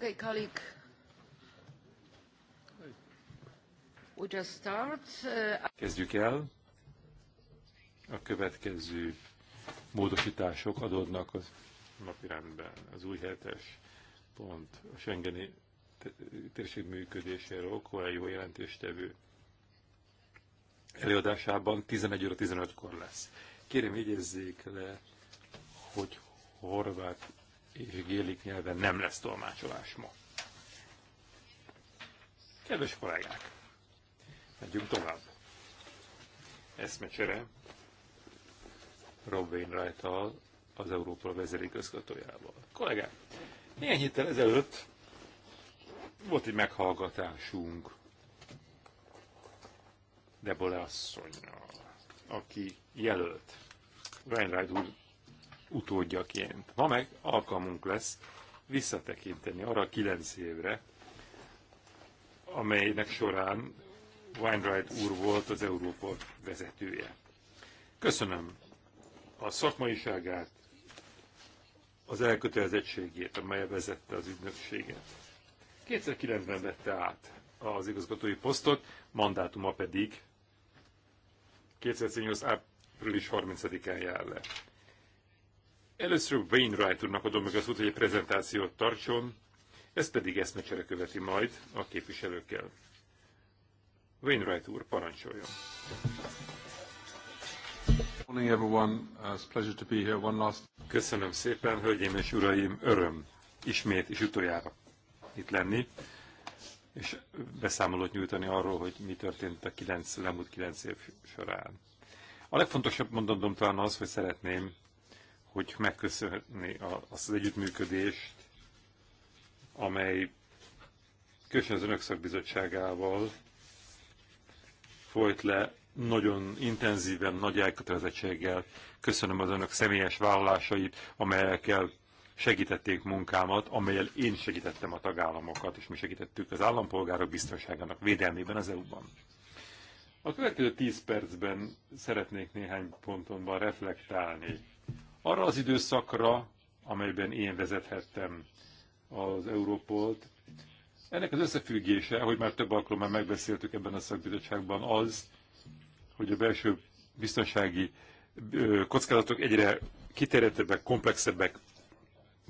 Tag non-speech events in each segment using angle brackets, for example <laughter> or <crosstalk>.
Okay, colleague. We just start. Uh, Kezdjük el. A következő módosítások adódnak az napirendben. Az új hetes pont a Schengeni térség működéséről, ahol jó jelentéstevő előadásában 11 óra 15-kor lesz. Kérem, jegyezzék le, hogy horvát és gélik nyelven nem lesz tolmácsolás ma. Kedves kollégák, megyünk tovább. Eszmecsere Rob wainwright az Európa közgatójával. Kollégák, néhány héttel ezelőtt volt egy meghallgatásunk Debole asszonynal, aki jelölt Wainwright úr utódjaként. Ma meg alkalmunk lesz visszatekinteni arra a kilenc évre, amelynek során Weinreit úr volt az Európa vezetője. Köszönöm a szakmaiságát, az elkötelezettségét, amely vezette az ügynökséget. 2009-ben vette át az igazgatói posztot, mandátuma pedig 2008. április 30-án jár le. Először Wainwright úrnak adom meg az út, hogy egy prezentációt tartson, ez pedig eszmecsere követi majd a képviselőkkel. Wainwright úr, parancsoljon! Morning everyone. Uh, it's a pleasure to be here. One last... Köszönöm szépen, hölgyeim és uraim, öröm ismét és utoljára itt lenni, és beszámolót nyújtani arról, hogy mi történt a kilenc, lemúlt kilenc év során. A legfontosabb mondandóm talán az, hogy szeretném hogy megköszönni azt az együttműködést, amely különösen az Önök Szakbizottságával folyt le nagyon intenzíven, nagy elkötelezettséggel. Köszönöm az Önök személyes vállalásait, amelyekkel segítették munkámat, amelyel én segítettem a tagállamokat, és mi segítettük az állampolgárok biztonságának védelmében az EU-ban. A következő tíz percben szeretnék néhány pontonban reflektálni arra az időszakra, amelyben én vezethettem az Európolt, ennek az összefüggése, hogy már több alkalommal megbeszéltük ebben a szakbizottságban, az, hogy a belső biztonsági kockázatok egyre kiterjedtebbek, komplexebbek,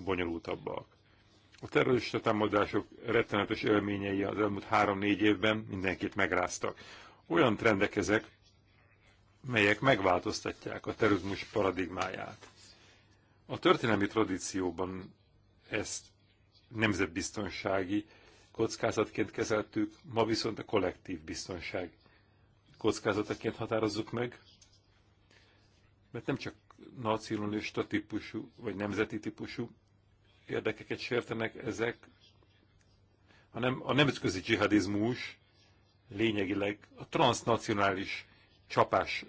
bonyolultabbak. A terrorista támadások rettenetes élményei az elmúlt három-négy évben mindenkit megráztak. Olyan trendek ezek, melyek megváltoztatják a terrorizmus paradigmáját. A történelmi tradícióban ezt nemzetbiztonsági kockázatként kezeltük, ma viszont a kollektív biztonság kockázataként határozzuk meg, mert nem csak nacionalista típusú vagy nemzeti típusú érdekeket sértenek ezek, hanem a nemzetközi dzsihadizmus lényegileg a transnacionális csapás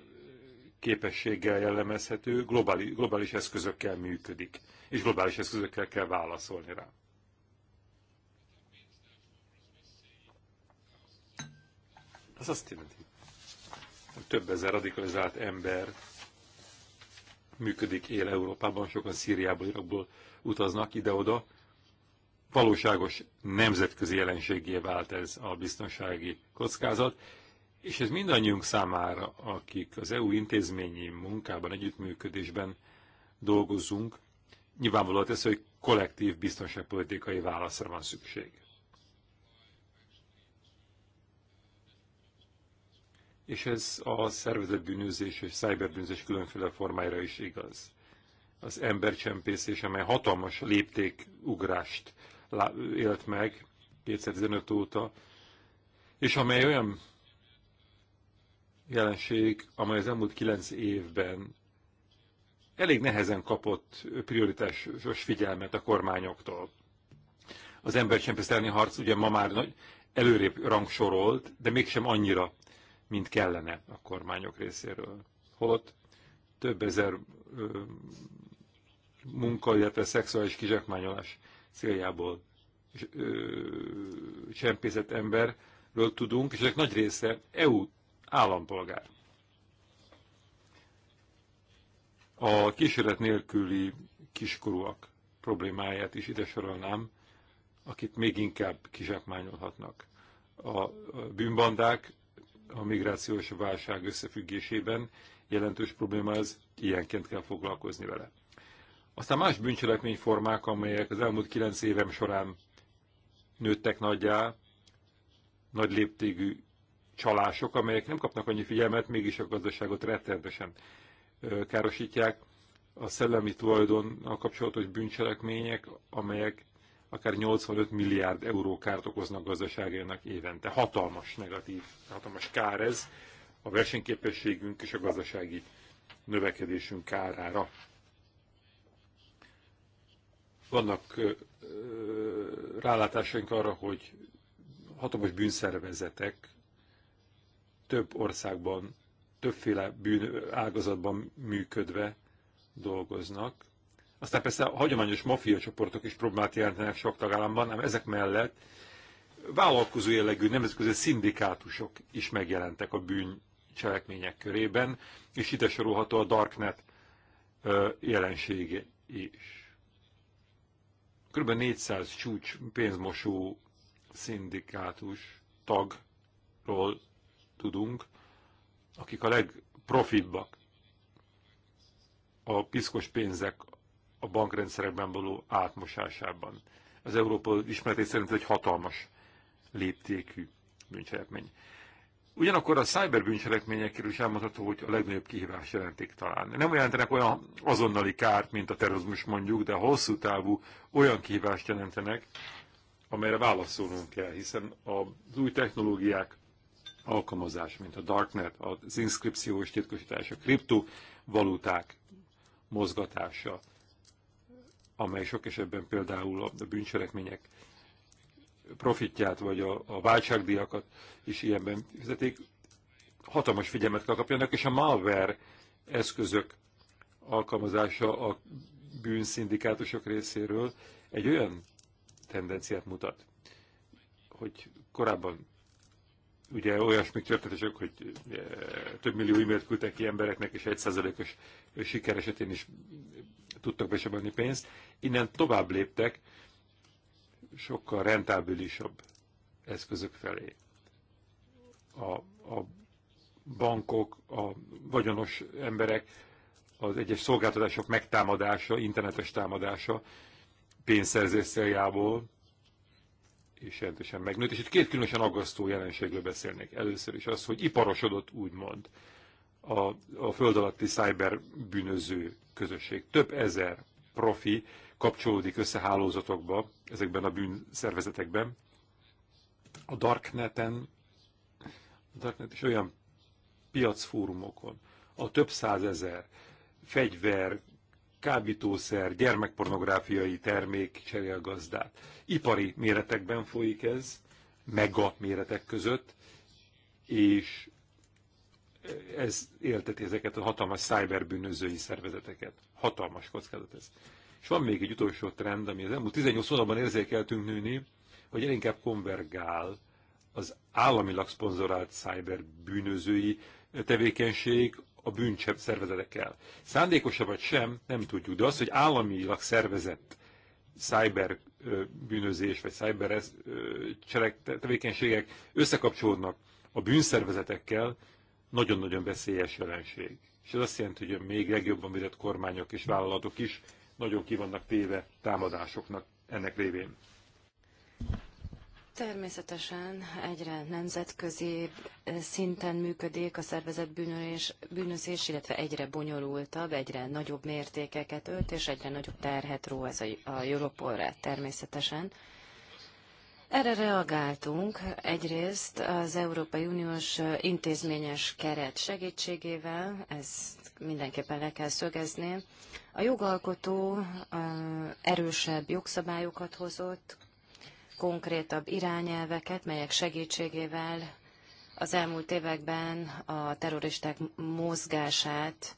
képességgel jellemezhető, globális, globális eszközökkel működik, és globális eszközökkel kell válaszolni rá. Ez azt jelenti, hogy több ezer radikalizált ember működik, él Európában, sokan Szíriából, Irakból utaznak ide-oda. Valóságos nemzetközi jelenségé vált ez a biztonsági kockázat, és ez mindannyiunk számára, akik az EU intézményi munkában, együttműködésben dolgozunk, nyilvánvalóan tesz, hogy kollektív biztonságpolitikai válaszra van szükség. És ez a szervezetbűnözés és szájberbűnözés különféle formáira is igaz. Az embercsempészés, amely hatalmas léptékugrást élt meg 2015 óta, és amely olyan jelenség, amely az elmúlt kilenc évben elég nehezen kapott prioritásos figyelmet a kormányoktól. Az ember elleni harc ugye ma már nagy, előrébb rangsorolt, de mégsem annyira, mint kellene a kormányok részéről. Holott több ezer ö, munka, illetve szexuális kizsákmányolás céljából ö, csempészett emberről tudunk, és ezek nagy része EU állampolgár. A kísérlet nélküli kiskorúak problémáját is ide sorolnám, akik még inkább kizsákmányolhatnak. A bűnbandák a migrációs válság összefüggésében jelentős probléma ez, ilyenként kell foglalkozni vele. Aztán más bűncselekményformák, amelyek az elmúlt kilenc évem során nőttek nagyjá, nagy léptégű csalások, amelyek nem kapnak annyi figyelmet, mégis a gazdaságot rettenetesen károsítják. A szellemi tulajdonnal kapcsolatos bűncselekmények, amelyek akár 85 milliárd euró kárt okoznak gazdaságának évente. Hatalmas negatív, hatalmas kár ez a versenyképességünk és a gazdasági növekedésünk kárára. Vannak ö, rálátásaink arra, hogy hatalmas bűnszervezetek több országban, többféle bűn ágazatban működve dolgoznak. Aztán persze a hagyományos mafia csoportok is problémát jelentenek sok tagállamban, ám ezek mellett vállalkozó jellegű nemzetközi szindikátusok is megjelentek a bűncselekmények körében, és ide sorolható a Darknet jelensége is. Kb. 400 csúcs pénzmosó szindikátus tagról tudunk, akik a legprofibbak a piszkos pénzek a bankrendszerekben való átmosásában. Az Európa ismereté szerint egy hatalmas léptékű bűncselekmény. Ugyanakkor a cyber bűncselekményekről is elmondható, hogy a legnagyobb kihívás jelentik talán. Nem jelentenek olyan azonnali kárt, mint a terrorizmus mondjuk, de hosszú távú olyan kihívást jelentenek, amelyre válaszolnunk kell, hiszen az új technológiák alkalmazás, mint a Darknet, az inszkripció és titkosítás, a kriptovaluták mozgatása, amely sok esetben például a bűncselekmények profitját vagy a, a váltságdiakat is ilyenben fizetik, hatalmas figyelmet kell kapjanak, és a malware eszközök alkalmazása a bűnszindikátusok részéről egy olyan tendenciát mutat, hogy korábban ugye olyasmi történetesek, hogy e, több millió e-mailt küldtek ki embereknek, és egy százalékos siker esetén is tudtak besebelni pénzt. Innen tovább léptek sokkal rentábilisabb eszközök felé. A, a bankok, a vagyonos emberek, az egyes szolgáltatások megtámadása, internetes támadása pénzszerzés céljából, és jelentősen megnőtt, és itt két különösen aggasztó jelenségről beszélnék. Először is az, hogy iparosodott úgymond a, a föld alatti cyber bűnöző közösség. Több ezer profi kapcsolódik össze hálózatokba, ezekben a bűnszervezetekben. A Darkneten, a Darknet is olyan piacfórumokon, a több százezer fegyver, kábítószer, gyermekpornográfiai termék cserél gazdát. Ipari méretekben folyik ez, mega méretek között, és ez élteti ezeket a hatalmas szájberbűnözői szervezeteket. Hatalmas kockázat ez. És van még egy utolsó trend, ami az elmúlt 18 hónapban érzékeltünk nőni, hogy inkább konvergál az államilag szponzorált szájberbűnözői tevékenység a bűncsebb szervezetekkel. Szándékosa -e vagy sem, nem tudjuk, de az, hogy államilag szervezett cyber bűnözés vagy cyber tevékenységek összekapcsolódnak a bűnszervezetekkel, nagyon-nagyon veszélyes jelenség. És ez azt jelenti, hogy a még legjobban védett kormányok és vállalatok is nagyon kivannak téve támadásoknak ennek révén. Természetesen egyre nemzetközi eh, szinten működik a szervezet bűnözés, bűnözés, illetve egyre bonyolultabb, egyre nagyobb mértékeket ölt, és egyre nagyobb terhet ró ez a, a Europolra természetesen. Erre reagáltunk egyrészt az Európai Uniós eh, intézményes keret segítségével, ezt mindenképpen le kell szögezni. A jogalkotó eh, erősebb jogszabályokat hozott, konkrétabb irányelveket, melyek segítségével az elmúlt években a terroristák mozgását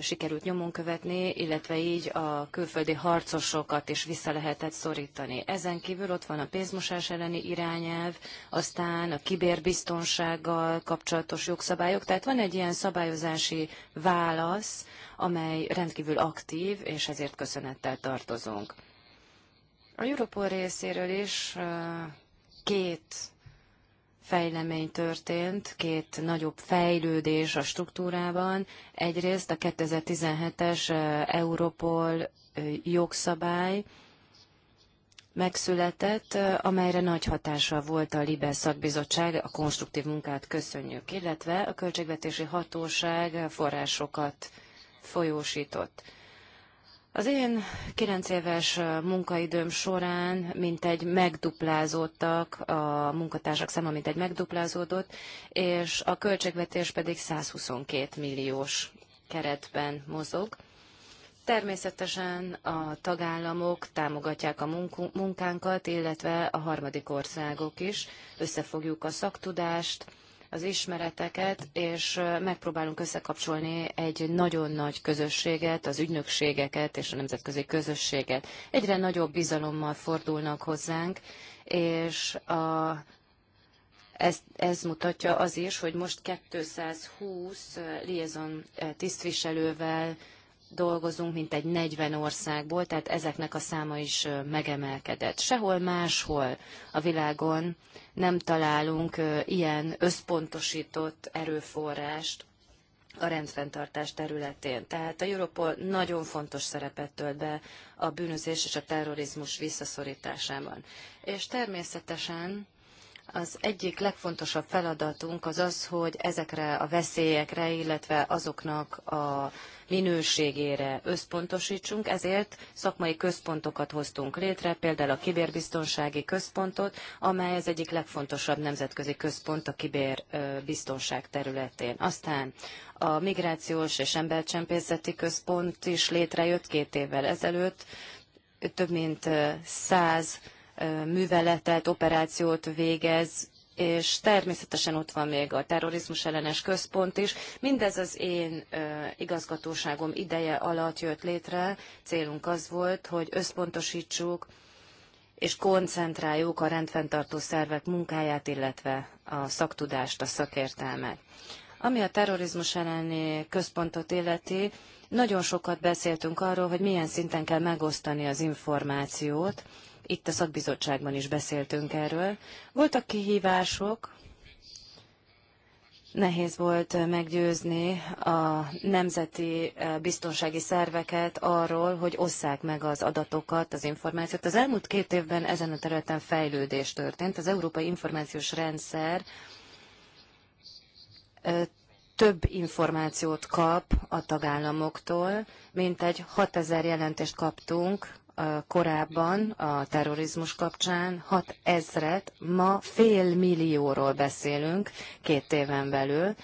sikerült nyomon követni, illetve így a külföldi harcosokat is vissza lehetett szorítani. Ezen kívül ott van a pénzmosás elleni irányelv, aztán a kibérbiztonsággal kapcsolatos jogszabályok, tehát van egy ilyen szabályozási válasz, amely rendkívül aktív, és ezért köszönettel tartozunk. A Europol részéről is két fejlemény történt, két nagyobb fejlődés a struktúrában. Egyrészt a 2017-es Europol jogszabály megszületett, amelyre nagy hatással volt a Libe szakbizottság, a konstruktív munkát köszönjük, illetve a költségvetési hatóság forrásokat folyósított. Az én 9 éves munkaidőm során mintegy megduplázódtak, a munkatársak száma mintegy megduplázódott, és a költségvetés pedig 122 milliós keretben mozog. Természetesen a tagállamok támogatják a munkánkat, illetve a harmadik országok is. Összefogjuk a szaktudást, az ismereteket, és megpróbálunk összekapcsolni egy nagyon nagy közösséget, az ügynökségeket és a nemzetközi közösséget. Egyre nagyobb bizalommal fordulnak hozzánk, és a, ez, ez mutatja az is, hogy most 220 liaison tisztviselővel dolgozunk, mint egy 40 országból, tehát ezeknek a száma is megemelkedett. Sehol máshol a világon nem találunk ilyen összpontosított erőforrást a rendfenntartás területén. Tehát a Europol nagyon fontos szerepet tölt be a bűnözés és a terrorizmus visszaszorításában. És természetesen az egyik legfontosabb feladatunk az az, hogy ezekre a veszélyekre, illetve azoknak a minőségére összpontosítsunk, ezért szakmai központokat hoztunk létre, például a kibérbiztonsági központot, amely az egyik legfontosabb nemzetközi központ a kibérbiztonság területén. Aztán a migrációs és embercsempészeti központ is létrejött két évvel ezelőtt, több mint száz műveletet, operációt végez, és természetesen ott van még a terrorizmus ellenes központ is. Mindez az én igazgatóságom ideje alatt jött létre. Célunk az volt, hogy összpontosítsuk és koncentráljuk a rendfenntartó szervek munkáját, illetve a szaktudást, a szakértelmet. Ami a terrorizmus elleni központot illeti, nagyon sokat beszéltünk arról, hogy milyen szinten kell megosztani az információt, itt a szakbizottságban is beszéltünk erről. Voltak kihívások, nehéz volt meggyőzni a nemzeti eh, biztonsági szerveket arról, hogy osszák meg az adatokat, az információt. Az elmúlt két évben ezen a területen fejlődés történt. Az Európai Információs Rendszer eh, több információt kap a tagállamoktól, mint egy 6000 jelentést kaptunk korábban a terrorizmus kapcsán 6 ezret, ma fél millióról beszélünk két éven belül.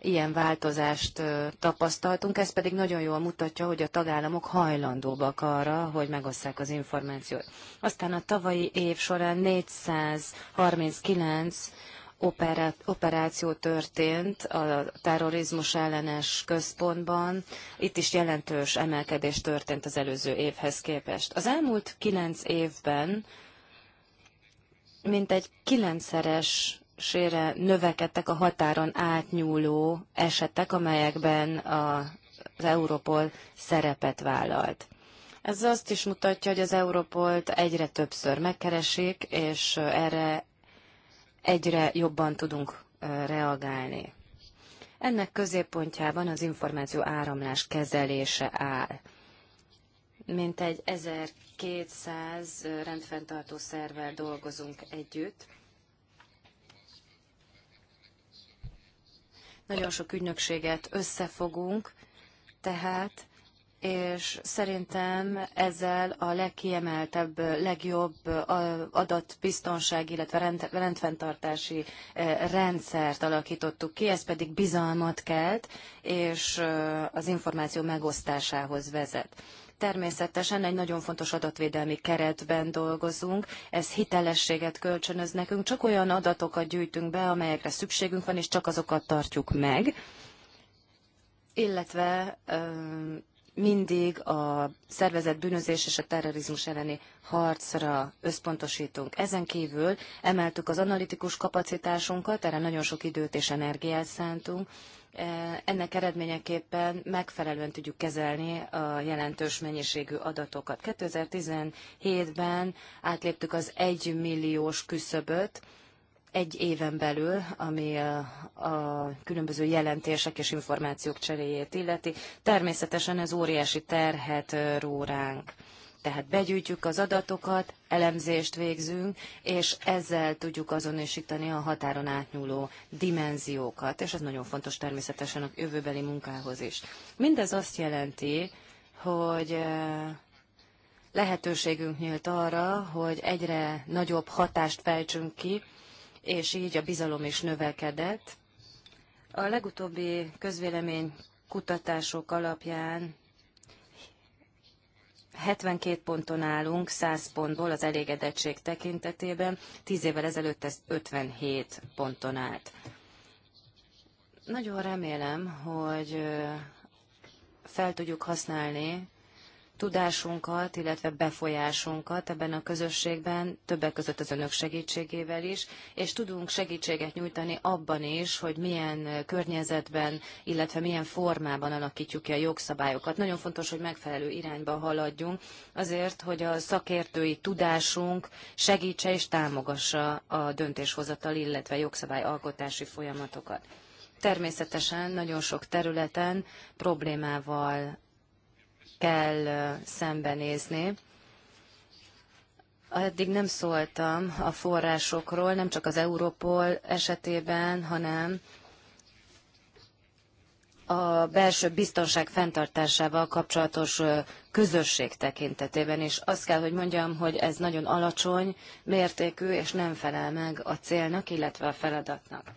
Ilyen változást tapasztaltunk, ez pedig nagyon jól mutatja, hogy a tagállamok hajlandóbbak arra, hogy megosszák az információt. Aztán a tavalyi év során 439 operáció történt a terrorizmus ellenes központban. Itt is jelentős emelkedés történt az előző évhez képest. Az elmúlt kilenc évben mintegy kilencszeres sére növekedtek a határon átnyúló esetek, amelyekben a, az Európol szerepet vállalt. Ez azt is mutatja, hogy az Európolt egyre többször megkeresik, és erre egyre jobban tudunk reagálni. Ennek középpontjában az információ áramlás kezelése áll. Mint egy 1200 rendfenntartó szervvel dolgozunk együtt. Nagyon sok ügynökséget összefogunk, tehát és szerintem ezzel a legkiemeltebb, legjobb adatbiztonság, illetve rendfenntartási rendszert alakítottuk ki, ez pedig bizalmat kelt, és az információ megosztásához vezet. Természetesen egy nagyon fontos adatvédelmi keretben dolgozunk, ez hitelességet kölcsönöz nekünk, csak olyan adatokat gyűjtünk be, amelyekre szükségünk van, és csak azokat tartjuk meg, illetve mindig a szervezett bűnözés és a terrorizmus elleni harcra összpontosítunk. Ezen kívül emeltük az analitikus kapacitásunkat, erre nagyon sok időt és energiát szántunk. E, ennek eredményeképpen megfelelően tudjuk kezelni a jelentős mennyiségű adatokat. 2017-ben átléptük az 1 milliós küszöböt, egy éven belül, ami a, a különböző jelentések és információk cseréjét illeti. Természetesen ez óriási terhet ró ránk. Tehát begyűjtjük az adatokat, elemzést végzünk, és ezzel tudjuk azonosítani a határon átnyúló dimenziókat, és ez nagyon fontos természetesen a jövőbeli munkához is. Mindez azt jelenti, hogy lehetőségünk nyílt arra, hogy egyre nagyobb hatást fejtsünk ki, és így a bizalom is növekedett. A legutóbbi közvélemény kutatások alapján 72 ponton állunk, 100 pontból az elégedettség tekintetében, 10 évvel ezelőtt ez 57 ponton állt. Nagyon remélem, hogy fel tudjuk használni tudásunkat, illetve befolyásunkat ebben a közösségben, többek között az önök segítségével is, és tudunk segítséget nyújtani abban is, hogy milyen környezetben, illetve milyen formában alakítjuk ki a jogszabályokat. Nagyon fontos, hogy megfelelő irányba haladjunk, azért, hogy a szakértői tudásunk segítse és támogassa a döntéshozatal, illetve jogszabályalkotási folyamatokat. Természetesen nagyon sok területen problémával kell szembenézni. Eddig nem szóltam a forrásokról, nem csak az Európol esetében, hanem a belső biztonság fenntartásával kapcsolatos közösség tekintetében is. Azt kell, hogy mondjam, hogy ez nagyon alacsony mértékű, és nem felel meg a célnak, illetve a feladatnak.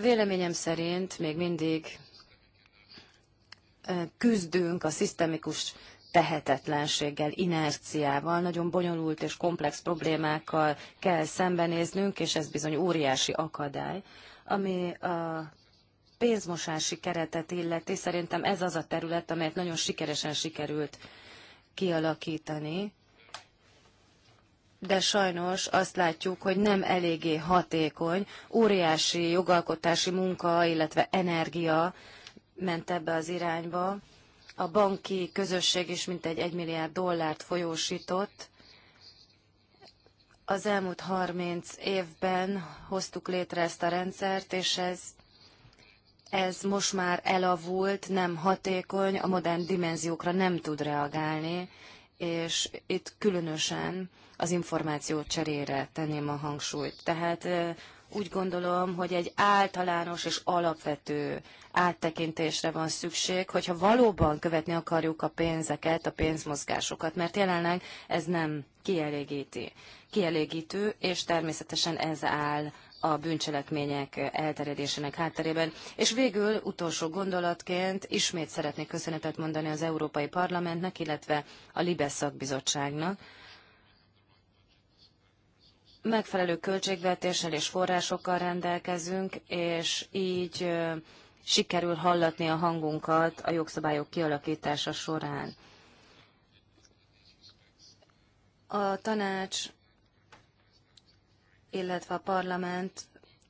Véleményem szerint még mindig küzdünk a szisztemikus tehetetlenséggel, inerciával, nagyon bonyolult és komplex problémákkal kell szembenéznünk, és ez bizony óriási akadály, ami a pénzmosási keretet illeti, szerintem ez az a terület, amelyet nagyon sikeresen sikerült kialakítani, de sajnos azt látjuk, hogy nem eléggé hatékony, óriási jogalkotási munka, illetve energia ment ebbe az irányba. A banki közösség is mintegy 1 milliárd dollárt folyósított. Az elmúlt 30 évben hoztuk létre ezt a rendszert, és ez, ez most már elavult, nem hatékony, a modern dimenziókra nem tud reagálni, és itt különösen az információ cserére tenném a hangsúlyt. Tehát úgy gondolom, hogy egy általános és alapvető áttekintésre van szükség, hogyha valóban követni akarjuk a pénzeket, a pénzmozgásokat, mert jelenleg ez nem kielégíti. Kielégítő, és természetesen ez áll a bűncselekmények elterjedésének hátterében. És végül utolsó gondolatként ismét szeretnék köszönetet mondani az Európai Parlamentnek, illetve a Libes szakbizottságnak, megfelelő költségvetéssel és forrásokkal rendelkezünk, és így sikerül hallatni a hangunkat a jogszabályok kialakítása során. A tanács, illetve a parlament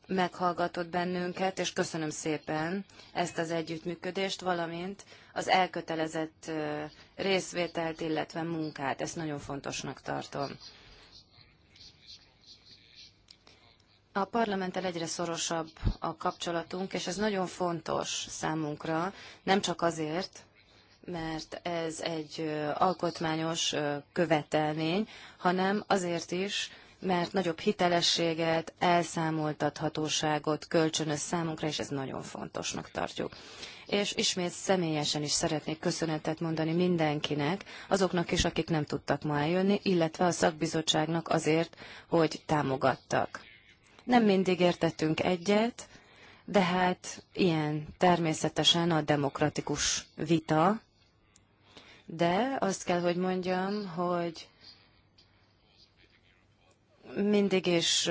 meghallgatott bennünket, és köszönöm szépen ezt az együttműködést, valamint az elkötelezett részvételt, illetve munkát. Ezt nagyon fontosnak tartom. A parlamenttel egyre szorosabb a kapcsolatunk, és ez nagyon fontos számunkra, nem csak azért, mert ez egy alkotmányos követelmény, hanem azért is, mert nagyobb hitelességet, elszámoltathatóságot kölcsönöz számunkra, és ez nagyon fontosnak tartjuk. És ismét személyesen is szeretnék köszönetet mondani mindenkinek, azoknak is, akik nem tudtak ma eljönni, illetve a szakbizottságnak azért, hogy támogattak. Nem mindig értettünk egyet, de hát ilyen természetesen a demokratikus vita, de azt kell, hogy mondjam, hogy mindig is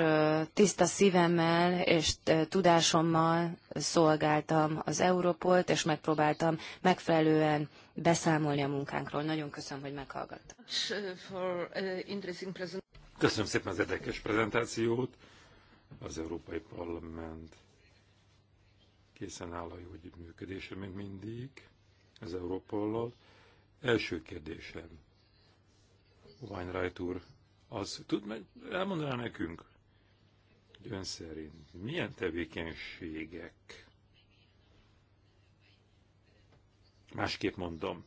tiszta szívemmel és tudásommal szolgáltam az Európolt, és megpróbáltam megfelelően beszámolni a munkánkról. Nagyon köszönöm, hogy meghallgattam. Köszönöm szépen az érdekes prezentációt az Európai Parlament készen áll a jó együttműködésre, mint mindig az Európollal. Első kérdésem, Weinreit úr, az tud elmondaná nekünk, hogy ön szerint milyen tevékenységek, másképp mondom,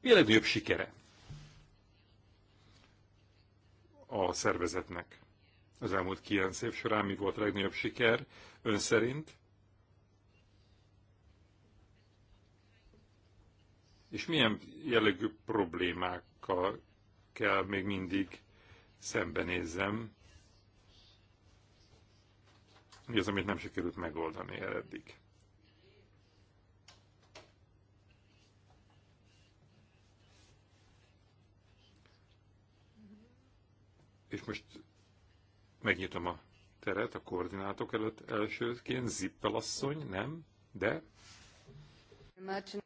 mi a legnagyobb sikere a szervezetnek? az elmúlt kilenc év során mi volt a legnagyobb siker ön szerint? És milyen jellegű problémákkal kell még mindig szembenézzem? Mi az, amit nem sikerült megoldani el eddig? És most Megnyitom a teret a koordinátok előtt elsőként. Zippel asszony, nem? De?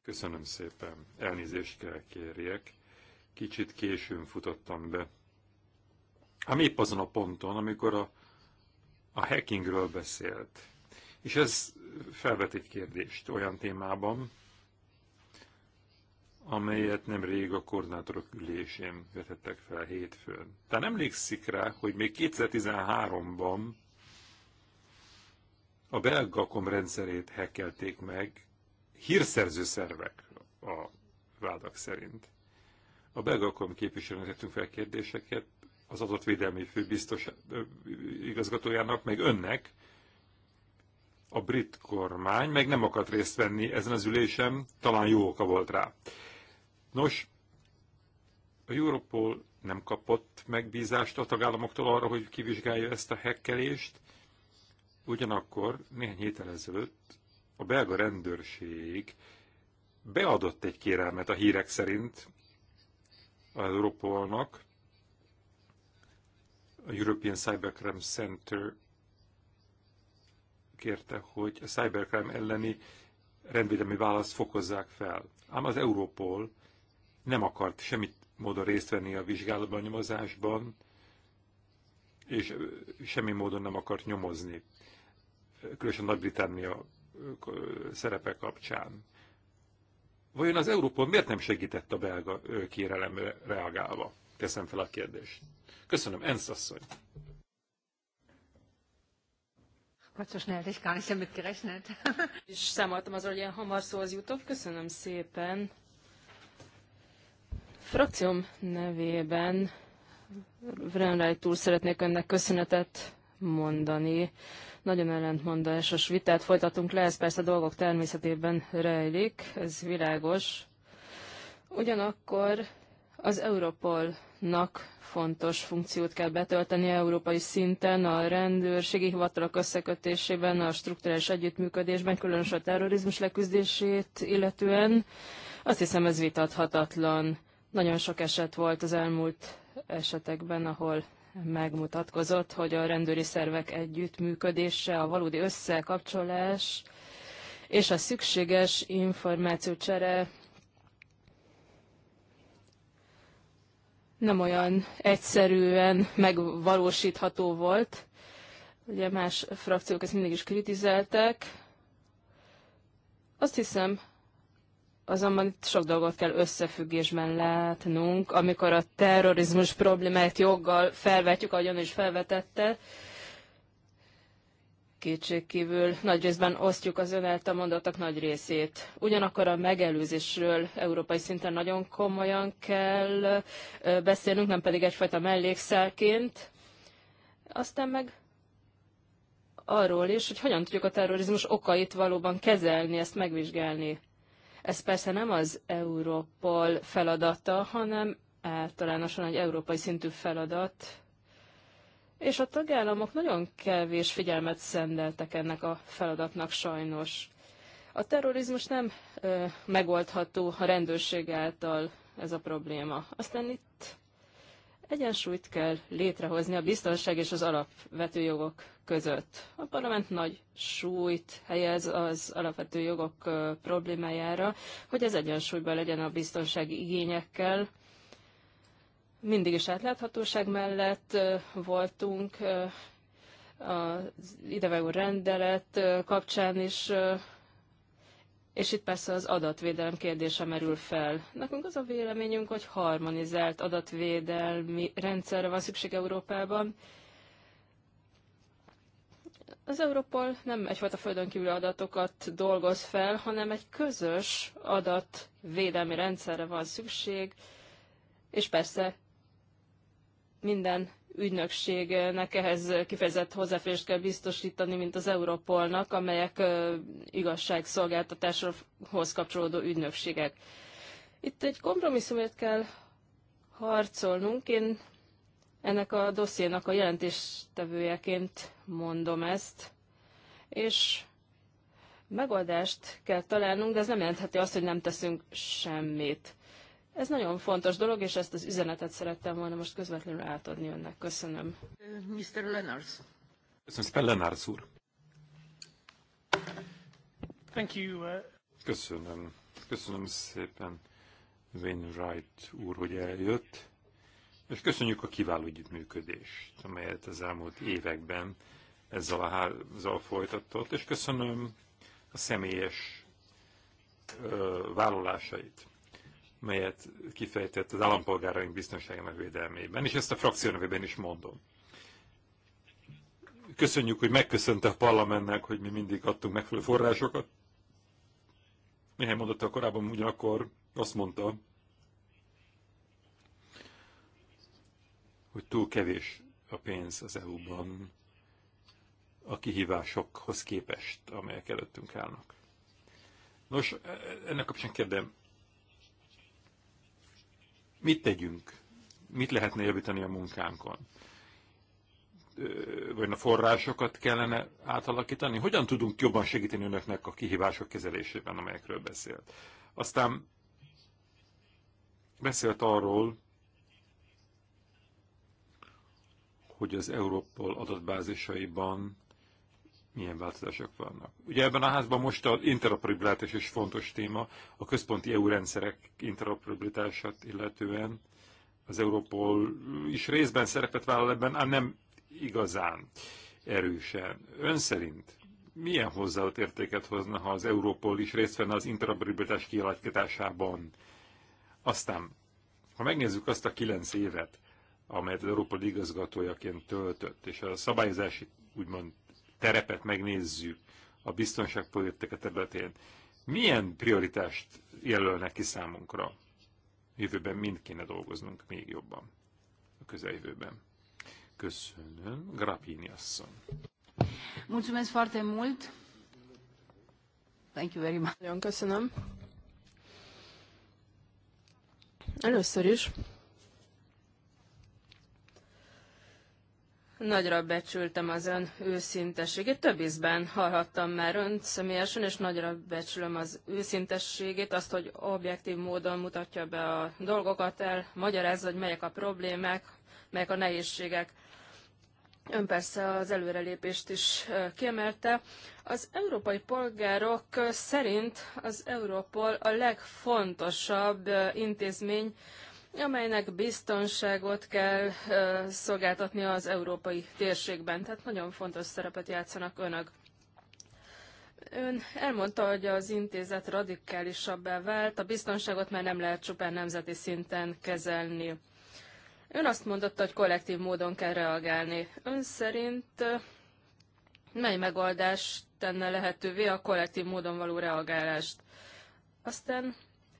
Köszönöm szépen. Elnézést kell kérjek. Kicsit későn futottam be. Ám épp azon a ponton, amikor a, a hackingről beszélt. És ez felvet egy kérdést olyan témában, amelyet nem rég a koordinátorok ülésén vetettek fel hétfőn. Tehát emlékszik rá, hogy még 2013-ban a belgakom rendszerét hekelték meg hírszerző szervek a vádak szerint. A belgakom képviselőnek tettünk fel kérdéseket az adott védelmi főbiztos igazgatójának, meg önnek, a brit kormány meg nem akart részt venni ezen az ülésem, talán jó oka volt rá. Nos, a Europol nem kapott megbízást a tagállamoktól arra, hogy kivizsgálja ezt a hekkelést, ugyanakkor néhány héttel ezelőtt a belga rendőrség beadott egy kérelmet a hírek szerint a Europolnak, a European Cybercrime Center kérte, hogy a cybercrime elleni rendvédelmi választ fokozzák fel. Ám az Europol nem akart semmit módon részt venni a vizsgálatban, a nyomozásban, és semmi módon nem akart nyomozni, különösen Nagy-Britannia szerepe kapcsán. Vajon az Európa miért nem segített a belga kérelemre reagálva? Teszem fel a kérdést. Köszönöm, Ensz asszony. Gott, so schnell, ich gar nicht damit gerechnet. És számoltam azzal, hogy ilyen hamar szóhoz jutok. Köszönöm szépen. Frakcióm nevében Vrenrejt túl szeretnék önnek köszönetet mondani. Nagyon ellentmondásos vitát folytatunk le, ez persze a dolgok természetében rejlik, ez világos. Ugyanakkor az Europolnak fontos funkciót kell betölteni európai szinten, a rendőrségi hivatalok összekötésében, a strukturális együttműködésben, különösen a terrorizmus leküzdését illetően. Azt hiszem ez vitathatatlan. Nagyon sok eset volt az elmúlt esetekben, ahol megmutatkozott, hogy a rendőri szervek együttműködése, a valódi összekapcsolás és a szükséges információcsere nem olyan egyszerűen megvalósítható volt. Ugye más frakciók ezt mindig is kritizálták. Azt hiszem, Azonban itt sok dolgot kell összefüggésben látnunk, amikor a terrorizmus problémáját joggal felvetjük, ahogy ön is felvetette. Kétségkívül nagy részben osztjuk az ön által mondatok nagy részét. Ugyanakkor a megelőzésről európai szinten nagyon komolyan kell beszélnünk, nem pedig egyfajta mellékszálként. Aztán meg arról is, hogy hogyan tudjuk a terrorizmus okait valóban kezelni, ezt megvizsgálni. Ez persze nem az Európol feladata, hanem általánosan egy európai szintű feladat, és a tagállamok nagyon kevés figyelmet szendeltek ennek a feladatnak sajnos. A terrorizmus nem ö, megoldható a rendőrség által ez a probléma. Aztán itt Egyensúlyt kell létrehozni a biztonság és az alapvető jogok között. A parlament nagy súlyt helyez az alapvető jogok problémájára, hogy ez egyensúlyban legyen a biztonsági igényekkel. Mindig is átláthatóság mellett voltunk, az idevágó rendelet kapcsán is és itt persze az adatvédelem kérdése merül fel. Nekünk az a véleményünk, hogy harmonizált adatvédelmi rendszerre van szükség Európában. Az Európol nem egyfajta földön kívüli adatokat dolgoz fel, hanem egy közös adatvédelmi rendszerre van szükség, és persze minden ügynökségnek ehhez kifejezett hozzáférést kell biztosítani, mint az Európolnak, amelyek igazságszolgáltatáshoz kapcsolódó ügynökségek. Itt egy kompromisszumért kell harcolnunk. Én ennek a dossziénak a jelentéstevőjeként mondom ezt, és megoldást kell találnunk, de ez nem jelentheti azt, hogy nem teszünk semmit. Ez nagyon fontos dolog, és ezt az üzenetet szerettem volna most közvetlenül átadni önnek. Köszönöm. Mr. Lenars. Köszönöm szépen, Lenars úr. Thank you. Uh, köszönöm. Köszönöm szépen Wainwright úr, hogy eljött. És köszönjük a kiváló együttműködést, amelyet az elmúlt években ezzel a házzal folytatott, és köszönöm a személyes ö, vállalásait melyet kifejtett az állampolgáraink biztonságának védelmében, és ezt a frakció nevében is mondom. Köszönjük, hogy megköszönte a parlamentnek, hogy mi mindig adtunk megfelelő forrásokat. Néhány mondattal korábban ugyanakkor azt mondta, hogy túl kevés a pénz az EU-ban a kihívásokhoz képest, amelyek előttünk állnak. Nos, e- ennek kapcsán kérdem, Mit tegyünk? Mit lehetne javítani a munkánkon? Vagy a forrásokat kellene átalakítani? Hogyan tudunk jobban segíteni önöknek a kihívások kezelésében, amelyekről beszélt? Aztán beszélt arról, hogy az Európol adatbázisaiban milyen változások vannak. Ugye ebben a házban most az interoperabilitás is fontos téma, a központi EU rendszerek interoperabilitását illetően az Europol is részben szerepet vállal ebben, ám nem igazán erősen. Ön szerint milyen hozzáadott értéket hozna, ha az Európol is részt venne az interoperabilitás kialakításában? Aztán, ha megnézzük azt a kilenc évet, amelyet az Európa igazgatójaként töltött, és a szabályozási úgymond terepet megnézzük a biztonságpolitika területén, milyen prioritást jelölnek ki számunkra? Jövőben mind kéne dolgoznunk még jobban a közeljövőben. Köszönöm, Grappini asszony. Mulțumesc foarte mult. Thank you very much. Nagyon köszönöm. Először is Nagyra becsültem az ön őszintességét. Több ízben hallhattam már önt személyesen, és nagyra becsülöm az őszintességét, azt, hogy objektív módon mutatja be a dolgokat el, magyarázza, hogy melyek a problémák, melyek a nehézségek. Ön persze az előrelépést is kiemelte. Az európai polgárok szerint az Európol a legfontosabb intézmény, amelynek biztonságot kell szolgáltatni az európai térségben. Tehát nagyon fontos szerepet játszanak önök. Ön elmondta, hogy az intézet radikálisabbá vált, a biztonságot már nem lehet csupán nemzeti szinten kezelni. Ön azt mondotta, hogy kollektív módon kell reagálni. Ön szerint mely megoldás tenne lehetővé a kollektív módon való reagálást? Aztán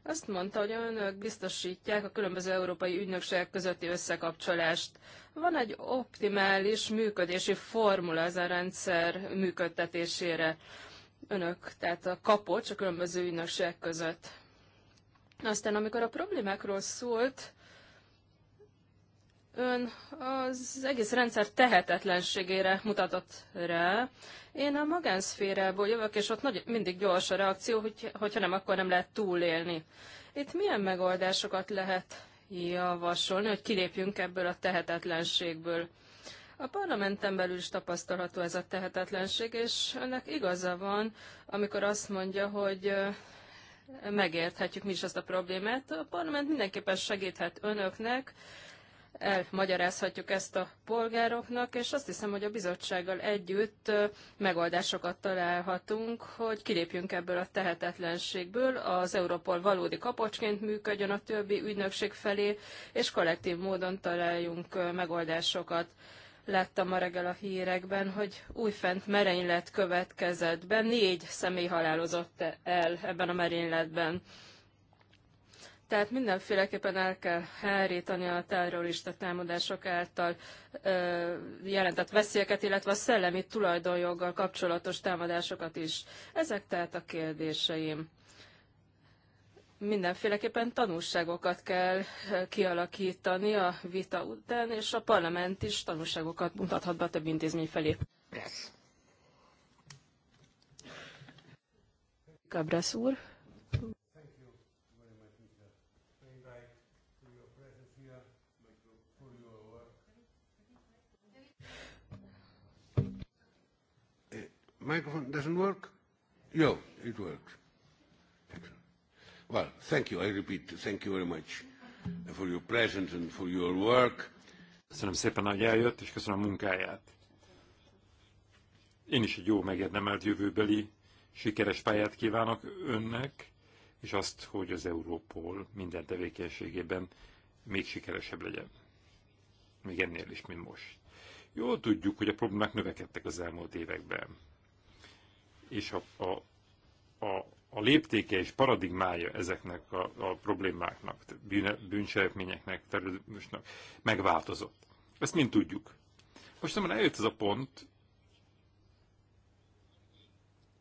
azt mondta, hogy önök biztosítják a különböző európai ügynökségek közötti összekapcsolást. Van egy optimális működési formula a rendszer működtetésére. Önök, tehát a kapocs a különböző ügynökségek között. Aztán amikor a problémákról szólt, Ön az egész rendszer tehetetlenségére mutatott rá. Én a magánszférából jövök, és ott nagy, mindig gyors a reakció, hogy, hogyha nem, akkor nem lehet túlélni. Itt milyen megoldásokat lehet javasolni, hogy kilépjünk ebből a tehetetlenségből? A parlamenten belül is tapasztalható ez a tehetetlenség, és önnek igaza van, amikor azt mondja, hogy megérthetjük mi is ezt a problémát. A parlament mindenképpen segíthet önöknek, elmagyarázhatjuk ezt a polgároknak, és azt hiszem, hogy a bizottsággal együtt megoldásokat találhatunk, hogy kilépjünk ebből a tehetetlenségből, az Európol valódi kapocsként működjön a többi ügynökség felé, és kollektív módon találjunk megoldásokat láttam ma reggel a hírekben, hogy újfent merénylet következett be, négy személy halálozott el ebben a merényletben. Tehát mindenféleképpen el kell hárítani a terrorista támadások által ö, jelentett veszélyeket, illetve a szellemi tulajdonjoggal kapcsolatos támadásokat is. Ezek tehát a kérdéseim. Mindenféleképpen tanulságokat kell kialakítani a vita után, és a parlament is tanulságokat mutathat be a több intézmény felé. Yes. Cabras úr. microphone doesn't work? Yo, it works. Well, thank you. I repeat, thank you very much for your presence and for your work. Köszönöm szépen, hogy eljött, és köszönöm a munkáját. Én is egy jó megérdemelt jövőbeli sikeres pályát kívánok önnek, és azt, hogy az Európol minden tevékenységében még sikeresebb legyen. Még ennél is, mint most. Jól tudjuk, hogy a problémák növekedtek az elmúlt években és a, a, a, a léptéke és paradigmája ezeknek a, a problémáknak, bűncselekményeknek, terrorizmusnak megváltozott. Ezt mind tudjuk. Most már eljött ez a pont,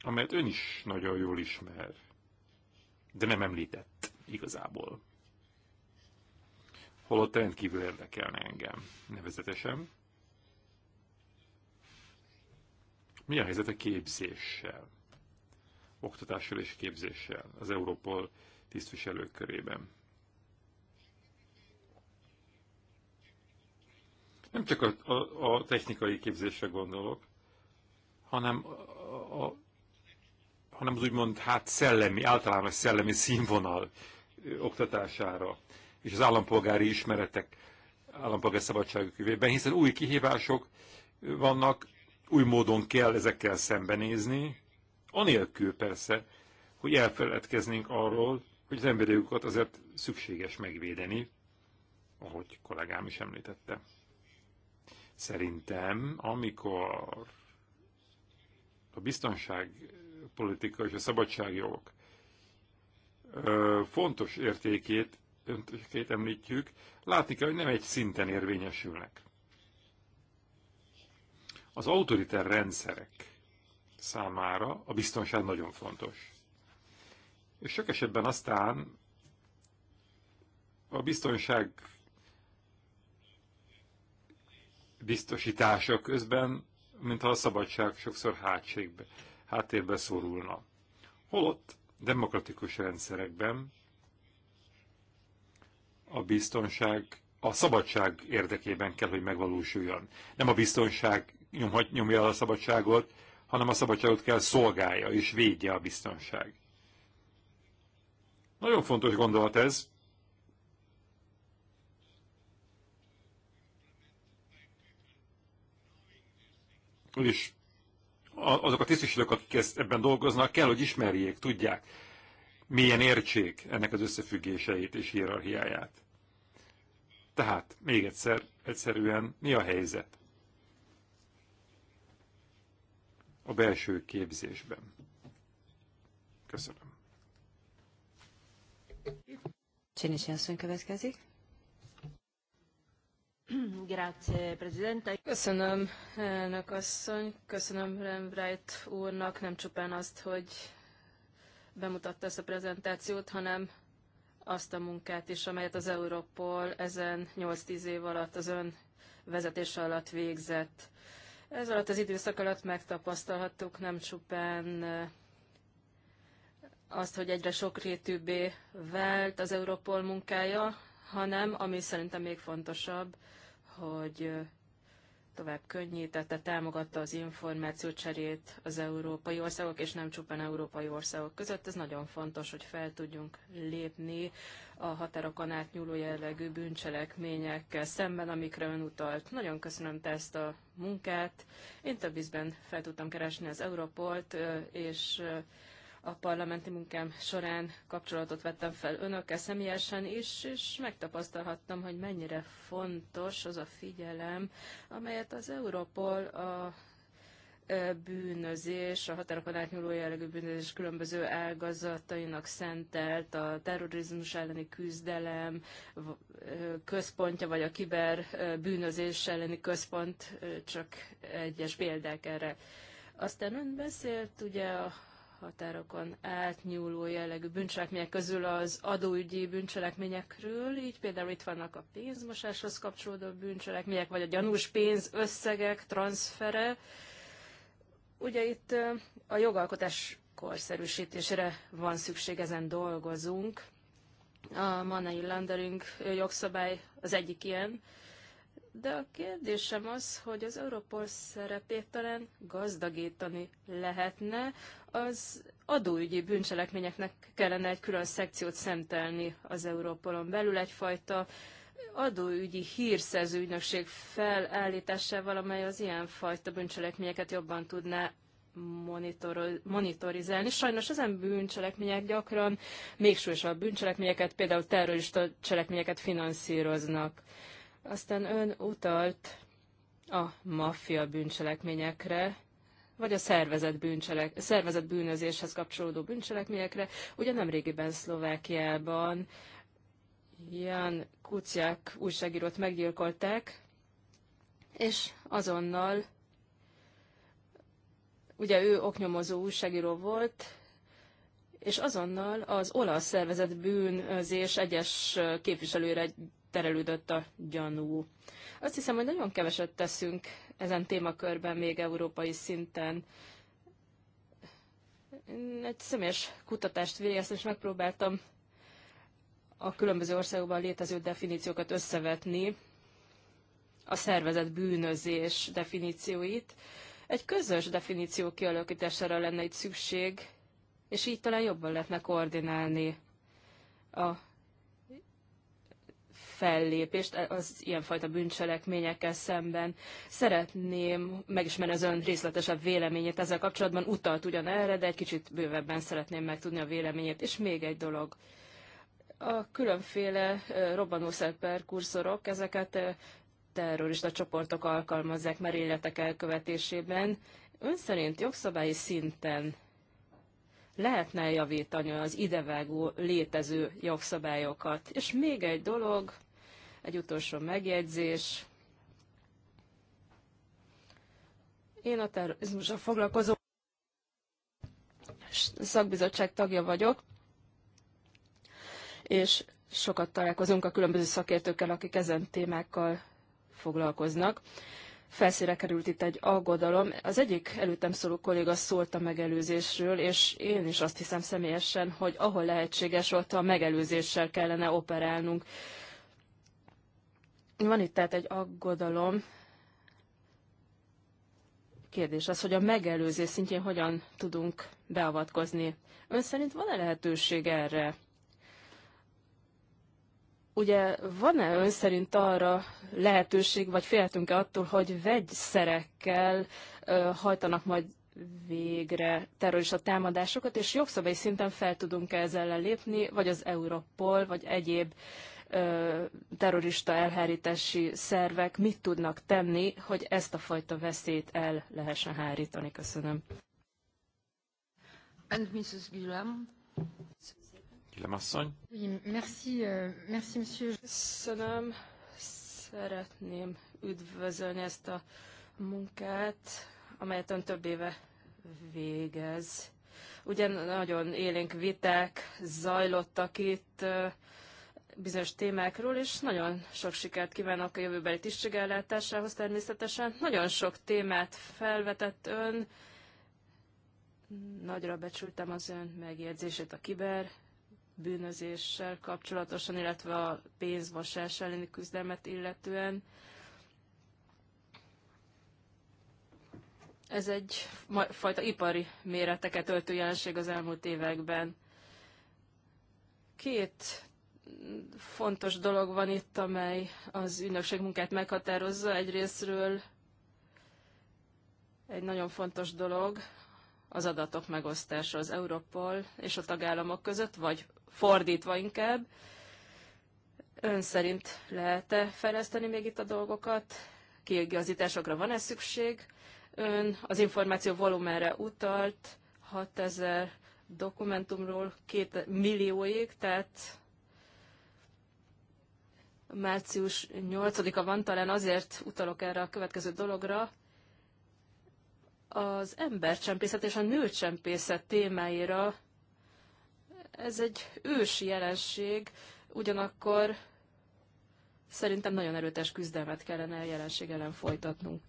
amelyet ön is nagyon jól ismer, de nem említett igazából. Holott rendkívül érdekelne engem, nevezetesen, Mi a helyzet a képzéssel? Oktatással és képzéssel az Európol tisztviselők körében. Nem csak a, a, a technikai képzésre gondolok, hanem, a, a, hanem az úgymond hát szellemi, általános szellemi színvonal oktatására, és az állampolgári ismeretek állampolgár szabadságükövében, hiszen új kihívások vannak, új módon kell ezekkel szembenézni, anélkül persze, hogy elfeledkeznénk arról, hogy az emberi jogokat azért szükséges megvédeni, ahogy kollégám is említette. Szerintem, amikor a biztonságpolitika és a szabadságjogok fontos értékét, értékét említjük, látni kell, hogy nem egy szinten érvényesülnek. Az autoriter rendszerek számára a biztonság nagyon fontos. És sok esetben aztán a biztonság biztosítása közben, mintha a szabadság sokszor hátségbe, háttérbe szorulna. Holott demokratikus rendszerekben a biztonság a szabadság érdekében kell, hogy megvalósuljon. Nem a biztonság nyomhat, nyomja a szabadságot, hanem a szabadságot kell szolgálja és védje a biztonság. Nagyon fontos gondolat ez. És azok a tisztviselők, akik ezt ebben dolgoznak, kell, hogy ismerjék, tudják, milyen értsék ennek az összefüggéseit és hierarchiáját. Tehát, még egyszer, egyszerűen mi a helyzet? a belső képzésben. Köszönöm. Csinicsi asszony következik. Köszönöm, elnök asszony, köszönöm Rembrandt úrnak nem csupán azt, hogy bemutatta ezt a prezentációt, hanem azt a munkát is, amelyet az Európol ezen 8-10 év alatt az ön vezetése alatt végzett. Ez alatt az időszak alatt megtapasztalhattuk nem csupán azt, hogy egyre sokrétűbbé vált az Europol munkája, hanem, ami szerintem még fontosabb, hogy tovább könnyítette, támogatta az információcserét az európai országok, és nem csupán európai országok között. Ez nagyon fontos, hogy fel tudjunk lépni a határokon átnyúló jellegű bűncselekményekkel szemben, amikre ön utalt. Nagyon köszönöm te ezt a munkát. Én több fel tudtam keresni az Európolt, és a parlamenti munkám során kapcsolatot vettem fel önökkel személyesen is, és megtapasztalhattam, hogy mennyire fontos az a figyelem, amelyet az Europol a bűnözés, a határokon átnyúló jellegű bűnözés különböző ágazatainak szentelt, a terrorizmus elleni küzdelem központja, vagy a kiber bűnözés elleni központ, csak egyes példák erre. Aztán ön beszélt ugye a határokon átnyúló jellegű bűncselekmények közül az adóügyi bűncselekményekről, így például itt vannak a pénzmosáshoz kapcsolódó bűncselekmények, vagy a gyanús pénz összegek, transfere. Ugye itt a jogalkotás korszerűsítésére van szükség, ezen dolgozunk. A money Landering jogszabály az egyik ilyen. De a kérdésem az, hogy az Európol szerepét talán gazdagítani lehetne az adóügyi bűncselekményeknek kellene egy külön szekciót szentelni az Európolon belül egyfajta adóügyi hírszerző ügynökség felállításával, amely az ilyenfajta bűncselekményeket jobban tudná monitor, monitorizálni. Sajnos ezen bűncselekmények gyakran még súlyosabb bűncselekményeket, például terrorista cselekményeket finanszíroznak. Aztán ön utalt a maffia bűncselekményekre, vagy a szervezet, bűncselek, bűnözéshez kapcsolódó bűncselekményekre. Ugye nemrégiben Szlovákiában Jan Kuciak újságírót meggyilkolták, és azonnal, ugye ő oknyomozó újságíró volt, és azonnal az olasz szervezet bűnözés egyes képviselőre terelődött a gyanú. Azt hiszem, hogy nagyon keveset teszünk ezen témakörben még európai szinten. Én egy személyes kutatást végeztem, és megpróbáltam a különböző országokban létező definíciókat összevetni, a szervezet bűnözés definícióit. Egy közös definíció kialakítására lenne itt szükség, és így talán jobban lehetne koordinálni a fellépést az ilyenfajta bűncselekményekkel szemben. Szeretném megismerni az ön részletesebb véleményét ezzel kapcsolatban, utalt ugyan erre, de egy kicsit bővebben szeretném megtudni a véleményét. És még egy dolog a különféle robbanószer perkurszorok, ezeket terrorista csoportok alkalmazzák már életek elkövetésében. Ön szerint jogszabályi szinten lehetne javítani az idevágó létező jogszabályokat? És még egy dolog, egy utolsó megjegyzés. Én a terrorizmusra foglalkozó szakbizottság tagja vagyok, és sokat találkozunk a különböző szakértőkkel, akik ezen témákkal foglalkoznak. Felszére került itt egy aggodalom. Az egyik előttem szóló kolléga szólt a megelőzésről, és én is azt hiszem személyesen, hogy ahol lehetséges, volt a megelőzéssel kellene operálnunk. Van itt tehát egy aggodalom. Kérdés az, hogy a megelőzés szintjén hogyan tudunk beavatkozni. Ön szerint van-e lehetőség erre? Ugye van-e ön szerint arra lehetőség, vagy félhetünk-e attól, hogy vegyszerekkel ö, hajtanak majd végre terrorista támadásokat, és jogszabály szinten fel tudunk -e ezzel lépni, vagy az Europol, vagy egyéb terrorista elhárítási szervek mit tudnak tenni, hogy ezt a fajta veszélyt el lehessen hárítani. Köszönöm. And Mrs. Guillem. Guillem asszony. merci, euh, merci, monsieur. Köszönöm. Szeretném üdvözölni ezt a munkát, amelyet ön több éve végez. Ugyan nagyon élénk viták zajlottak itt, bizonyos témákról, és nagyon sok sikert kívánok a jövőbeli tisztségellátásához természetesen. Nagyon sok témát felvetett ön, nagyra becsültem az ön megjegyzését a kiber bűnözéssel kapcsolatosan, illetve a pénzmosás elleni küzdelmet illetően. Ez egy fajta ipari méreteket öltő jelenség az elmúlt években. Két fontos dolog van itt, amely az ügynökség munkát meghatározza. Egyrésztről egy nagyon fontos dolog az adatok megosztása az Európol és a tagállamok között, vagy fordítva inkább. Ön szerint lehet-e fejleszteni még itt a dolgokat? Kiigazításokra van-e szükség? Ön az információ volumenre utalt 6000 dokumentumról 2 millióig, tehát március 8-a van, talán azért utalok erre a következő dologra, az embercsempészet és a nőcsempészet témáira. Ez egy ősi jelenség, ugyanakkor szerintem nagyon erőtes küzdelmet kellene a jelenség ellen folytatnunk.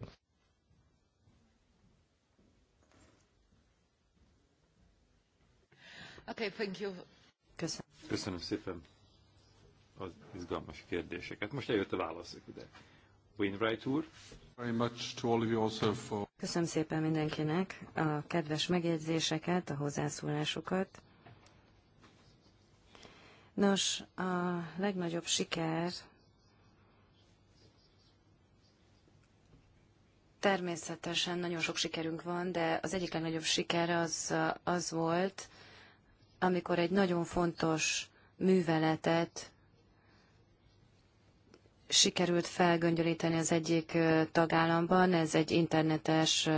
Okay, thank you. Köszönöm. Köszönöm szépen az izgalmas kérdéseket. Most eljött a válaszok ide. Wainwright úr. Köszönöm szépen mindenkinek a kedves megjegyzéseket, a hozzászólásokat. Nos, a legnagyobb siker természetesen nagyon sok sikerünk van, de az egyik legnagyobb siker az, az volt, amikor egy nagyon fontos műveletet sikerült felgöngyölíteni az egyik tagállamban, ez egy internetes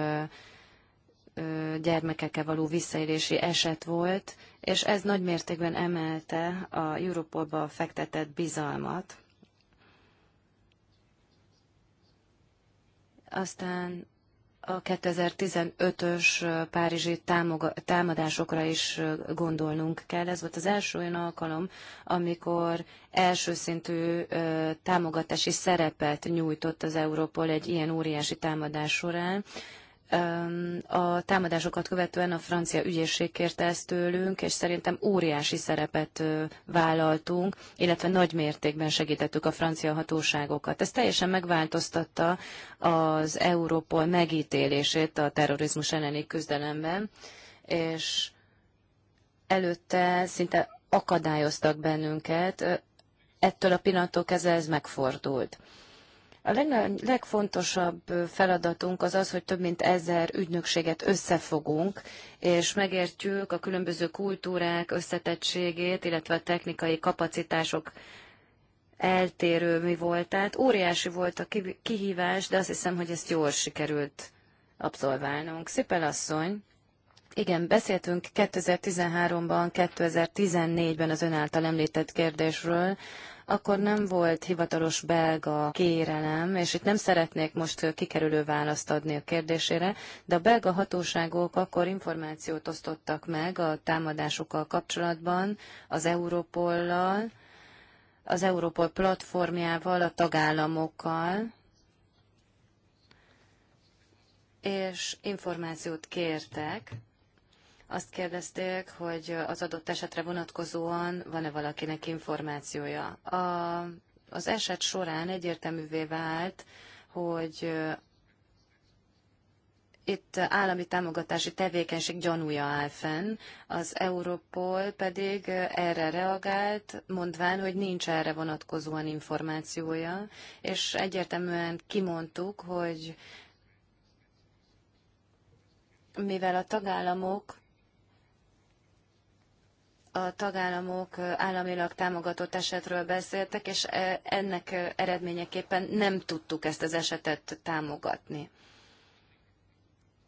gyermekekkel való visszaélési eset volt, és ez nagy mértékben emelte a Europolba fektetett bizalmat. Aztán a 2015-ös párizsi támadásokra is gondolnunk kell. Ez volt az első olyan alkalom, amikor első szintű támogatási szerepet nyújtott az Európol egy ilyen óriási támadás során a támadásokat követően a francia ügyészség kérte ezt tőlünk, és szerintem óriási szerepet vállaltunk, illetve nagy mértékben segítettük a francia hatóságokat. Ez teljesen megváltoztatta az Európol megítélését a terrorizmus elleni küzdelemben, és előtte szinte akadályoztak bennünket, ettől a pillanattól kezdve ez megfordult. A legfontosabb feladatunk az az, hogy több mint ezer ügynökséget összefogunk, és megértjük a különböző kultúrák összetettségét, illetve a technikai kapacitások eltérő mi volt. Tehát óriási volt a kihívás, de azt hiszem, hogy ezt jól sikerült abszolválnunk. Szipel asszony, igen, beszéltünk 2013-ban, 2014-ben az ön által említett kérdésről, akkor nem volt hivatalos belga kérelem, és itt nem szeretnék most kikerülő választ adni a kérdésére, de a belga hatóságok akkor információt osztottak meg a támadásokkal kapcsolatban az Európollal, az Európol platformjával, a tagállamokkal, és információt kértek azt kérdezték, hogy az adott esetre vonatkozóan van-e valakinek információja. A, az eset során egyértelművé vált, hogy itt állami támogatási tevékenység gyanúja áll fenn, az Europol pedig erre reagált, mondván, hogy nincs erre vonatkozóan információja, és egyértelműen kimondtuk, hogy mivel a tagállamok a tagállamok államilag támogatott esetről beszéltek, és e, ennek eredményeképpen nem tudtuk ezt az esetet támogatni.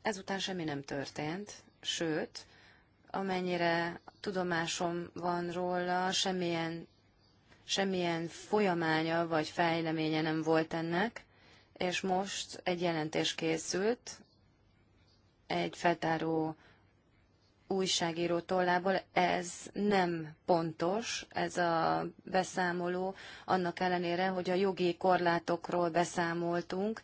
Ezután semmi nem történt, sőt, amennyire tudomásom van róla, semmilyen, semmilyen folyamánya vagy fejleménye nem volt ennek, és most egy jelentés készült, egy feltáró újságíró tollából ez nem pontos, ez a beszámoló, annak ellenére, hogy a jogi korlátokról beszámoltunk,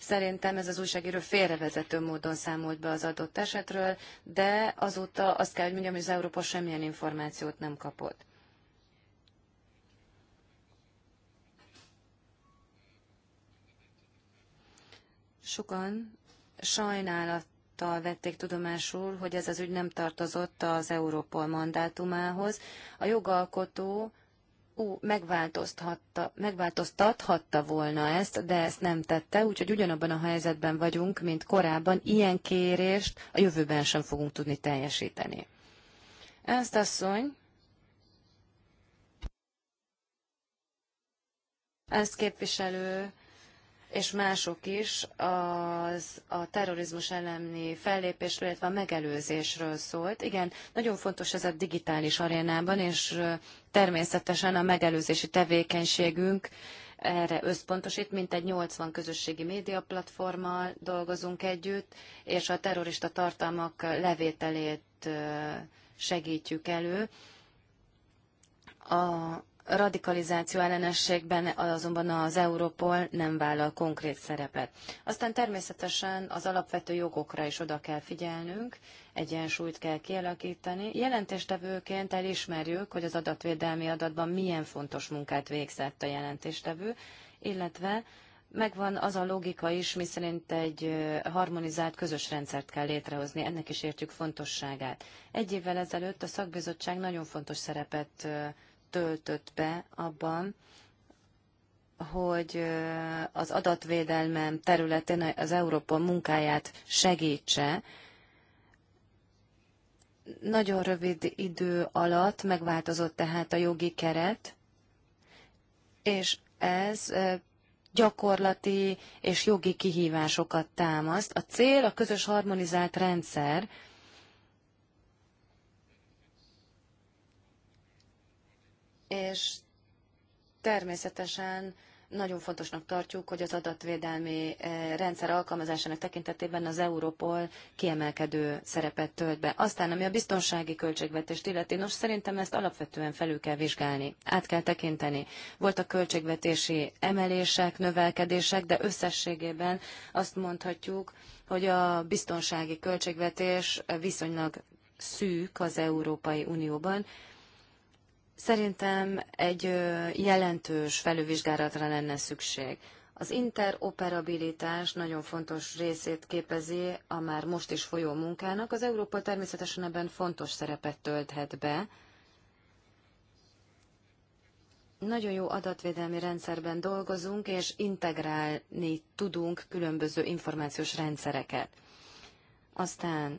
Szerintem ez az újságíró félrevezető módon számolt be az adott esetről, de azóta azt kell, hogy mondjam, hogy az Európa semmilyen információt nem kapott. Sokan sajnálat bizonytalansággal vették tudomásul, hogy ez az ügy nem tartozott az Európol mandátumához. A jogalkotó ú, megváltoztathatta volna ezt, de ezt nem tette, úgyhogy ugyanabban a helyzetben vagyunk, mint korábban, ilyen kérést a jövőben sem fogunk tudni teljesíteni. Ezt asszony, ezt képviselő és mások is az a terrorizmus elleni fellépésről, illetve a megelőzésről szólt. Igen, nagyon fontos ez a digitális arénában, és természetesen a megelőzési tevékenységünk erre összpontosít, mint egy 80 közösségi média platformmal dolgozunk együtt, és a terrorista tartalmak levételét segítjük elő. A radikalizáció ellenességben azonban az Europol nem vállal konkrét szerepet. Aztán természetesen az alapvető jogokra is oda kell figyelnünk, egyensúlyt kell kialakítani. Jelentéstevőként elismerjük, hogy az adatvédelmi adatban milyen fontos munkát végzett a jelentéstevő, illetve megvan az a logika is, miszerint egy harmonizált közös rendszert kell létrehozni, ennek is értjük fontosságát. Egy évvel ezelőtt a szakbizottság nagyon fontos szerepet töltött be abban, hogy az adatvédelmem területén az Európa munkáját segítse. Nagyon rövid idő alatt megváltozott tehát a jogi keret, és ez gyakorlati és jogi kihívásokat támaszt. A cél a közös harmonizált rendszer, és természetesen nagyon fontosnak tartjuk, hogy az adatvédelmi eh, rendszer alkalmazásának tekintetében az Europol kiemelkedő szerepet tölt be. Aztán, ami a biztonsági költségvetést illeti, nos szerintem ezt alapvetően felül kell vizsgálni, át kell tekinteni. Voltak költségvetési emelések, növelkedések, de összességében azt mondhatjuk, hogy a biztonsági költségvetés viszonylag szűk az Európai Unióban, Szerintem egy jelentős felülvizsgálatra lenne szükség. Az interoperabilitás nagyon fontos részét képezi a már most is folyó munkának. Az Európa természetesen ebben fontos szerepet tölthet be. Nagyon jó adatvédelmi rendszerben dolgozunk, és integrálni tudunk különböző információs rendszereket. Aztán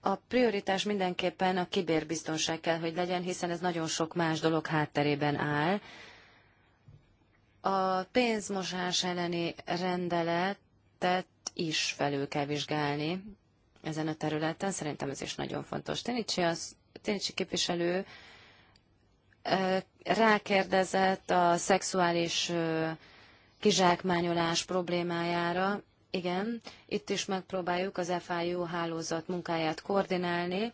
a prioritás mindenképpen a kibérbiztonság kell, hogy legyen, hiszen ez nagyon sok más dolog hátterében áll. A pénzmosás elleni rendeletet is felül kell vizsgálni ezen a területen. Szerintem ez is nagyon fontos. Ténicsi, az, Ténicsi képviselő rákérdezett a szexuális kizsákmányolás problémájára igen, itt is megpróbáljuk az FIU hálózat munkáját koordinálni,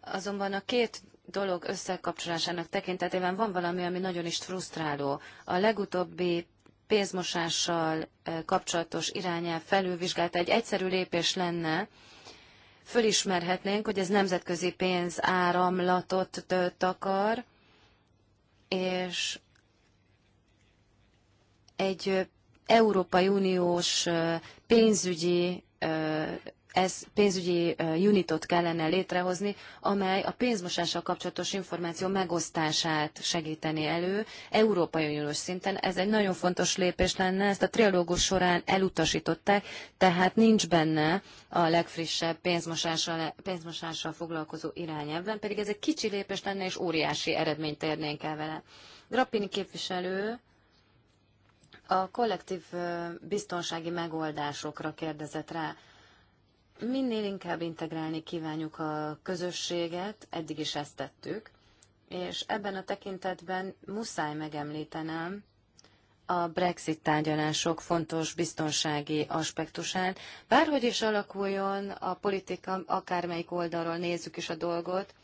azonban a két dolog összekapcsolásának tekintetében van valami, ami nagyon is frusztráló. A legutóbbi pénzmosással kapcsolatos irányel felülvizsgálta egy egyszerű lépés lenne, fölismerhetnénk, hogy ez nemzetközi pénzáramlatot takar, és egy Európai Uniós pénzügyi ez pénzügyi unitot kellene létrehozni, amely a pénzmosással kapcsolatos információ megosztását segíteni elő Európai Uniós szinten. Ez egy nagyon fontos lépés lenne, ezt a trialógus során elutasították, tehát nincs benne a legfrissebb pénzmosással, pénzmosással foglalkozó irányelvben, pedig ez egy kicsi lépés lenne, és óriási eredményt érnénk el vele. Grappini képviselő a kollektív biztonsági megoldásokra kérdezett rá. Minél inkább integrálni kívánjuk a közösséget, eddig is ezt tettük, és ebben a tekintetben muszáj megemlítenem a Brexit tárgyalások fontos biztonsági aspektusán. Bárhogy is alakuljon a politika, akármelyik oldalról nézzük is a dolgot,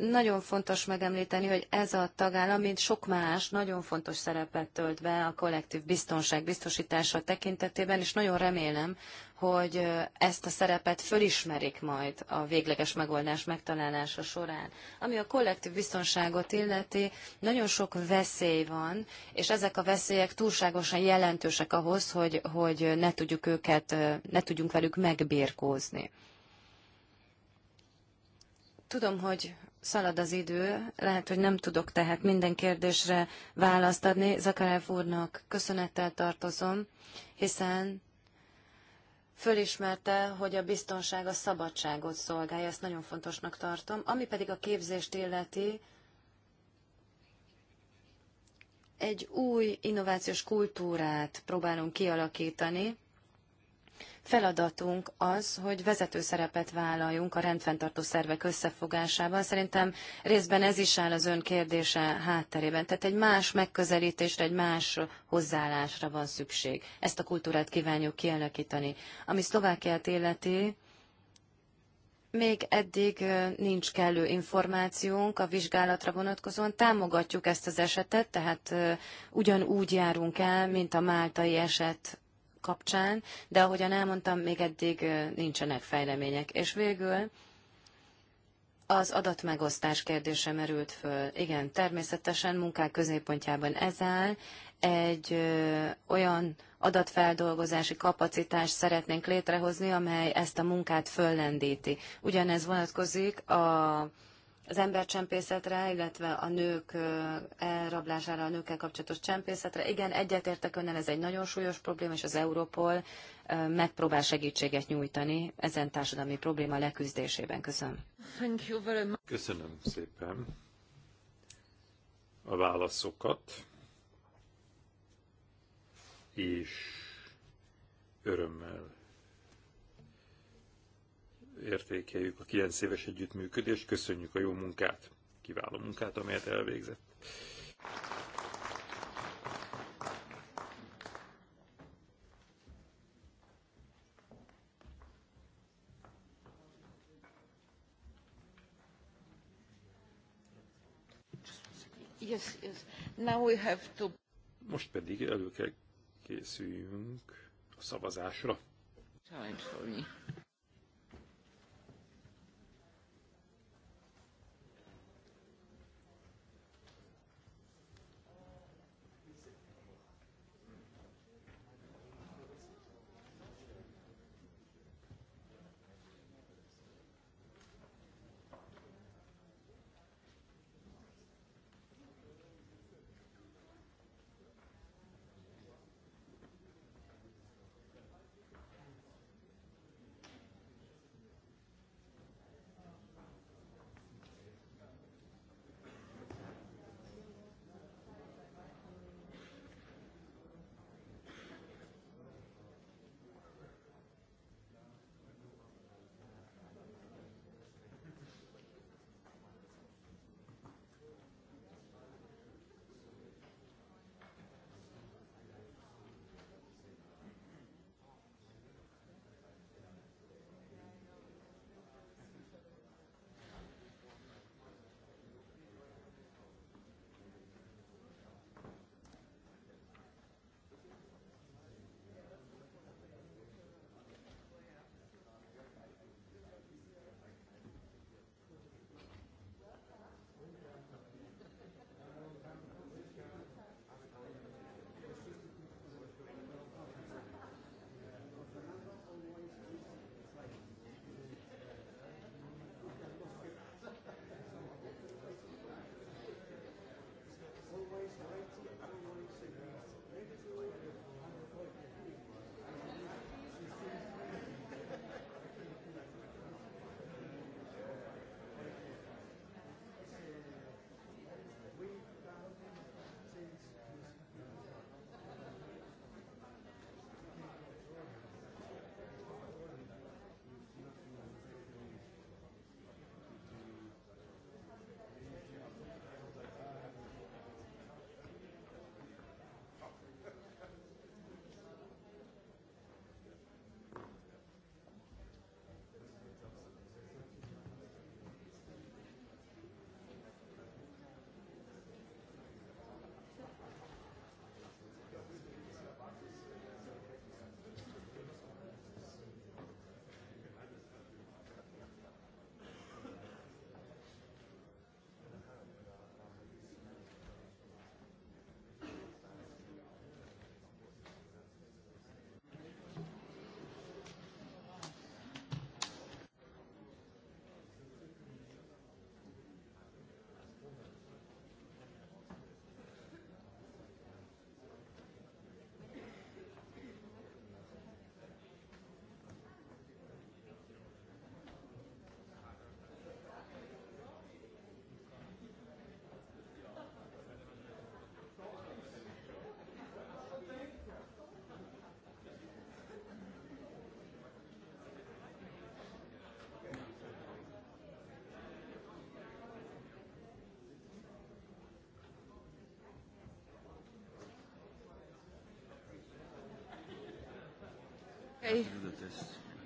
nagyon fontos megemlíteni, hogy ez a tagállam, mint sok más, nagyon fontos szerepet tölt be a kollektív biztonság biztosítása tekintetében, és nagyon remélem, hogy ezt a szerepet fölismerik majd a végleges megoldás megtalálása során. Ami a kollektív biztonságot illeti, nagyon sok veszély van, és ezek a veszélyek túlságosan jelentősek ahhoz, hogy, hogy ne tudjuk őket, ne tudjunk velük megbírkózni. Tudom, hogy szalad az idő, lehet, hogy nem tudok tehát minden kérdésre választ adni. Zakarev úrnak köszönettel tartozom, hiszen fölismerte, hogy a biztonság a szabadságot szolgálja, ezt nagyon fontosnak tartom. Ami pedig a képzést illeti, egy új innovációs kultúrát próbálunk kialakítani, Feladatunk az, hogy vezető szerepet vállaljunk a rendfenntartó szervek összefogásában. Szerintem részben ez is áll az ön kérdése hátterében. Tehát egy más megközelítésre, egy más hozzáállásra van szükség. Ezt a kultúrát kívánjuk kialakítani. Ami Szlovákiát illeti, még eddig nincs kellő információnk a vizsgálatra vonatkozóan. Támogatjuk ezt az esetet, tehát ugyanúgy járunk el, mint a máltai eset kapcsán, de ahogyan elmondtam, még eddig nincsenek fejlemények. És végül az adatmegosztás kérdése merült föl. Igen, természetesen munkák középpontjában ez áll. Egy ö, olyan adatfeldolgozási kapacitást szeretnénk létrehozni, amely ezt a munkát föllendíti. Ugyanez vonatkozik a az embercsempészetre, illetve a nők elrablására, a nőkkel kapcsolatos csempészetre. Igen, egyetértek önnel, ez egy nagyon súlyos probléma, és az Európol megpróbál segítséget nyújtani ezen társadalmi probléma leküzdésében. Köszönöm. Köszönöm szépen a válaszokat, és örömmel értékeljük a kilenc éves együttműködést, köszönjük a jó munkát, kiváló munkát, amelyet elvégzett. Yes, yes. Now we have to... Most pedig elő kell készüljünk a szavazásra. Time for me.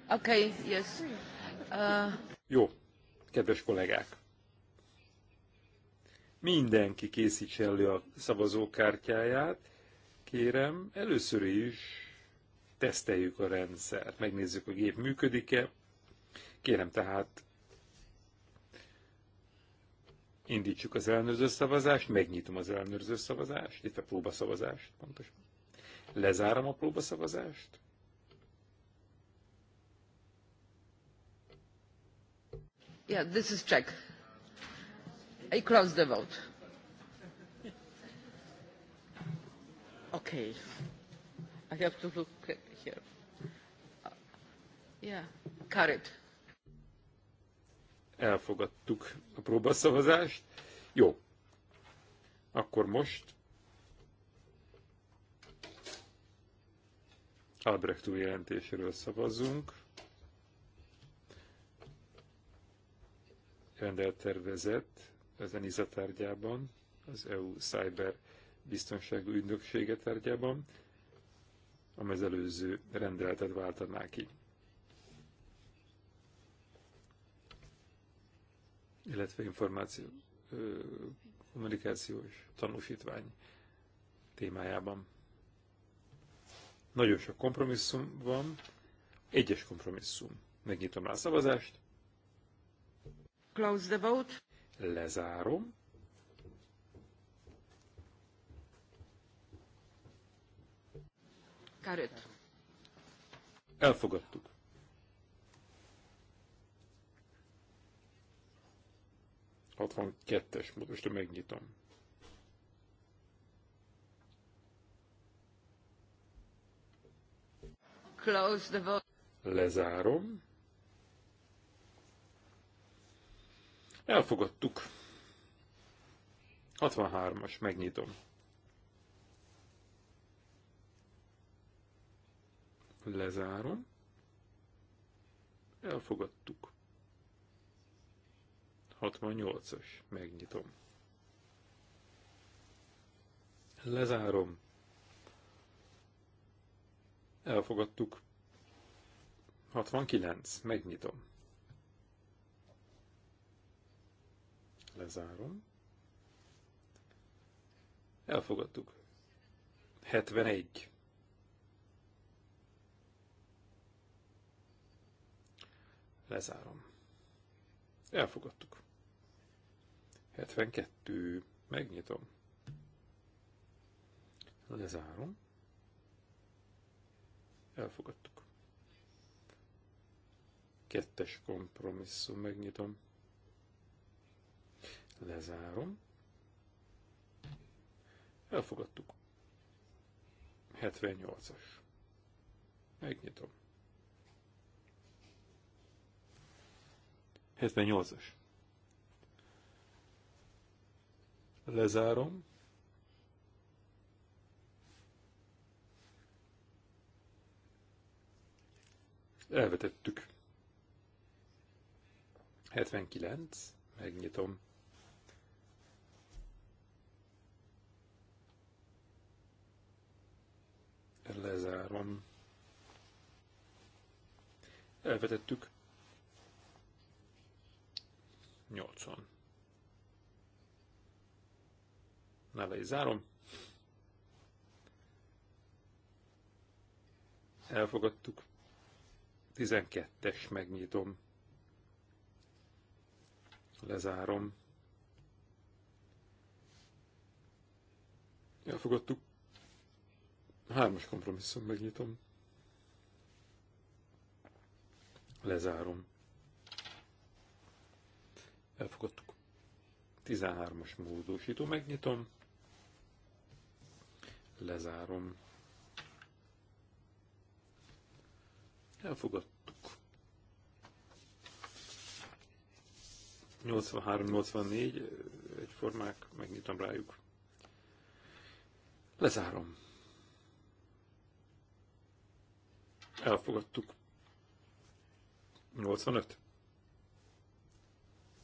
Uh, Jó, kedves kollégák! Mindenki készítse elő a szavazókártyáját. Kérem, először is teszteljük a rendszert, megnézzük, a gép működik-e. Kérem tehát, indítsuk az ellenőrző szavazást, megnyitom az ellenőrző szavazást, itt a próbaszavazást, pontosan. Lezárom a próbaszavazást. elfogadtuk a próbaszavazást jó akkor most Albrecht úr jelentéséről szavazzunk. rendeltervezet az ENISA tárgyában, az EU Cyber Biztonságú Ügynöksége tárgyában, amely az előző rendeletet váltaná ki. Illetve információ, kommunikációs tanúsítvány témájában. Nagyon sok kompromisszum van, egyes kompromisszum. Megnyitom rá a szavazást. Close the vote. Lezárom. Karöt. Elfogadtuk. van kettes, most megnyitom. Close the vote. Lezárom. Elfogadtuk. 63-as, megnyitom. Lezárom. Elfogadtuk. 68-as, megnyitom. Lezárom. Elfogadtuk. 69, megnyitom. Lezárom. Elfogadtuk. 71. Lezárom. Elfogadtuk. 72. Megnyitom. Lezárom. Elfogadtuk. Kettes kompromisszum. Megnyitom. Lezárom. Elfogadtuk. 78-as. Megnyitom. 78-as. Lezárom. Elvetettük. 79. Megnyitom. Lezárom. Elvetettük. 80. Ne le is zárom. Elfogadtuk. 12-es megnyitom. Lezárom. Elfogadtuk. Hármas kompromisszum megnyitom. Lezárom. Elfogadtuk. 13-as módosító megnyitom. Lezárom. Elfogadtuk. 83-84 egyformák, megnyitom rájuk. Lezárom. Elfogadtuk. 85.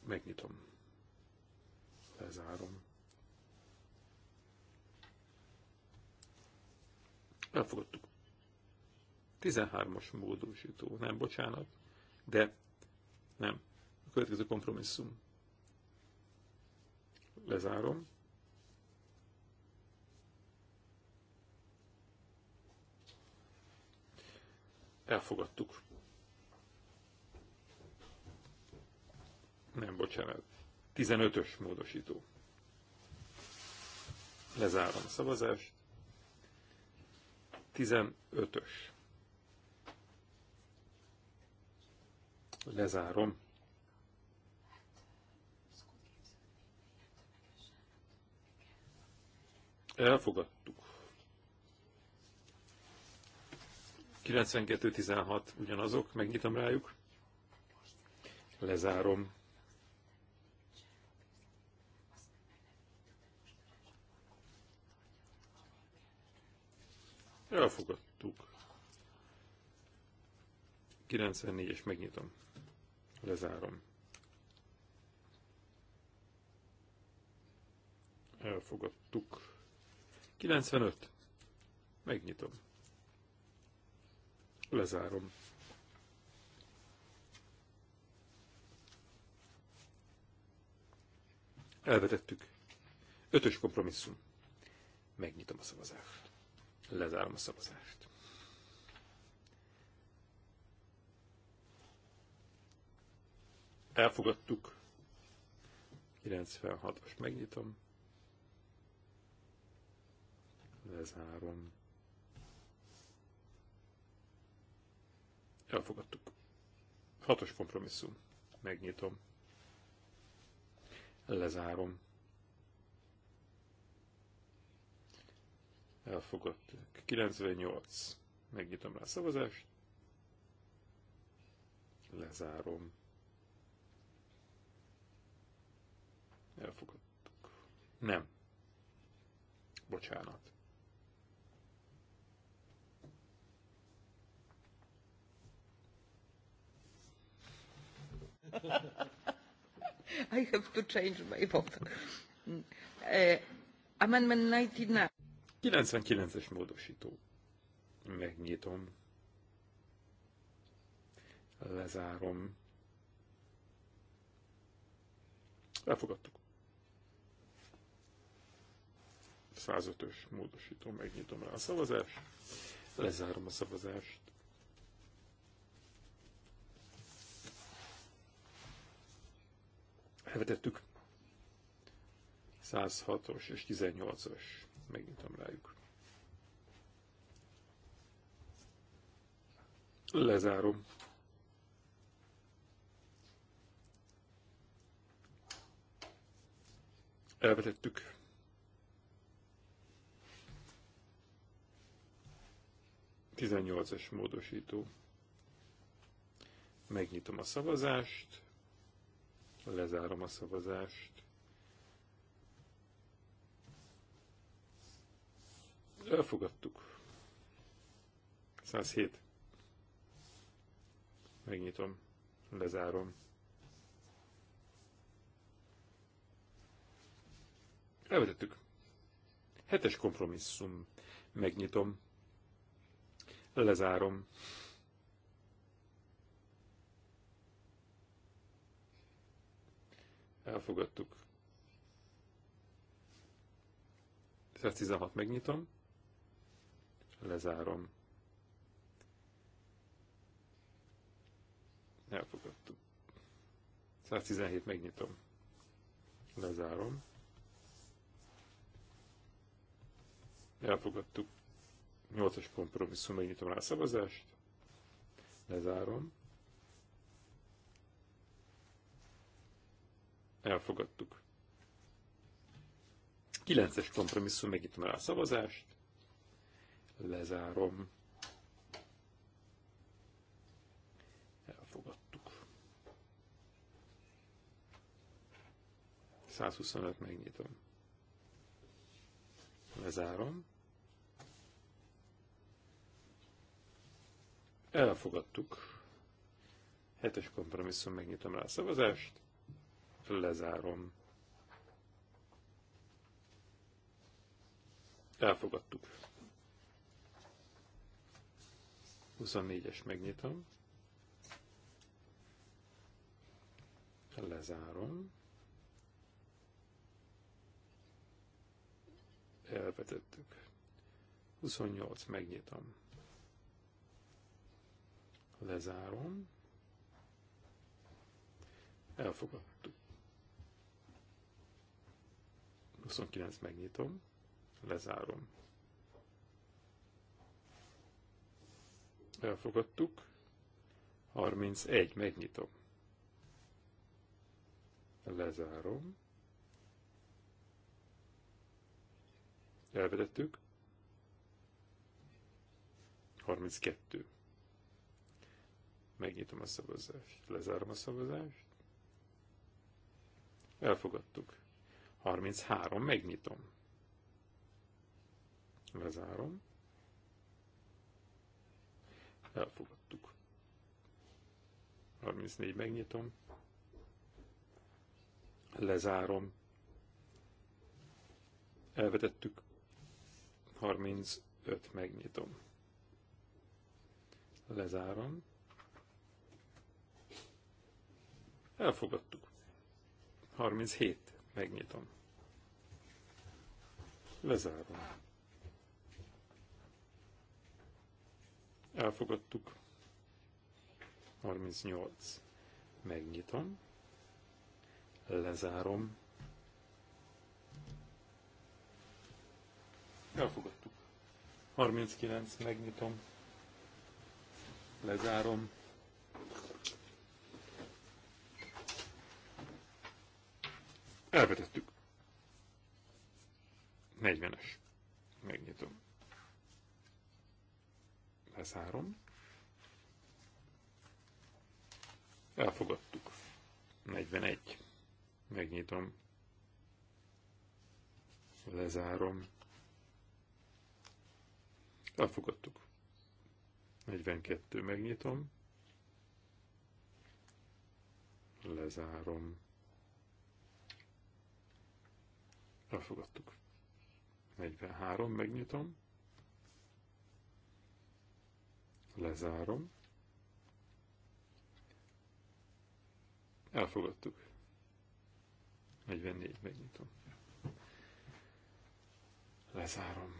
Megnyitom. Lezárom. Elfogadtuk. 13-as módosító. Nem, bocsánat. De nem. A következő kompromisszum. Lezárom. Elfogadtuk. Nem, bocsánat. 15-ös módosító. Lezárom a szavazást. 15-ös. Lezárom. Elfogadtuk. 92-16 ugyanazok, megnyitom rájuk. Lezárom. Elfogadtuk. 94 és megnyitom. Lezárom. Elfogadtuk. 95. Megnyitom. Lezárom. Elvetettük. Ötös kompromisszum. Megnyitom a szavazást. Lezárom a szavazást. Elfogadtuk. 96-as megnyitom. Lezárom. Elfogadtuk. Hatos kompromisszum. Megnyitom. Lezárom. Elfogadtuk. 98. Megnyitom rá a szavazást. Lezárom. Elfogadtuk. Nem. Bocsánat. I have to change my vote. Uh, amendment 99. 99-es módosító. Megnyitom. Lezárom. Elfogadtuk. 105-ös módosító. Megnyitom rá a szavazást. Lezárom a szavazást. elvetettük. 106-os és 18-os. Megnyitom rájuk. Lezárom. Elvetettük. Tizennyolcas módosító. Megnyitom a szavazást. Lezárom a szavazást. Elfogadtuk. 107. Megnyitom, lezárom. Elvetettük. Hetes kompromisszum. Megnyitom. Lezárom. Elfogadtuk. 116 megnyitom. Lezárom. Elfogadtuk. 117 megnyitom. Lezárom. Elfogadtuk. 8-as kompromisszum, megnyitom rá a szavazást. Lezárom. elfogadtuk. Kilences es kompromisszum, megnyitom rá a szavazást, lezárom. Elfogadtuk. 125 megnyitom. Lezárom. Elfogadtuk. Hetes kompromisszum, megnyitom rá a szavazást. Lezárom. Elfogadtuk. 24-es megnyitom. Lezárom. Elvetettük. 28 megnyitom. Lezárom. Elfogadtuk. 29 megnyitom, lezárom. Elfogadtuk. 31 megnyitom. Lezárom. Elvedettük. 32. Megnyitom a szavazást. Lezárom a szavazást. Elfogadtuk. 33, megnyitom. Lezárom. Elfogadtuk. 34, megnyitom. Lezárom. Elvetettük. 35, megnyitom. Lezárom. Elfogadtuk. 37. Megnyitom. Lezárom. Elfogadtuk. 38. Megnyitom. Lezárom. Elfogadtuk. 39. Megnyitom. Lezárom. Elvetettük. 40-es. Megnyitom. Lezárom. Elfogadtuk. 41. Megnyitom. Lezárom. Elfogadtuk. 42. Megnyitom. Lezárom. Elfogadtuk. 43, megnyitom. Lezárom. Elfogadtuk. 44, megnyitom. Lezárom.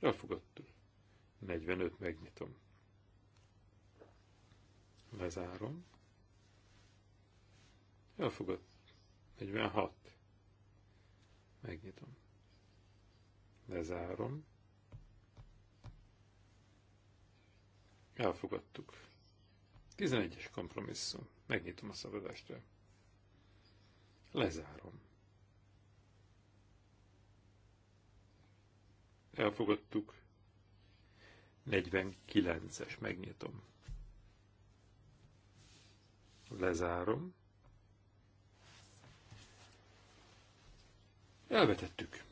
Elfogadtuk. 45, megnyitom. Lezárom. elfogadtuk, 46. Megnyitom. Lezárom. Elfogadtuk. 11-es kompromisszum. Megnyitom a szavazást. Lezárom. Elfogadtuk. 49-es. Megnyitom. Lezárom. Elvetettük.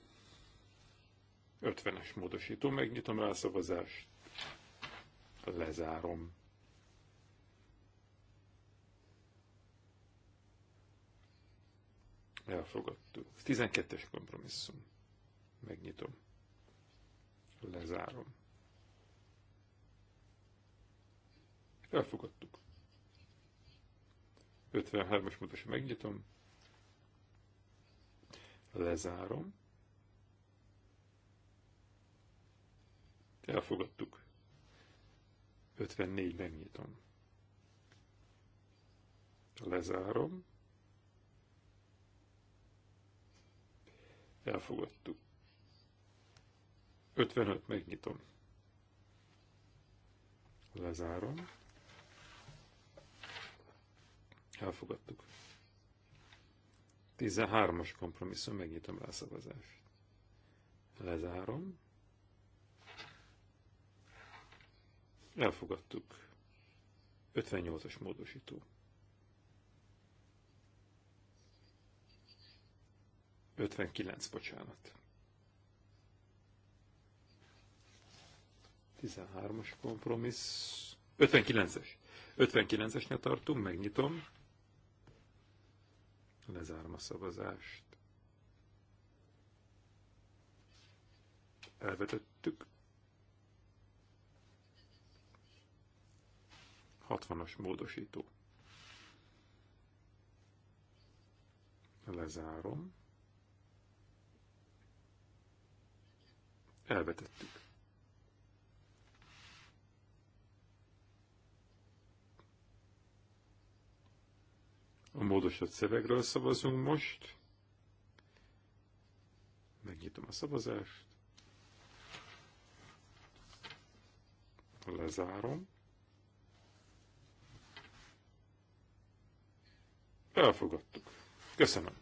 50-es módosító, megnyitom rá a szavazást. Lezárom. Elfogadtuk. 12-es kompromisszum. Megnyitom. Lezárom. Elfogadtuk. 53-as módosító, megnyitom Lezárom. Elfogadtuk. 54 megnyitom. Lezárom. Elfogadtuk. 55 megnyitom. Lezárom. Elfogadtuk. 13-as kompromisszum, megnyitom rá a szavazást. Lezárom. Elfogadtuk. 58-as módosító. 59, bocsánat. 13 kompromissz. 59-es. 59 tartunk, megnyitom. Lezárom a szavazást. Elvetettük. 60-as módosító. Lezárom. Elvetettük. A módosított szövegről szavazunk most. Megnyitom a szavazást. Lezárom. Elfogadtuk. Köszönöm.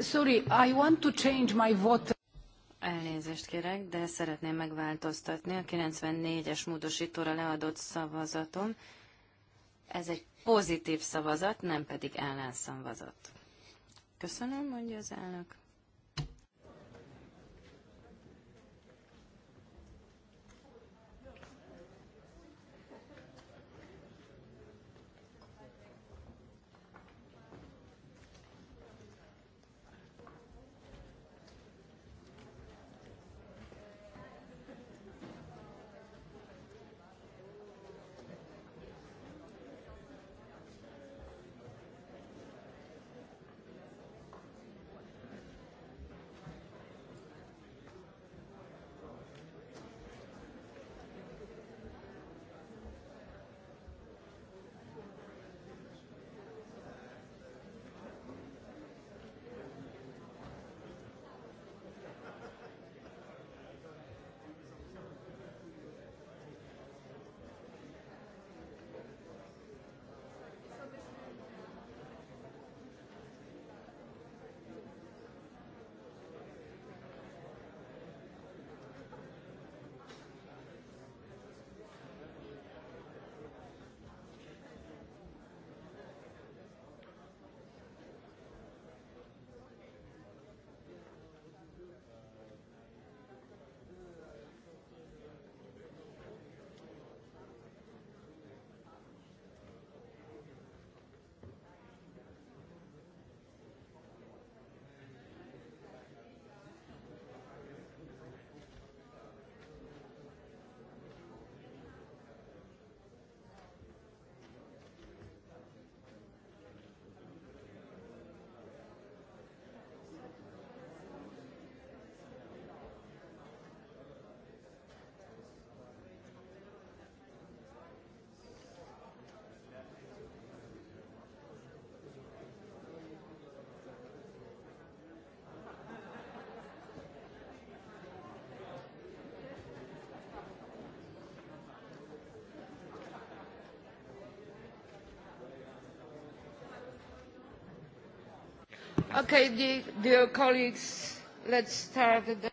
Sorry, I want to change my vote. Elnézést kérek, de szeretném megváltoztatni a 94-es módosítóra leadott szavazatom. Ez egy pozitív szavazat, nem pedig ellenszavazat. Köszönöm, mondja az elnök.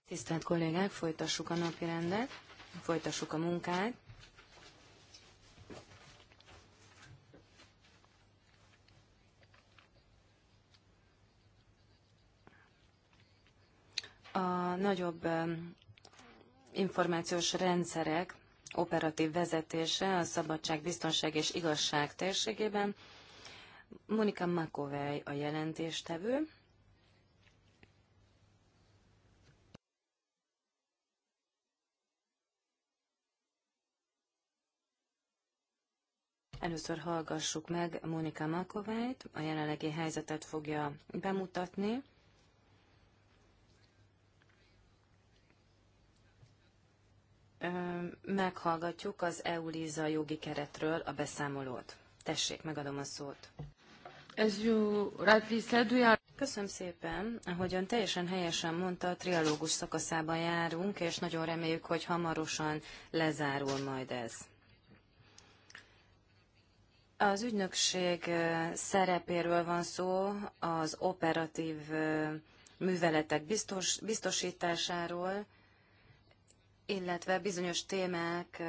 Tisztelt kollégák, folytassuk a napi rendet, folytassuk a munkát. A nagyobb információs rendszerek operatív vezetése a szabadság, biztonság és igazság térségében Monika Makovej a jelentéstevő. Először hallgassuk meg Monika Makovájt, a jelenlegi helyzetet fogja bemutatni. Meghallgatjuk az eu jogi keretről a beszámolót. Tessék, megadom a szót. Köszönöm szépen. ön teljesen helyesen mondta, a trialógus szakaszában járunk, és nagyon reméljük, hogy hamarosan lezárul majd ez. Az ügynökség szerepéről van szó, az operatív műveletek biztos, biztosításáról, illetve bizonyos témák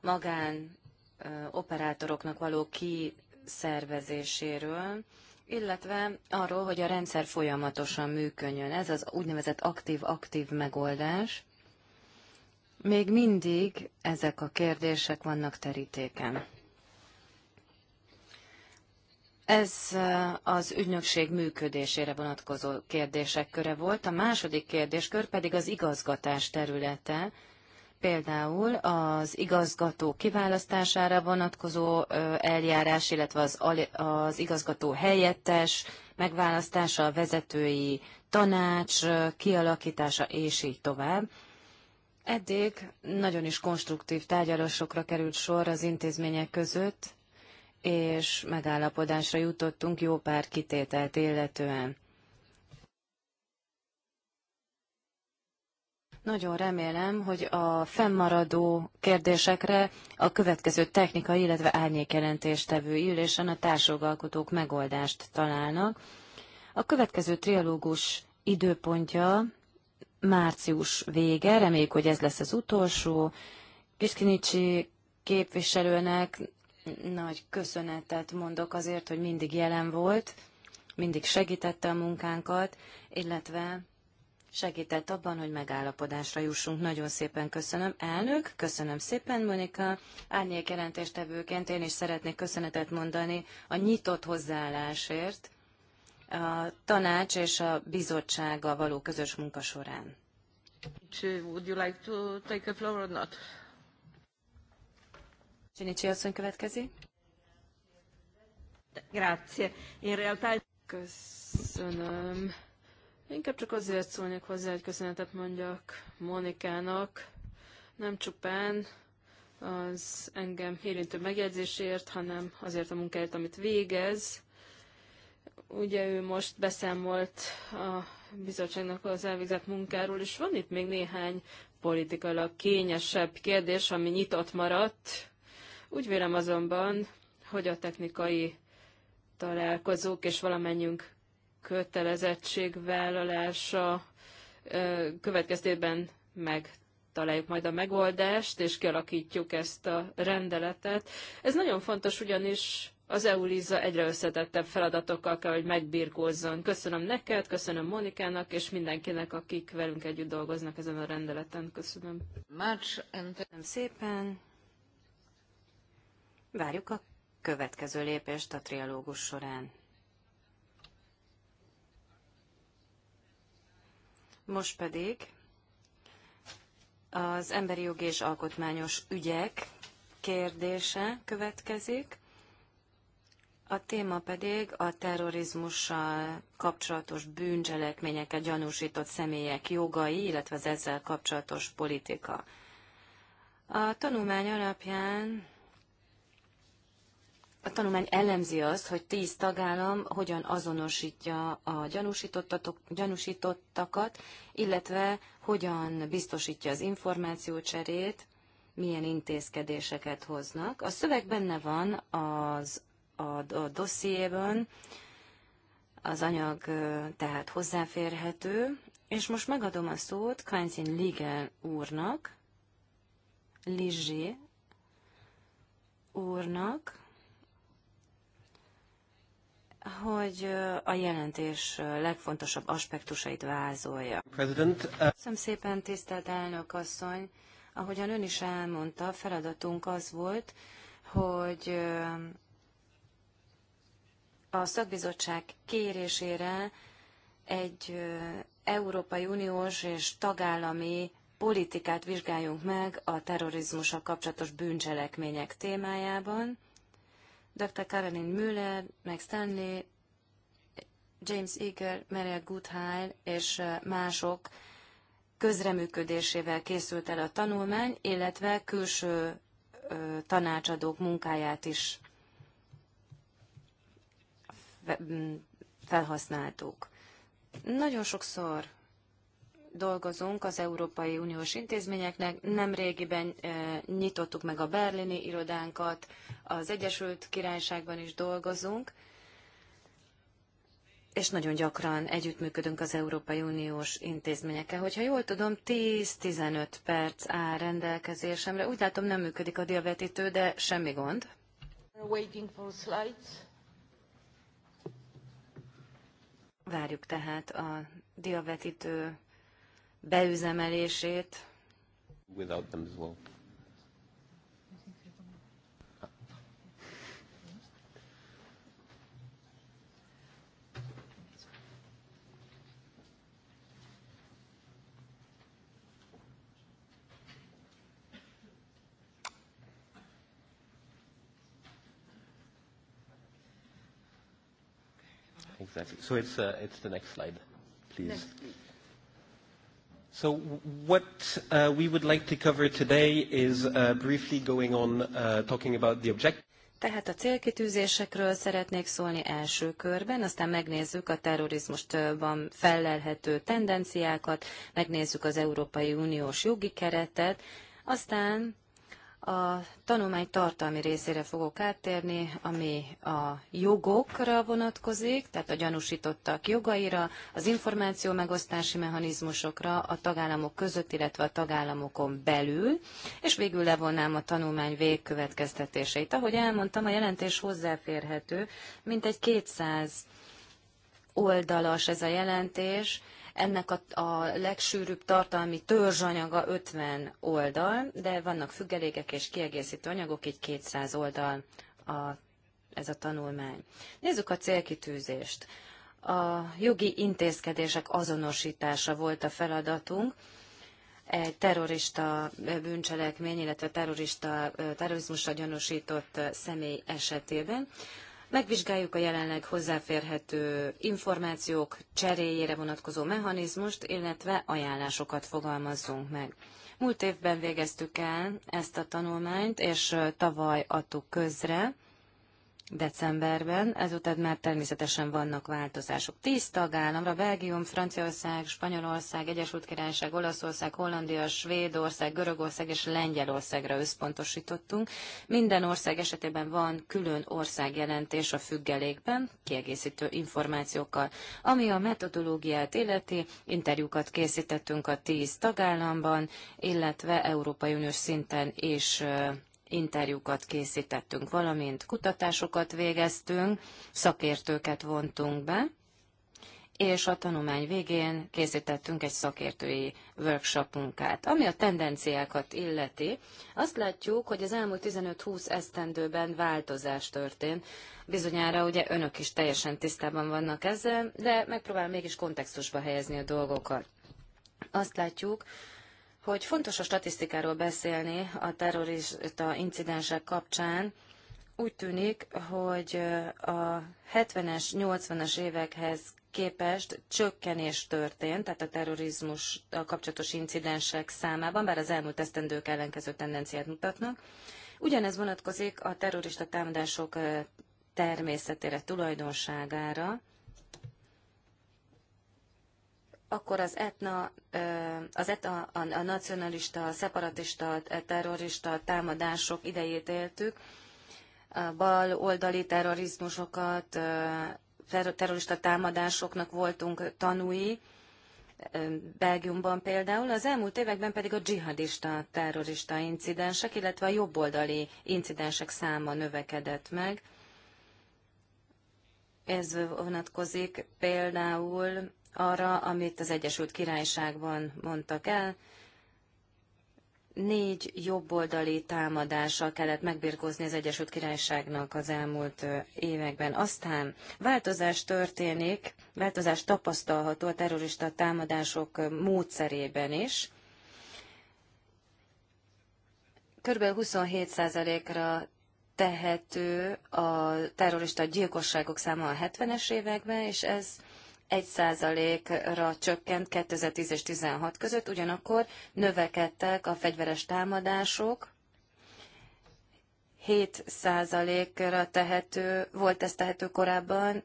magán operátoroknak való kiszervezéséről, illetve arról, hogy a rendszer folyamatosan működjön. Ez az úgynevezett aktív-aktív megoldás. Még mindig ezek a kérdések vannak terítéken. Ez az ügynökség működésére vonatkozó kérdések köre volt. A második kérdéskör pedig az igazgatás területe, például az igazgató kiválasztására vonatkozó eljárás, illetve az, az igazgató helyettes megválasztása, a vezetői tanács kialakítása, és így tovább. Eddig nagyon is konstruktív tárgyalásokra került sor az intézmények között, és megállapodásra jutottunk jó pár kitételt illetően. Nagyon remélem, hogy a fennmaradó kérdésekre a következő technikai, illetve árnyékjelentéstevő ülésen a társadalkotók megoldást találnak. A következő trialógus időpontja március vége, reméljük, hogy ez lesz az utolsó. Kiskinicsi képviselőnek nagy köszönetet mondok azért, hogy mindig jelen volt, mindig segítette a munkánkat, illetve segített abban, hogy megállapodásra jussunk. Nagyon szépen köszönöm. Elnök, köszönöm szépen, Monika. Árnyék jelentéstevőként én is szeretnék köszönetet mondani a nyitott hozzáállásért a tanács és a bizottsággal való közös munka során. Would you like to take a floor or not? Csinicsi asszony következik. Grazie. In realtà... Köszönöm. Inkább csak azért szólnék hozzá, hogy köszönetet mondjak Monikának, nem csupán az engem érintő megjegyzésért, hanem azért a munkáért, amit végez. Ugye ő most beszámolt a bizottságnak az elvégzett munkáról, és van itt még néhány politikailag kényesebb kérdés, ami nyitott maradt, úgy vélem azonban, hogy a technikai találkozók és valamennyünk kötelezettségvállalása következtében megtaláljuk majd a megoldást, és kialakítjuk ezt a rendeletet. Ez nagyon fontos, ugyanis az EULIZA egyre összetettebb feladatokkal kell, hogy megbirkózzon. Köszönöm neked, köszönöm Monikának, és mindenkinek, akik velünk együtt dolgoznak ezen a rendeleten. Köszönöm. Köszönöm szépen. Várjuk a következő lépést a trialógus során. Most pedig az emberi jogi és alkotmányos ügyek kérdése következik. A téma pedig a terrorizmussal kapcsolatos bűncselekményeket gyanúsított személyek jogai, illetve az ezzel kapcsolatos politika. A tanulmány alapján a tanulmány elemzi azt, hogy tíz tagállam hogyan azonosítja a gyanúsítottakat, illetve hogyan biztosítja az információcserét, milyen intézkedéseket hoznak. A szöveg benne van az, a, a dossziében, az anyag tehát hozzáférhető, és most megadom a szót Kainzin Ligel úrnak, Lizsi úrnak, hogy a jelentés legfontosabb aspektusait vázolja. President, Köszönöm szépen, tisztelt elnök asszony! Ahogyan ön is elmondta, feladatunk az volt, hogy a szakbizottság kérésére egy Európai Uniós és tagállami politikát vizsgáljunk meg a terrorizmussal kapcsolatos bűncselekmények témájában. Dr. Caroline Müller, meg Stanley, James Eager, Mary Goodhile és mások közreműködésével készült el a tanulmány, illetve külső tanácsadók munkáját is felhasználtuk. Nagyon sokszor dolgozunk az Európai Uniós intézményeknek. Nemrégiben eh, nyitottuk meg a berlini irodánkat, az Egyesült Királyságban is dolgozunk, és nagyon gyakran együttműködünk az Európai Uniós intézményekkel. Hogyha jól tudom, 10-15 perc áll rendelkezésemre. Úgy látom, nem működik a diavetítő, de semmi gond. Várjuk tehát a diavetítő beüzemelését. Without them as well. Exactly. So it's, uh, it's the next slide, please. Next, please. So what uh, we would like to cover today is uh, briefly going on uh, talking about the object. Tehát a célkitűzésekről szeretnék szólni első körben, aztán megnézzük a terrorizmustban fellelhető tendenciákat, megnézzük az Európai Uniós jogi keretet, aztán a tanulmány tartalmi részére fogok áttérni, ami a jogokra vonatkozik, tehát a gyanúsítottak jogaira, az információ megosztási mechanizmusokra a tagállamok között, illetve a tagállamokon belül, és végül levonnám a tanulmány végkövetkeztetéseit. Ahogy elmondtam, a jelentés hozzáférhető, mint egy 200 oldalas ez a jelentés, ennek a, a legsűrűbb tartalmi törzsanyaga 50 oldal, de vannak függelékek és kiegészítő anyagok, így 200 oldal a, ez a tanulmány. Nézzük a célkitűzést. A jogi intézkedések azonosítása volt a feladatunk egy terrorista bűncselekmény, illetve terrorista, terrorizmusra gyanúsított személy esetében. Megvizsgáljuk a jelenleg hozzáférhető információk cseréjére vonatkozó mechanizmust, illetve ajánlásokat fogalmazzunk meg. Múlt évben végeztük el ezt a tanulmányt, és tavaly adtuk közre decemberben, ezután már természetesen vannak változások. Tíz tagállamra, Belgium, Franciaország, Spanyolország, Egyesült Királyság, Olaszország, Hollandia, Svédország, Görögország és Lengyelországra összpontosítottunk. Minden ország esetében van külön országjelentés a függelékben, kiegészítő információkkal. Ami a metodológiát illeti, interjúkat készítettünk a tíz tagállamban, illetve Európai Uniós szinten is interjúkat készítettünk, valamint kutatásokat végeztünk, szakértőket vontunk be, és a tanulmány végén készítettünk egy szakértői workshopunkát. Ami a tendenciákat illeti, azt látjuk, hogy az elmúlt 15-20 esztendőben változás történt. Bizonyára ugye önök is teljesen tisztában vannak ezzel, de megpróbál mégis kontextusba helyezni a dolgokat. Azt látjuk, hogy fontos a statisztikáról beszélni a terrorista incidensek kapcsán. Úgy tűnik, hogy a 70-es, 80-as évekhez képest csökkenés történt, tehát a terrorizmus a kapcsolatos incidensek számában, bár az elmúlt esztendők ellenkező tendenciát mutatnak. Ugyanez vonatkozik a terrorista támadások eh, természetére, tulajdonságára akkor az etna, az etna, a, a nacionalista, a szeparatista, a terrorista támadások idejét éltük, a bal oldali terrorizmusokat, terrorista támadásoknak voltunk tanúi, Belgiumban például, az elmúlt években pedig a dzsihadista terrorista incidensek, illetve a jobboldali incidensek száma növekedett meg. Ez vonatkozik például arra, amit az Egyesült Királyságban mondtak el. Négy jobboldali támadással kellett megbirkózni az Egyesült Királyságnak az elmúlt években. Aztán változás történik, változás tapasztalható a terrorista támadások módszerében is. Körülbelül 27%-ra tehető a terrorista gyilkosságok száma a 70-es években, és ez 1%-ra csökkent 2010 és 16 között, ugyanakkor növekedtek a fegyveres támadások, 7%-ra tehető, volt ez tehető korábban,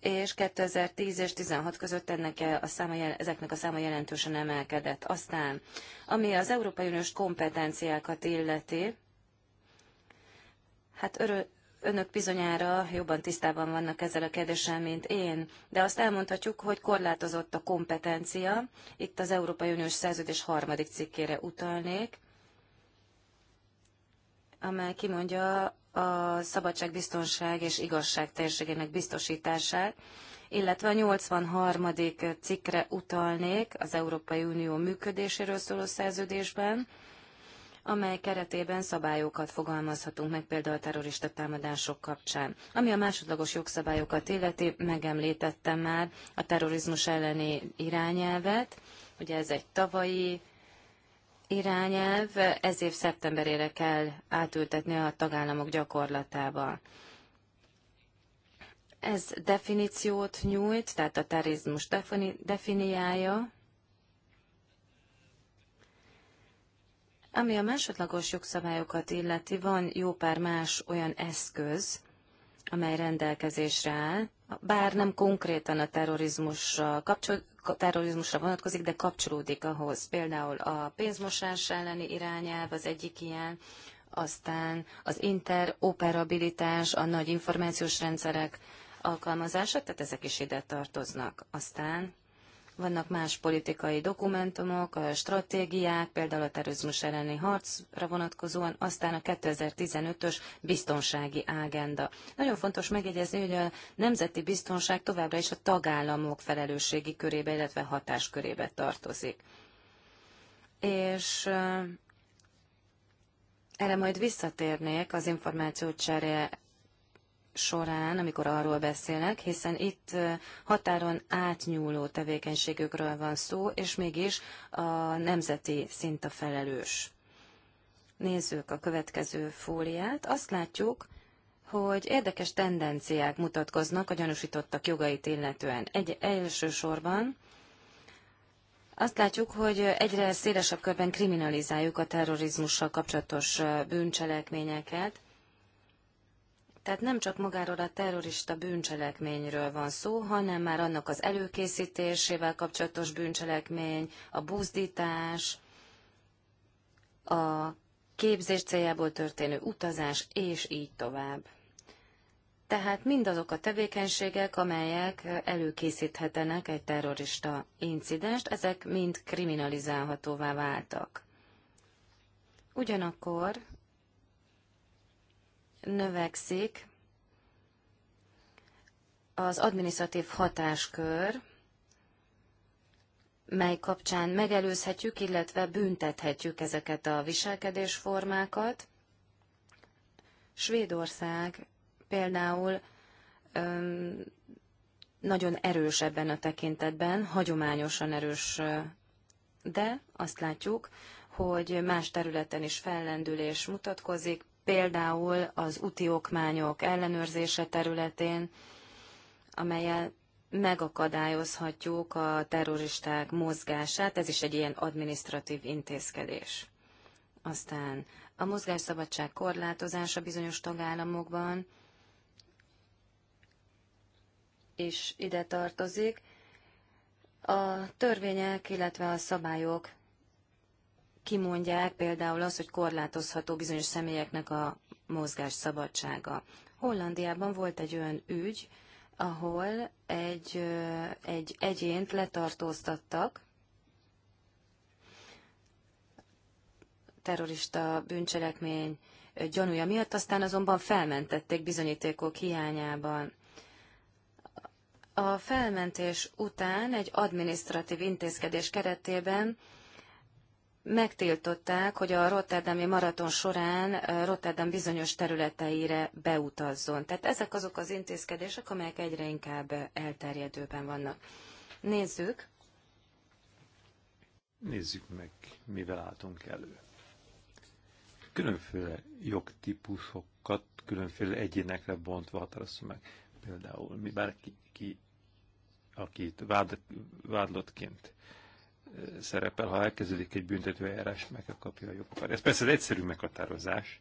és 2010 és 16 között ennek e- a száma, ezeknek a száma jelentősen emelkedett. Aztán, ami az Európai Uniós kompetenciákat illeti, hát örö, Önök bizonyára jobban tisztában vannak ezzel a kérdéssel, mint én, de azt elmondhatjuk, hogy korlátozott a kompetencia. Itt az Európai Uniós Szerződés harmadik cikkére utalnék, amely kimondja a szabadság, biztonság és igazság térségének biztosítását, illetve a 83. cikkre utalnék az Európai Unió működéséről szóló szerződésben, amely keretében szabályokat fogalmazhatunk meg például a terrorista támadások kapcsán. Ami a másodlagos jogszabályokat illeti, megemlítettem már a terrorizmus elleni irányelvet, ugye ez egy tavalyi irányelv, ez év szeptemberére kell átültetni a tagállamok gyakorlatába. Ez definíciót nyújt, tehát a terrorizmus defini- definiálja, Ami a másodlagos jogszabályokat illeti, van jó pár más olyan eszköz, amely rendelkezésre áll, bár nem konkrétan a terrorizmusra, kapcsol, terrorizmusra vonatkozik, de kapcsolódik ahhoz. Például a pénzmosás elleni irányelv az egyik ilyen, aztán az interoperabilitás, a nagy információs rendszerek alkalmazása, tehát ezek is ide tartoznak. Aztán vannak más politikai dokumentumok, stratégiák, például a terrorizmus elleni harcra vonatkozóan, aztán a 2015-ös biztonsági ágenda. Nagyon fontos megjegyezni, hogy a nemzeti biztonság továbbra is a tagállamok felelősségi körébe, illetve hatáskörébe tartozik. És erre majd visszatérnék az információcsere során, amikor arról beszélek, hiszen itt határon átnyúló tevékenységükről van szó, és mégis a nemzeti szint a felelős. Nézzük a következő fóliát. Azt látjuk, hogy érdekes tendenciák mutatkoznak a gyanúsítottak jogait illetően. Egy, elsősorban azt látjuk, hogy egyre szélesebb körben kriminalizáljuk a terrorizmussal kapcsolatos bűncselekményeket, tehát nem csak magáról a terrorista bűncselekményről van szó, hanem már annak az előkészítésével kapcsolatos bűncselekmény, a buzdítás, a képzés céljából történő utazás, és így tovább. Tehát mindazok a tevékenységek, amelyek előkészíthetenek egy terrorista incidenst, ezek mind kriminalizálhatóvá váltak. Ugyanakkor növekszik az administratív hatáskör, mely kapcsán megelőzhetjük, illetve büntethetjük ezeket a viselkedésformákat. Svédország például öm, nagyon erős ebben a tekintetben, hagyományosan erős, de azt látjuk, hogy más területen is fellendülés mutatkozik, például az úti okmányok ellenőrzése területén, amelyel megakadályozhatjuk a terroristák mozgását, ez is egy ilyen administratív intézkedés. Aztán a mozgásszabadság korlátozása bizonyos tagállamokban is ide tartozik. A törvények, illetve a szabályok kimondják például az, hogy korlátozható bizonyos személyeknek a mozgás szabadsága. Hollandiában volt egy olyan ügy, ahol egy, egy egyént letartóztattak, terrorista bűncselekmény gyanúja miatt, aztán azonban felmentették bizonyítékok hiányában. A felmentés után egy administratív intézkedés keretében megtiltották, hogy a Rotterdami maraton során Rotterdam bizonyos területeire beutazzon. Tehát ezek azok az intézkedések, amelyek egyre inkább elterjedőben vannak. Nézzük. Nézzük meg, mivel álltunk elő. Különféle jogtípusokat különféle egyénekre bontva határozunk meg. Például mi bárki, ki, akit vád, vádlottként szerepel, ha elkezdődik egy büntetőeljárás, meg kell kapja a jogokat. Ez persze egy egyszerű meghatározás.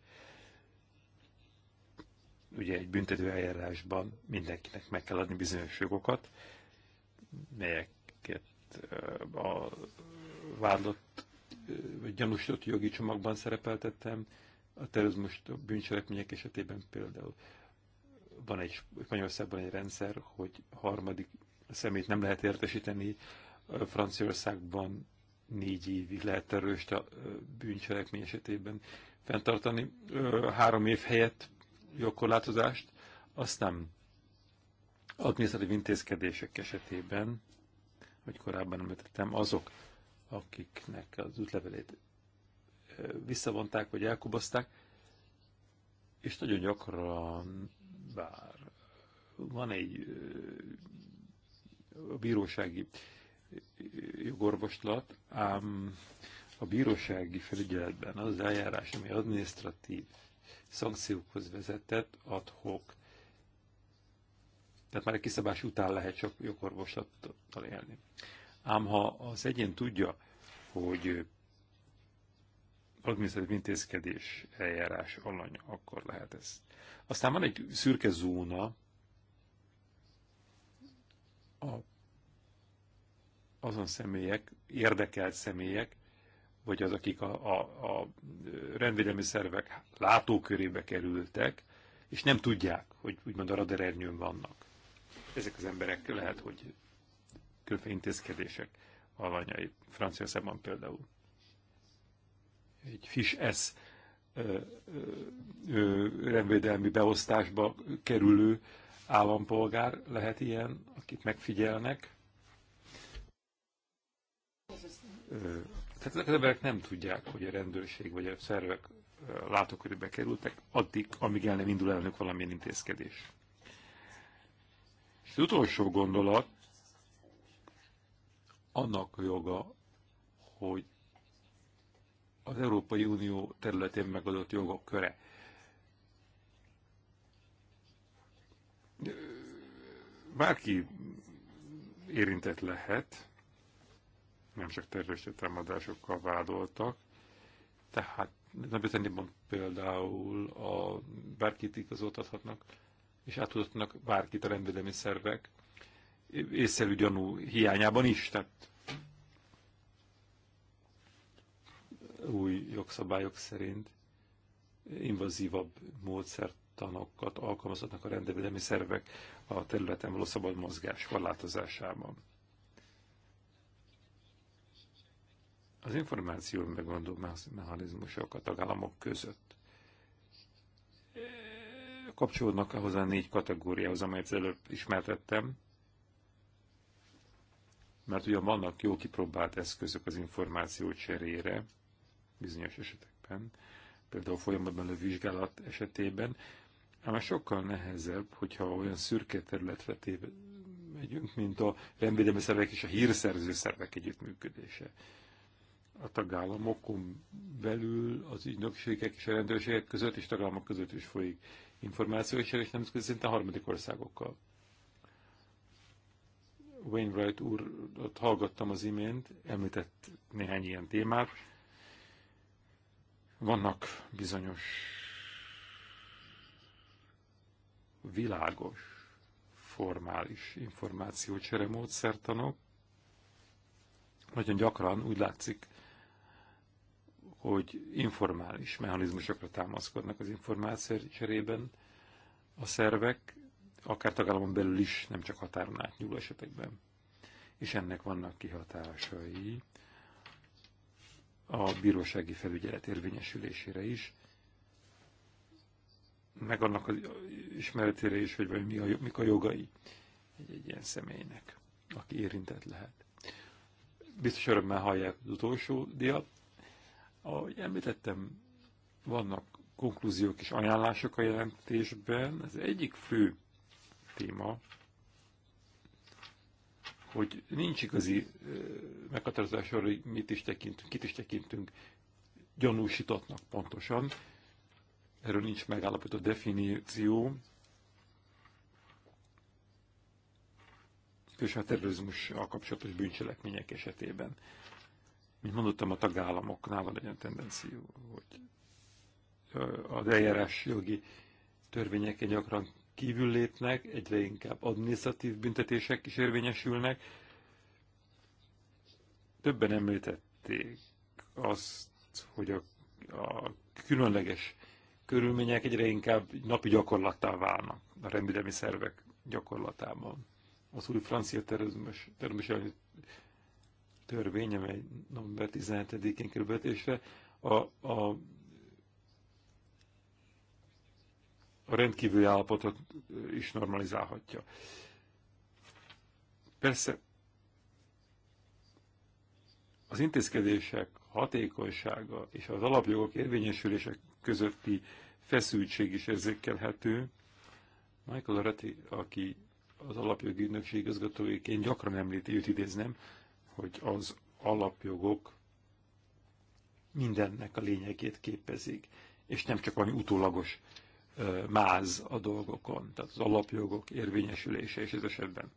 Ugye egy büntetőeljárásban mindenkinek meg kell adni bizonyos jogokat, melyeket a vádlott vagy gyanúsított jogi csomagban szerepeltettem, a terrorizmus bűncselekmények esetében például van egy Spanyolországban egy rendszer, hogy harmadik szemét nem lehet értesíteni Franciaországban négy évig lehet terrorist a bűncselekmény esetében fenntartani három év helyett jogkorlátozást, azt nem adminisztratív intézkedések esetében, hogy korábban említettem, azok, akiknek az útlevelét visszavonták vagy elkubozták, és nagyon gyakran, bár van egy bírósági jogorvoslat, ám a bírósági felügyeletben az eljárás, ami administratív szankciókhoz vezetett, adhok. Tehát már egy kiszabás után lehet csak jogorvoslattal élni. Ám ha az egyén tudja, hogy adminisztratív intézkedés eljárás alany, akkor lehet ez. Aztán van egy szürke zóna, a azon személyek, érdekelt személyek, vagy az, akik a, a, a rendvédelmi szervek látókörébe kerültek, és nem tudják, hogy úgymond a radarernyőn vannak. Ezek az emberek lehet, hogy különféle intézkedések alanyai. Franciaországban például egy FIS S rendvédelmi beosztásba kerülő állampolgár lehet ilyen, akit megfigyelnek, tehát az emberek nem tudják, hogy a rendőrség vagy a szervek látókörébe kerültek, addig, amíg el nem indul elnök valamilyen intézkedés. És az utolsó gondolat, annak joga, hogy az Európai Unió területén megadott jogok köre. Bárki érintett lehet, nem csak terrorista támadásokkal vádoltak. Tehát nem britanniában például a bárkit igazoltathatnak, és átudhatnak bárkit a rendvédelmi szervek, észszerű gyanú hiányában is, tehát új jogszabályok szerint invazívabb módszertanokat alkalmazhatnak a rendvédelmi szervek a területen való szabad mozgás korlátozásában. Az információ megoldó mechanizmusok a tagállamok között kapcsolódnak ahhoz a négy kategóriához, amelyet előbb ismertettem, mert ugyan vannak jó kipróbált eszközök az információ cserére, bizonyos esetekben, például folyamatban a vizsgálat esetében, ám sokkal nehezebb, hogyha olyan szürke területre téve megyünk, mint a rendvédelmi szervek és a hírszerző szervek együttműködése a tagállamokon belül az ügynökségek és a rendőrségek között és tagállamok között is folyik információ, és nemzetközi szinten harmadik országokkal. Wainwright úr, ott hallgattam az imént, említett néhány ilyen témát. Vannak bizonyos világos, formális információcsere módszertanok. Nagyon gyakran úgy látszik, hogy informális mechanizmusokra támaszkodnak az információ cserében a szervek, akár tagállamon belül is, nem csak határon átnyúló esetekben. És ennek vannak kihatásai a bírósági felügyelet érvényesülésére is, meg annak az ismeretére is, hogy mi a, mik a jogai egy, egy ilyen személynek, aki érintett lehet. Biztos örömmel hallják az utolsó diát, ahogy említettem, vannak konklúziók és ajánlások a jelentésben. Az egyik fő téma, hogy nincs igazi meghatározás arra, hogy mit is tekintünk, kit is tekintünk gyanúsítatnak pontosan. Erről nincs megállapított definíció. És a terrorizmussal kapcsolatos bűncselekmények esetében. Mint mondottam, a tagállamoknál van egy olyan tendenció, hogy az eljárás jogi törvényeken gyakran kívül lépnek, egyre inkább adminisztratív büntetések is érvényesülnek. Többen említették azt, hogy a, a különleges körülmények egyre inkább napi gyakorlattá válnak a rendvédelmi szervek gyakorlatában. Az új francia terrorizmus, terrorizmus törvény, amely november 17-én került a, a, a rendkívüli állapotot is normalizálhatja. Persze az intézkedések hatékonysága és az alapjogok érvényesülése közötti feszültség is érzékelhető. Michael Reti, aki az alapjogi ügynökség igazgatóiként gyakran említi, őt idéznem, hogy az alapjogok mindennek a lényegét képezik, és nem csak valami utólagos máz a dolgokon, tehát az alapjogok érvényesülése, és ez esetben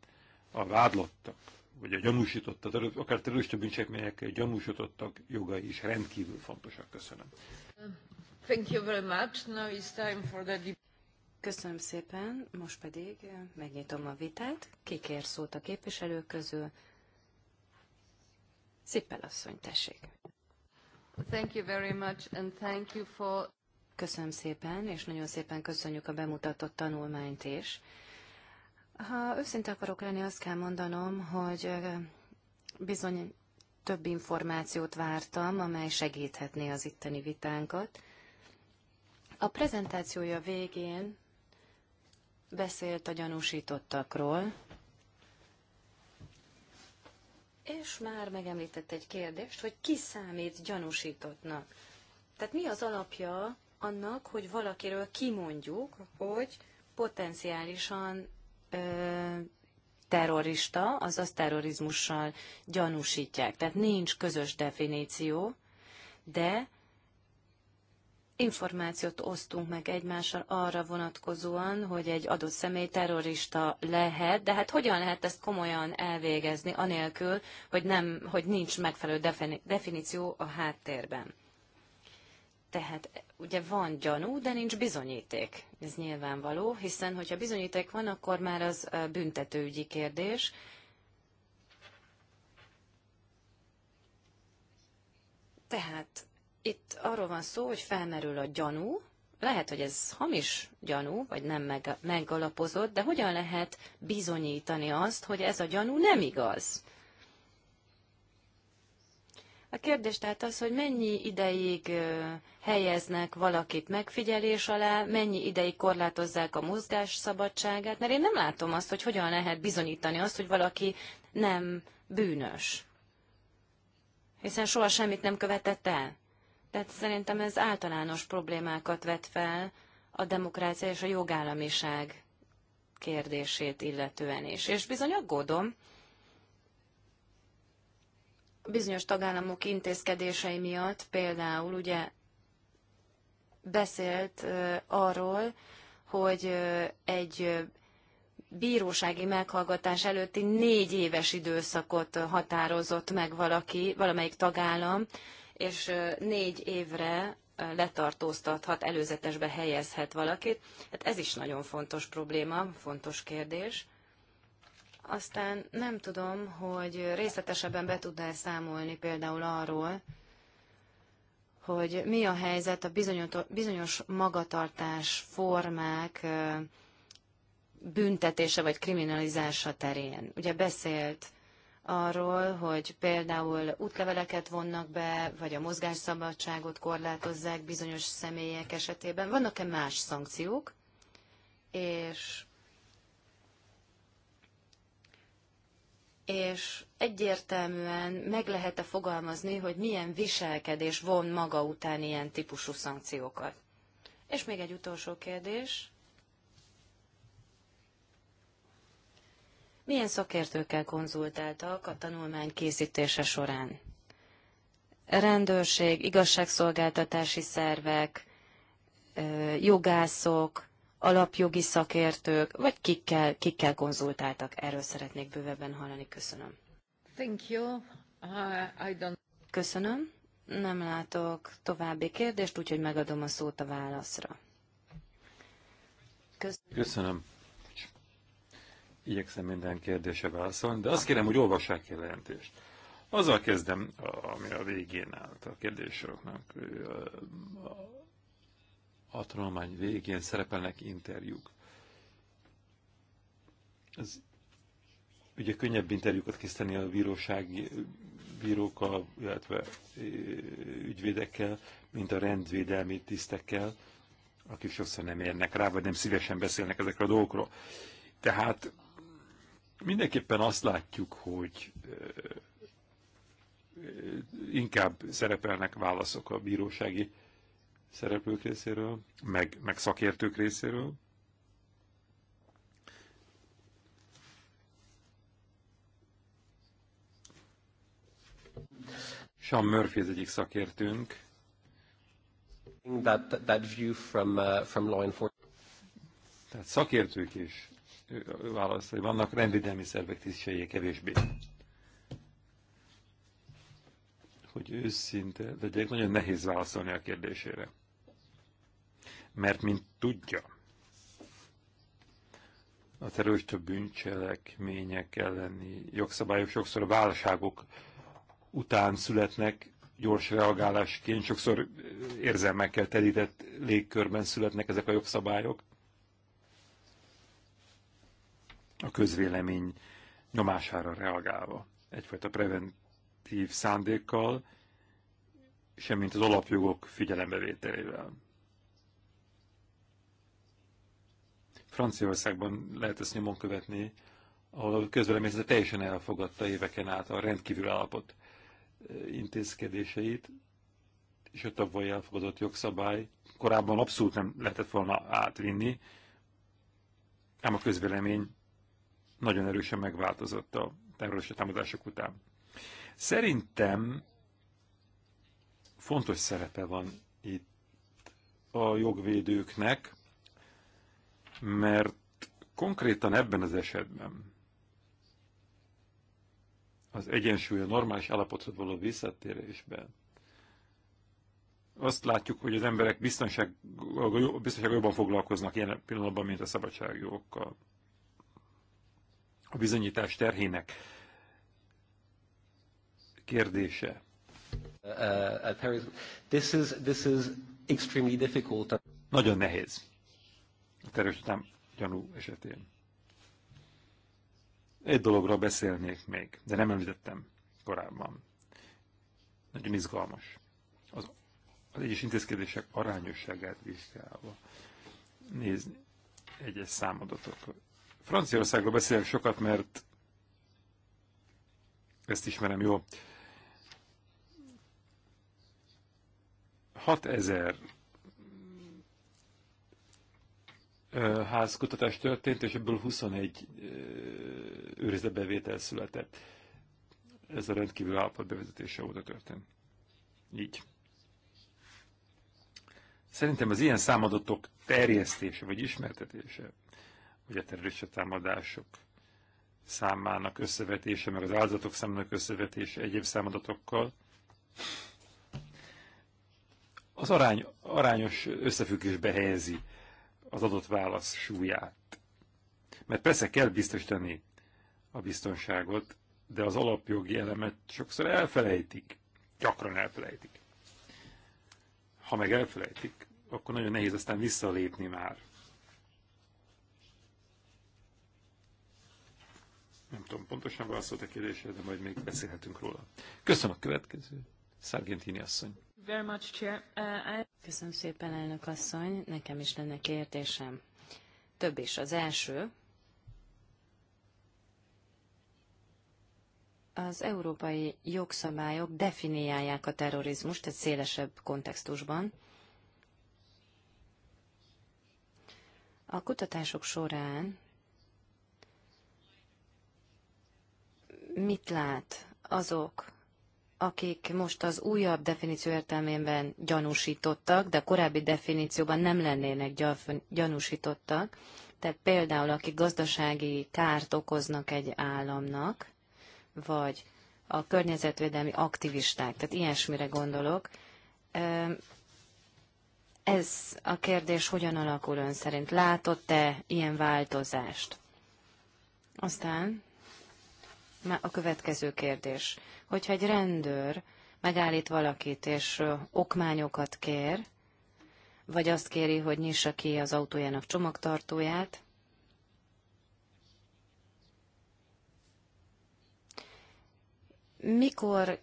a vádlottak, vagy a gyanúsítottak, akár terrorista bűncselekményekkel gyanúsítottak jogai is rendkívül fontosak. Köszönöm. Thank you very much. Now it's time for the Köszönöm szépen, most pedig megnyitom a vitát. Ki kér szót a képviselők közül? Szippel asszony, tessék. Thank you very much, and thank you for... Köszönöm szépen, és nagyon szépen köszönjük a bemutatott tanulmányt is. Ha őszinte akarok lenni, azt kell mondanom, hogy bizony több információt vártam, amely segíthetné az itteni vitánkat. A prezentációja végén beszélt a gyanúsítottakról, és már megemlített egy kérdést, hogy ki számít gyanúsítottnak. Tehát mi az alapja annak, hogy valakiről kimondjuk, hogy potenciálisan ö, terrorista, azaz terrorizmussal gyanúsítják. Tehát nincs közös definíció, de információt osztunk meg egymással arra vonatkozóan, hogy egy adott személy terrorista lehet, de hát hogyan lehet ezt komolyan elvégezni, anélkül, hogy, nem, hogy nincs megfelelő definíció a háttérben. Tehát ugye van gyanú, de nincs bizonyíték. Ez nyilvánvaló, hiszen hogyha bizonyíték van, akkor már az büntetőügyi kérdés, Tehát itt arról van szó, hogy felmerül a gyanú, lehet, hogy ez hamis gyanú, vagy nem meg, megalapozott, de hogyan lehet bizonyítani azt, hogy ez a gyanú nem igaz? A kérdés tehát az, hogy mennyi ideig helyeznek valakit megfigyelés alá, mennyi ideig korlátozzák a mozgás szabadságát, mert én nem látom azt, hogy hogyan lehet bizonyítani azt, hogy valaki nem bűnös. Hiszen soha semmit nem követett el. Tehát szerintem ez általános problémákat vet fel a demokrácia és a jogállamiság kérdését illetően is. És bizony aggódom, bizonyos tagállamok intézkedései miatt például ugye beszélt arról, hogy egy bírósági meghallgatás előtti négy éves időszakot határozott meg valaki, valamelyik tagállam és négy évre letartóztathat, előzetesbe helyezhet valakit. Hát ez is nagyon fontos probléma, fontos kérdés. Aztán nem tudom, hogy részletesebben be tudná -e számolni például arról, hogy mi a helyzet a bizonyos magatartás formák büntetése vagy kriminalizása terén. Ugye beszélt arról, hogy például útleveleket vonnak be, vagy a mozgásszabadságot korlátozzák bizonyos személyek esetében? Vannak-e más szankciók? És és egyértelműen meg lehet-e fogalmazni, hogy milyen viselkedés von maga után ilyen típusú szankciókat. És még egy utolsó kérdés. Milyen szakértőkkel konzultáltak a tanulmány készítése során? Rendőrség, igazságszolgáltatási szervek, jogászok, alapjogi szakértők, vagy kikkel, kikkel konzultáltak? Erről szeretnék bővebben hallani. Köszönöm. Thank you. Uh, I don't... Köszönöm. Nem látok további kérdést, úgyhogy megadom a szót a válaszra. Köszönöm. Köszönöm igyekszem minden kérdése válaszolni, de azt kérem, hogy olvassák ki a jelentést. Azzal kezdem, ami a végén állt a kérdésoknak. A tanulmány végén szerepelnek interjúk. Ez ugye könnyebb interjúkat készíteni a bírósági bírókkal, illetve ügyvédekkel, mint a rendvédelmi tisztekkel, akik sokszor nem érnek rá, vagy nem szívesen beszélnek ezekről a dolgokról. Tehát Mindenképpen azt látjuk, hogy inkább szerepelnek válaszok a bírósági szereplők részéről, meg, meg szakértők részéről. Sean Murphy az egyik szakértőnk. That, that view from, uh, from law enforcement. Tehát szakértők is hogy vannak, rendvédelmi szervek tisztségei kevésbé. Hogy őszinte legyek, nagyon nehéz válaszolni a kérdésére. Mert, mint tudja, a terrorista bűncselekmények elleni jogszabályok sokszor a válságok után születnek, gyors reagálásként, sokszor érzelmekkel telített légkörben születnek ezek a jogszabályok. a közvélemény nyomására reagálva, egyfajta preventív szándékkal, semmint az alapjogok figyelembevételével. Franciaországban lehet ezt nyomon követni, ahol a közvélemény teljesen elfogadta éveken át a rendkívül állapot eh, intézkedéseit, és a tavaly elfogadott jogszabály korábban abszolút nem lehetett volna átvinni, ám a közvélemény nagyon erősen megváltozott a terrorista támadások után. Szerintem fontos szerepe van itt a jogvédőknek, mert konkrétan ebben az esetben az egyensúly a normális állapotra való visszatérésben azt látjuk, hogy az emberek biztonság, biztonsággal jobban foglalkoznak ilyen pillanatban, mint a szabadságjogokkal a bizonyítás terhének kérdése. Uh, this is, this is extremely difficult. Nagyon nehéz a terroristám gyanú esetén. Egy dologra beszélnék még, de nem említettem korábban. Nagyon izgalmas. Az, az egyes intézkedések arányosságát vizsgálva nézni egyes számadatokat. Franciaországról beszélek sokat, mert ezt ismerem jó. 6000 házkutatás történt, és ebből 21 őrizetbevétel született. Ez a rendkívül állapot bevezetése óta történt. Így. Szerintem az ilyen számadatok terjesztése vagy ismertetése hogy a terrorista támadások számának összevetése, meg az áldozatok számának összevetése egyéb számadatokkal. Az arány, arányos összefüggésbe helyezi az adott válasz súlyát. Mert persze kell biztosítani a biztonságot, de az alapjogi elemet sokszor elfelejtik. Gyakran elfelejtik. Ha meg elfelejtik, akkor nagyon nehéz aztán visszalépni már. Nem tudom, pontosan válaszolt a kérdésre, de majd még beszélhetünk róla. Köszönöm a következő. Sargentini asszony. Very much, Chair. Uh, I... Köszönöm szépen, elnök asszony. Nekem is lenne kérdésem. Több is. Az első, az európai jogszabályok definiálják a terrorizmust egy szélesebb kontextusban. A kutatások során mit lát azok, akik most az újabb definíció értelmében gyanúsítottak, de a korábbi definícióban nem lennének gyanúsítottak, tehát például akik gazdasági kárt okoznak egy államnak, vagy a környezetvédelmi aktivisták, tehát ilyesmire gondolok. Ez a kérdés hogyan alakul ön szerint? Látott-e ilyen változást? Aztán a következő kérdés. Hogyha egy rendőr megállít valakit, és okmányokat kér, vagy azt kéri, hogy nyissa ki az autójának csomagtartóját, mikor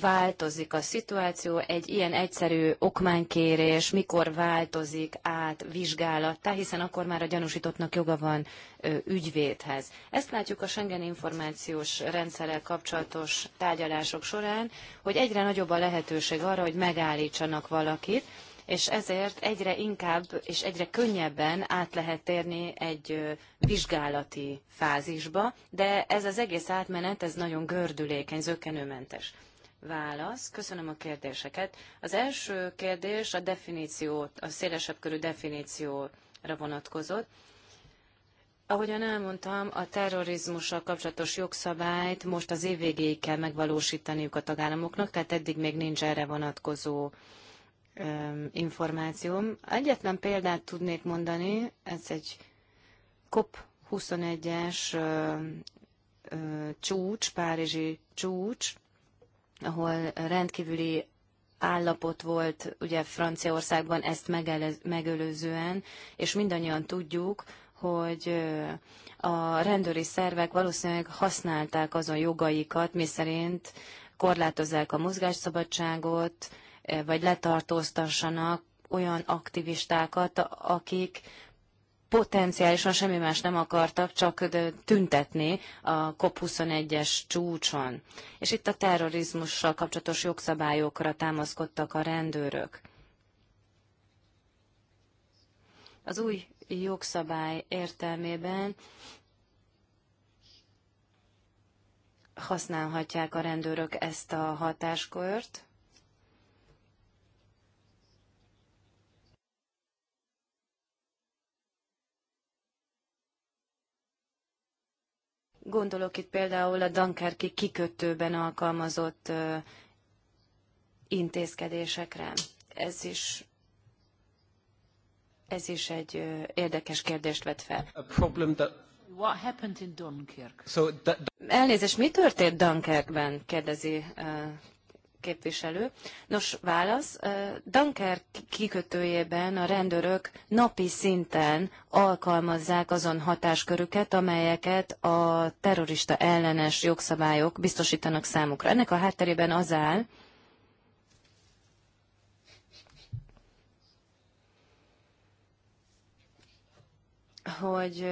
változik a szituáció, egy ilyen egyszerű okmánykérés mikor változik át vizsgálattá, hiszen akkor már a gyanúsítottnak joga van ö, ügyvédhez. Ezt látjuk a Schengen információs rendszerrel kapcsolatos tárgyalások során, hogy egyre nagyobb a lehetőség arra, hogy megállítsanak valakit, és ezért egyre inkább és egyre könnyebben át lehet térni egy vizsgálati fázisba, de ez az egész átmenet, ez nagyon gördülékeny, zökkenőmentes válasz. Köszönöm a kérdéseket. Az első kérdés a definíciót, a szélesebb körű definícióra vonatkozott. Ahogyan elmondtam, a terrorizmussal kapcsolatos jogszabályt most az év végéig kell megvalósítaniuk a tagállamoknak, tehát eddig még nincs erre vonatkozó um, információm. Egyetlen példát tudnék mondani, ez egy COP21-es uh, uh, csúcs, párizsi csúcs, ahol rendkívüli állapot volt ugye Franciaországban ezt megölőzően, megelőzően, és mindannyian tudjuk, hogy a rendőri szervek valószínűleg használták azon jogaikat, miszerint korlátozzák a mozgásszabadságot, vagy letartóztassanak olyan aktivistákat, akik potenciálisan semmi más nem akartak, csak tüntetni a COP21-es csúcson. És itt a terrorizmussal kapcsolatos jogszabályokra támaszkodtak a rendőrök. Az új jogszabály értelmében használhatják a rendőrök ezt a hatáskört, Gondolok itt például a Dunkerki kikötőben alkalmazott intézkedésekre. Ez is, ez is egy érdekes kérdést vet fel. What happened in Dunkirk? So that... Elnézést, mi történt Dunkerkben? kérdezi uh, képviselő. Nos, válasz. Dunker kikötőjében a rendőrök napi szinten alkalmazzák azon hatáskörüket, amelyeket a terrorista ellenes jogszabályok biztosítanak számukra. Ennek a hátterében az áll, hogy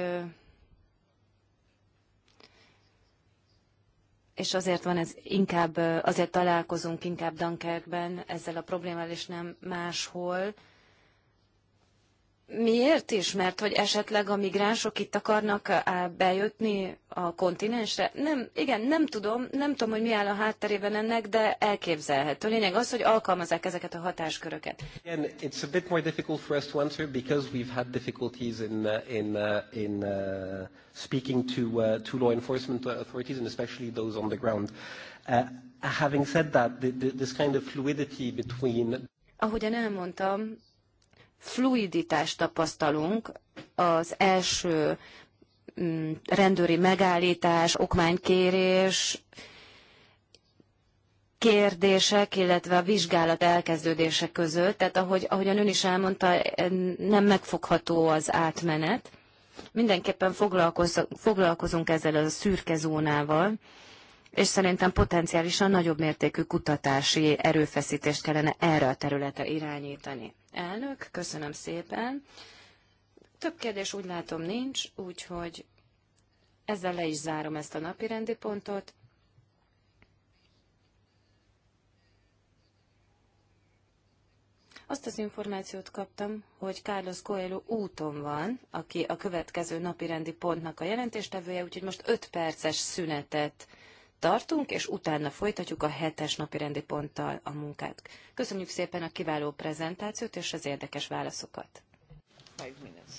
és azért van ez inkább, azért találkozunk inkább Dunkerkben ezzel a problémával, és nem máshol, Miért is? Mert hogy esetleg a migránsok itt akarnak bejutni a kontinensre? Nem, igen, nem tudom, nem tudom, hogy mi áll a hátterében ennek, de elképzelhető. Lényeg az, hogy alkalmazzák ezeket a hatásköröket. Again, it's a bit more difficult for us to answer because we've had difficulties in, uh, in, uh, in uh, speaking to, uh, to law enforcement authorities and especially those on the ground. Uh, having said that, this kind of fluidity between... Ahogyan elmondtam, fluiditást tapasztalunk az első mm, rendőri megállítás, okmánykérés, kérdések, illetve a vizsgálat elkezdődése között, tehát ahogy, ahogyan ön is elmondta, eh, nem megfogható az átmenet. Mindenképpen foglalkozunk ezzel a szürke zónával, és szerintem potenciálisan nagyobb mértékű kutatási erőfeszítést kellene erre a területre irányítani. Elnök, köszönöm szépen. Több kérdés úgy látom nincs, úgyhogy ezzel le is zárom ezt a napi rendi pontot. Azt az információt kaptam, hogy Carlos Coelho úton van, aki a következő napi rendi pontnak a jelentéstevője, úgyhogy most 5 perces szünetet tartunk, és utána folytatjuk a hetes napi rendi ponttal a munkát. Köszönjük szépen a kiváló prezentációt és az érdekes válaszokat. Five minutes.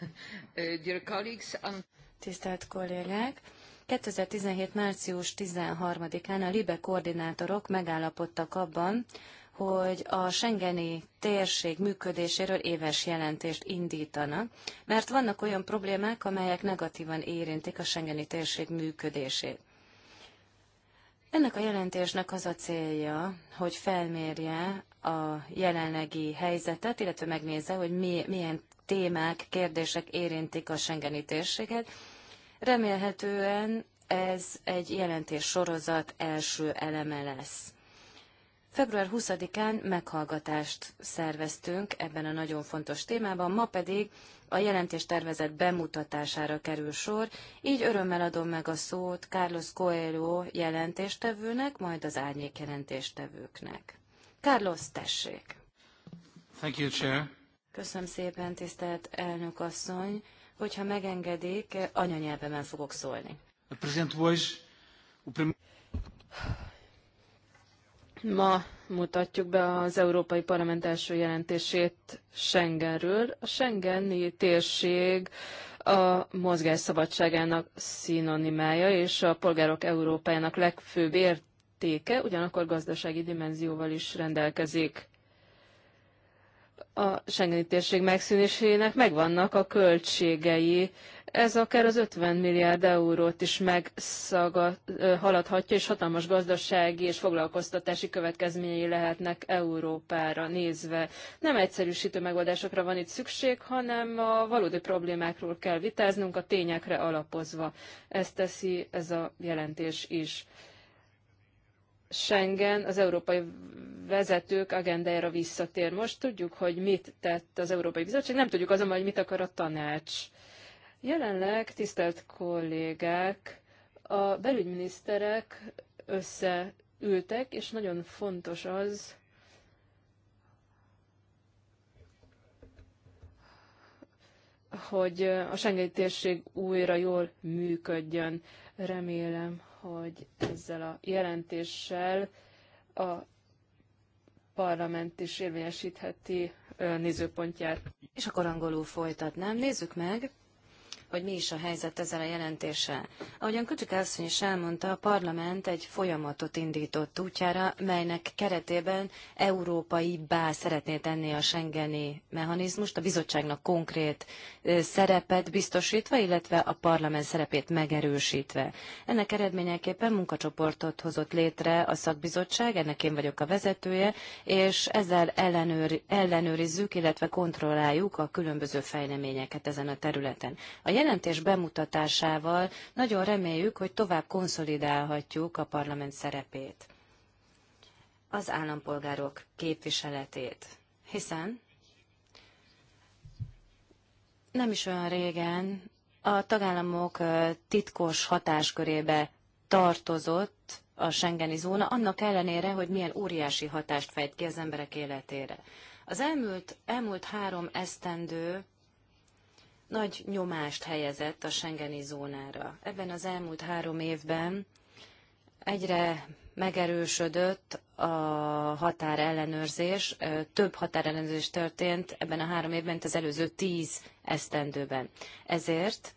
<laughs> Um, Tisztelt kollégák! 2017. március 13-án a LIBE koordinátorok megállapodtak abban, hogy a Schengeni térség működéséről éves jelentést indítanak, mert vannak olyan problémák, amelyek negatívan érintik a Schengeni térség működését. Ennek a jelentésnek az a célja, hogy felmérje a jelenlegi helyzetet, illetve megnézze, hogy mi, milyen témák, kérdések érintik a Schengeni térséget. Remélhetően ez egy jelentés sorozat első eleme lesz. Február 20-án meghallgatást szerveztünk ebben a nagyon fontos témában, ma pedig a jelentés tervezett bemutatására kerül sor, így örömmel adom meg a szót Carlos Coelho jelentéstevőnek, majd az árnyék jelentéstevőknek. Carlos, tessék! Thank you, Chair. Köszönöm szépen, tisztelt elnök asszony. Hogyha megengedik, anyanyelvemen fogok szólni. Ma mutatjuk be az Európai Parlament első jelentését Schengenről. A Schengeni térség a mozgás szabadságának szinonimája és a polgárok Európájának legfőbb értéke, ugyanakkor gazdasági dimenzióval is rendelkezik a Schengeni térség megszűnésének megvannak a költségei. Ez akár az 50 milliárd eurót is meghaladhatja, és hatalmas gazdasági és foglalkoztatási következményei lehetnek Európára nézve. Nem egyszerűsítő megoldásokra van itt szükség, hanem a valódi problémákról kell vitáznunk, a tényekre alapozva. Ezt teszi ez a jelentés is. Schengen az európai vezetők agendájára visszatér. Most tudjuk, hogy mit tett az Európai Bizottság, nem tudjuk azonban, hogy mit akar a tanács. Jelenleg, tisztelt kollégák, a belügyminiszterek összeültek, és nagyon fontos az, hogy a Schengen térség újra jól működjön. Remélem, hogy ezzel a jelentéssel a parlament is érvényesítheti nézőpontját. És akkor angolul folytatnám. Nézzük meg, hogy mi is a helyzet ezzel a jelentéssel. Ahogyan Kötük Elszony is elmondta, a parlament egy folyamatot indított útjára, melynek keretében európai bá szeretné tenni a Schengeni mechanizmust, a bizottságnak konkrét szerepet biztosítva, illetve a parlament szerepét megerősítve. Ennek eredményeképpen munkacsoportot hozott létre a szakbizottság, ennek én vagyok a vezetője, és ezzel ellenőri, ellenőrizzük, illetve kontrolláljuk a különböző fejleményeket ezen a területen. A jelentés bemutatásával nagyon reméljük, hogy tovább konszolidálhatjuk a parlament szerepét, az állampolgárok képviseletét, hiszen nem is olyan régen a tagállamok titkos hatáskörébe tartozott a Schengeni zóna, annak ellenére, hogy milyen óriási hatást fejt ki az emberek életére. Az elmúlt, elmúlt három esztendő nagy nyomást helyezett a Schengeni zónára. Ebben az elmúlt három évben egyre megerősödött a határellenőrzés, több határellenőrzés történt ebben a három évben, mint az előző tíz esztendőben. Ezért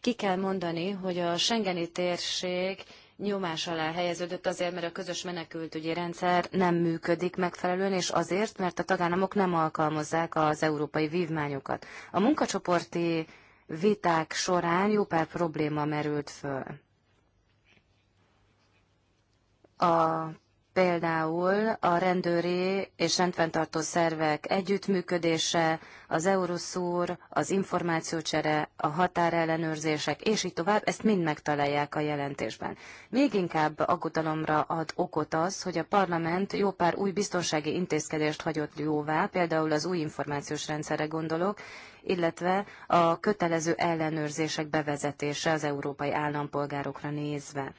ki kell mondani, hogy a Schengeni térség nyomás alá helyeződött azért, mert a közös menekültügyi rendszer nem működik megfelelően, és azért, mert a tagállamok nem alkalmazzák az európai vívmányokat. A munkacsoporti viták során jó pár probléma merült föl. A például a rendőri és rendfenntartó szervek együttműködése, az Euroszúr, az információcsere, a határellenőrzések, és így tovább, ezt mind megtalálják a jelentésben. Még inkább aggodalomra ad okot az, hogy a parlament jó pár új biztonsági intézkedést hagyott jóvá, például az új információs rendszerre gondolok, illetve a kötelező ellenőrzések bevezetése az európai állampolgárokra nézve.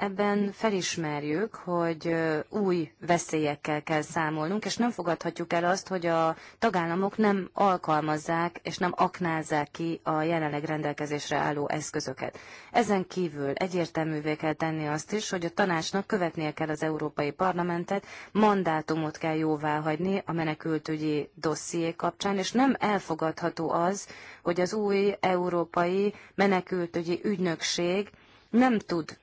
Ebben felismerjük, hogy új veszélyekkel kell számolnunk, és nem fogadhatjuk el azt, hogy a tagállamok nem alkalmazzák és nem aknázzák ki a jelenleg rendelkezésre álló eszközöket. Ezen kívül egyértelművé kell tenni azt is, hogy a tanácsnak követnie kell az Európai Parlamentet, mandátumot kell jóváhagyni a menekültügyi dosszié kapcsán, és nem elfogadható az, hogy az új európai menekültügyi ügynökség nem tud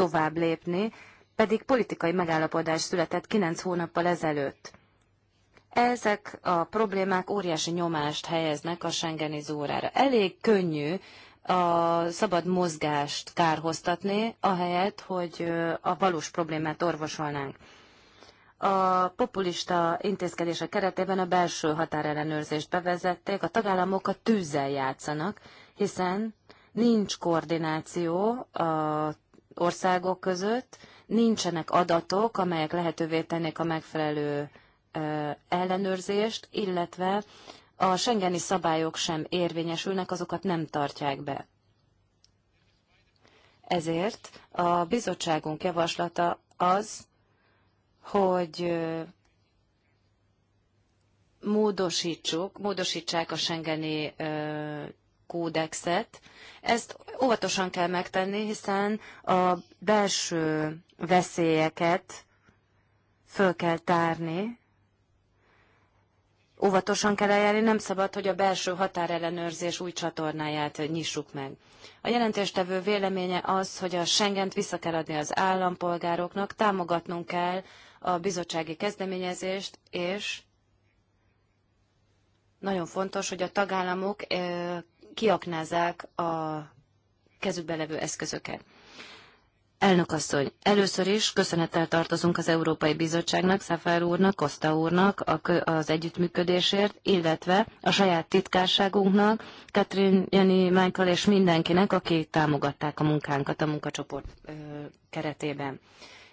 tovább lépni, pedig politikai megállapodás született 9 hónappal ezelőtt. Ezek a problémák óriási nyomást helyeznek a Schengeni zórára. Elég könnyű a szabad mozgást kárhoztatni, ahelyett, hogy a valós problémát orvosolnánk. A populista intézkedése keretében a belső határellenőrzést bevezették, a tagállamok a tűzzel játszanak, hiszen nincs koordináció a országok között, nincsenek adatok, amelyek lehetővé tennék a megfelelő ellenőrzést, illetve a Schengeni szabályok sem érvényesülnek, azokat nem tartják be. Ezért a bizottságunk javaslata az, hogy módosítsuk, módosítsák a Schengeni kódexet. Ezt óvatosan kell megtenni, hiszen a belső veszélyeket föl kell tárni, óvatosan kell eljárni, nem szabad, hogy a belső határellenőrzés új csatornáját nyissuk meg. A jelentéstevő véleménye az, hogy a Schengent vissza kell adni az állampolgároknak, támogatnunk kell a bizottsági kezdeményezést, és nagyon fontos, hogy a tagállamok kiaknázzák a kezükbe levő eszközöket. Elnök asszony, először is köszönettel tartozunk az Európai Bizottságnak, Szafár úrnak, Koszta úrnak az együttműködésért, illetve a saját titkárságunknak, Katrin, Jani, Michael és mindenkinek, akik támogatták a munkánkat a munkacsoport ö, keretében.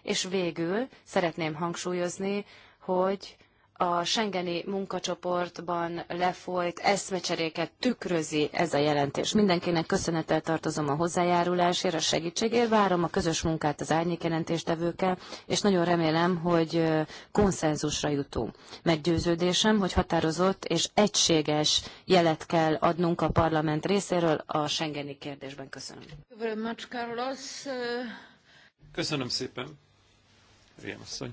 És végül szeretném hangsúlyozni, hogy a Schengeni munkacsoportban lefolyt eszmecseréket tükrözi ez a jelentés. Mindenkinek köszönettel tartozom a hozzájárulásért, a segítségért, várom a közös munkát az árnyék jelentéstevőkkel, és nagyon remélem, hogy konszenzusra jutunk. Meggyőződésem, hogy határozott és egységes jelet kell adnunk a parlament részéről a Schengeni kérdésben. Köszönöm. Köszönöm szépen. Rémasszony.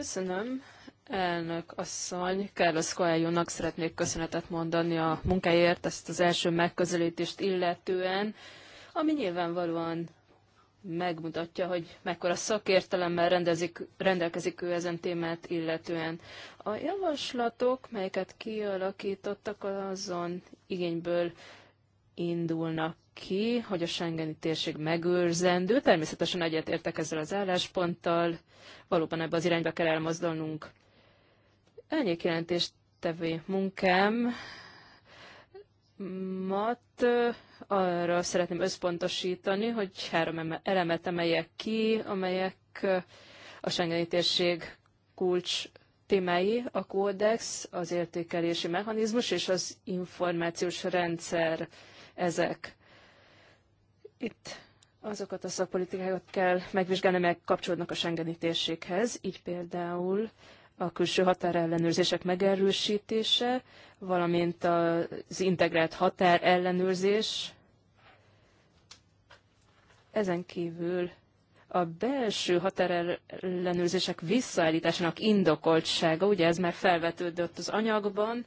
Köszönöm. Elnök asszony, Carlos Coelho-nak szeretnék köszönetet mondani a munkáért, ezt az első megközelítést illetően, ami nyilvánvalóan megmutatja, hogy mekkora szakértelemmel rendezik, rendelkezik ő ezen témát illetően. A javaslatok, melyeket kialakítottak, azon igényből indulnak ki, hogy a Schengeni térség megőrzendő. Természetesen egyetértek ezzel az állásponttal. Valóban ebbe az irányba kell elmozdulnunk. Elnyék jelentést tevő munkám mat arra szeretném összpontosítani, hogy három elemet emeljek ki, amelyek a Schengeni térség kulcs témái, a kódex, az értékelési mechanizmus és az információs rendszer ezek. Itt azokat a szakpolitikákat kell megvizsgálni, amelyek kapcsolódnak a Schengeni térséghez, így például a külső határellenőrzések megerősítése, valamint az integrált határellenőrzés. Ezen kívül a belső határellenőrzések visszaállításának indokoltsága, ugye ez már felvetődött az anyagban,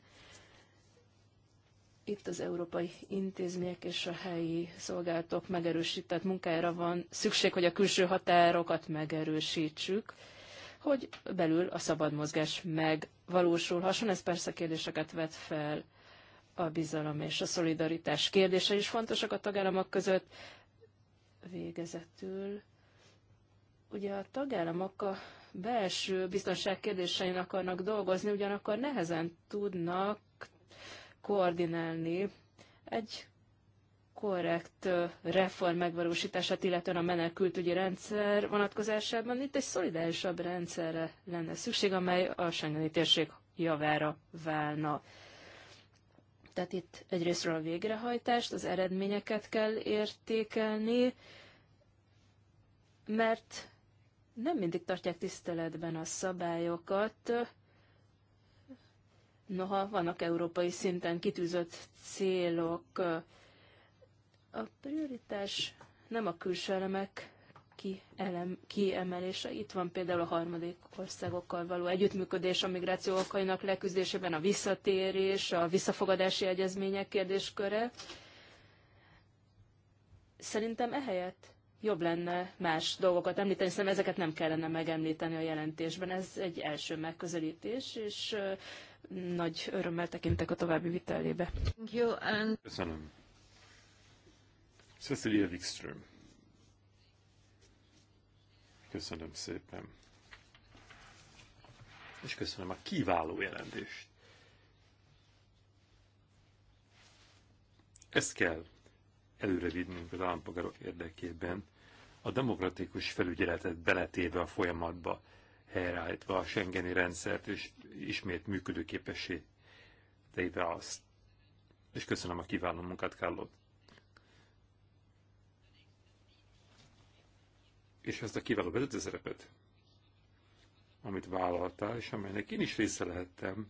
itt az európai intézmények és a helyi szolgálatok megerősített munkájára van szükség, hogy a külső határokat megerősítsük, hogy belül a szabad mozgás megvalósulhasson. Ez persze kérdéseket vet fel a bizalom és a szolidaritás kérdése is fontosak a tagállamok között. Végezetül ugye a tagállamok a belső biztonság kérdésein akarnak dolgozni, ugyanakkor nehezen tudnak koordinálni egy korrekt reform megvalósítását, illetően a menekültügyi rendszer vonatkozásában itt egy szolidárisabb rendszerre lenne szükség, amely a Schengeni térség javára válna. Tehát itt egyrésztről a végrehajtást, az eredményeket kell értékelni, mert nem mindig tartják tiszteletben a szabályokat, Noha vannak európai szinten kitűzött célok, a prioritás nem a külső elemek kiemelése. Itt van például a harmadik országokkal való együttműködés a migráció okainak leküzdésében, a visszatérés, a visszafogadási egyezmények kérdésköre. Szerintem ehelyett jobb lenne más dolgokat említeni, hiszen ezeket nem kellene megemlíteni a jelentésben. Ez egy első megközelítés, és nagy örömmel tekintek a további vitelébe. Köszönöm. Cecilia Wikström. Köszönöm szépen. És köszönöm a kiváló jelentést. Ezt kell előrevinnünk az állampolgárok érdekében, a demokratikus felügyeletet beletéve a folyamatba helyreállítva a Schengeni rendszert, és ismét működőképessé téve azt. És köszönöm a kiváló munkát, kállod És ezt a kiváló vezető szerepet, amit vállaltál, és amelynek én is része lehettem,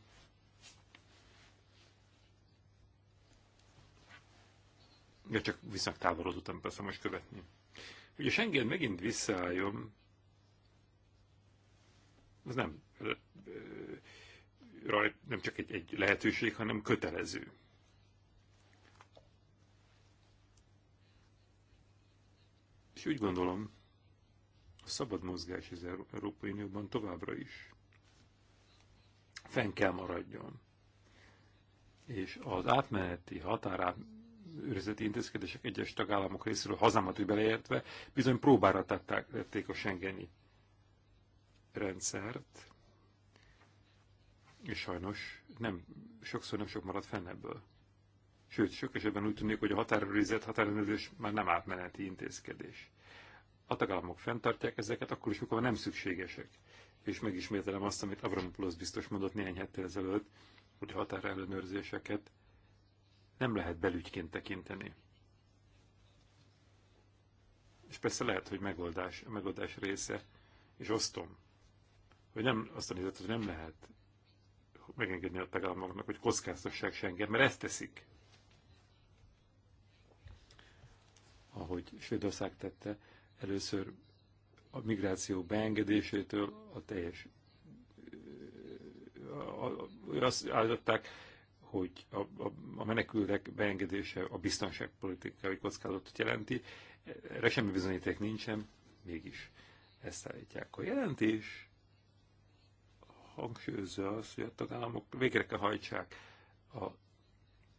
de csak viszonylag távolodottam persze most követni. Ugye Schengen megint visszaálljon az nem, rajt, nem csak egy, egy lehetőség, hanem kötelező. És úgy gondolom, a szabad mozgás az Európai Unióban továbbra is fenn kell maradjon. És az átmeneti határát őrizeti intézkedések egyes tagállamok részéről hazámat beleértve bizony próbára tették a Schengeni rendszert, és sajnos nem, sokszor nem sok marad fenn ebből. Sőt, sok esetben úgy tűnik, hogy a határőrizet, határőrizés már nem átmeneti intézkedés. A tagállamok fenntartják ezeket, akkor is, mikor nem szükségesek. És megismételem azt, amit Avramopoulos biztos mondott néhány héttel ezelőtt, hogy a határellenőrzéseket nem lehet belügyként tekinteni. És persze lehet, hogy megoldás, a megoldás része, és osztom hogy nem azt a nézet, hogy nem lehet megengedni a tagállamoknak, hogy kockáztassák senget, mert ezt teszik. Ahogy Svédország tette, először a migráció beengedésétől a teljes azt állították, hogy a, a, a menekültek beengedése a biztonságpolitikai kockázatot jelenti. Erre semmi bizonyíték nincsen, mégis ezt állítják. A jelentés hangsúlyozza azt, hogy a tagállamok végre kell hajtsák a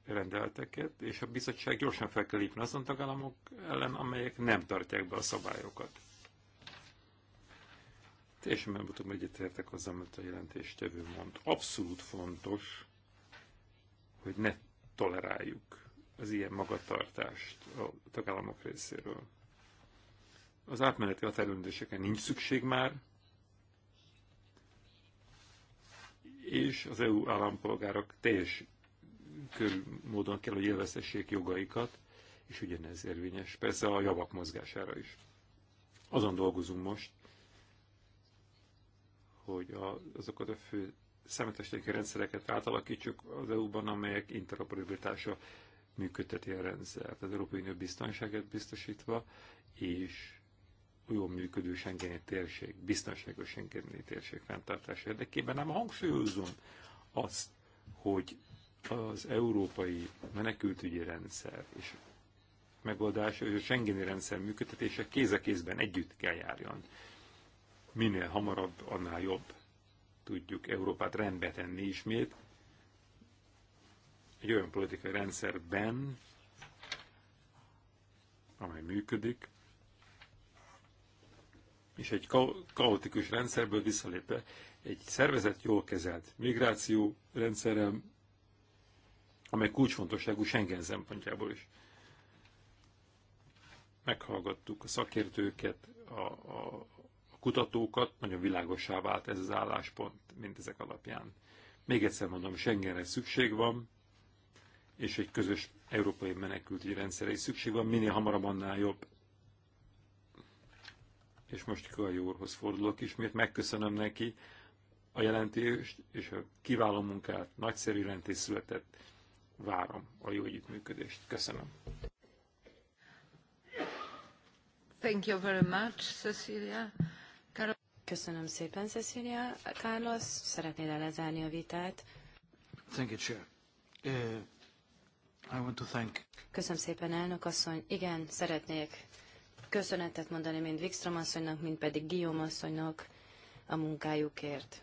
rendelteket, és a bizottság gyorsan fel kell lépni azon tagállamok ellen, amelyek nem tartják be a szabályokat. Teljesen megmutatom, hogy egyetértek azzal, amit a jelentéstevő mond. Abszolút fontos, hogy ne toleráljuk az ilyen magatartást a tagállamok részéről. Az átmeneti határrendéseken nincs szükség már, és az EU állampolgárok teljes körű módon kell, hogy élvezhessék jogaikat, és ugyanez érvényes persze a javak mozgására is. Azon dolgozunk most, hogy a, azokat a fő számítástechnikai rendszereket átalakítsuk az EU-ban, amelyek interoperabilitása működteti a rendszert, az Európai Unió biztonságát biztosítva, és jól működő Schengeni térség, biztonságos Schengeni térség fenntartás érdekében, nem hangsúlyozom azt, hogy az európai menekültügyi rendszer és megoldása, és a Schengeni rendszer működtetése kéz a kézben együtt kell járjon. Minél hamarabb, annál jobb tudjuk Európát rendbe tenni ismét. Egy olyan politikai rendszerben, amely működik, és egy ka kaotikus rendszerből visszalépve egy szervezet jól kezelt migráció rendszerrel, amely kulcsfontosságú Schengen szempontjából is. Meghallgattuk a szakértőket, a, a, a kutatókat, nagyon világosá vált ez az álláspont ezek alapján. Még egyszer mondom, Schengenre szükség van, és egy közös európai menekültügyi rendszerre is szükség van, minél hamarabb annál jobb és most Kai úrhoz fordulok ismét, megköszönöm neki a jelentést és a kiváló munkát, nagyszerű jelentés született, várom a jó együttműködést. Köszönöm. Thank you very much, Cecilia. Köszönöm szépen, Cecilia. Carlos, szeretnél -e lezárni a vitát? Thank you, Chair. Uh, I want to thank... Köszönöm szépen, elnök asszony. Igen, szeretnék köszönetet mondani mind Wikström asszonynak, mind pedig Guillaume asszonynak a munkájukért.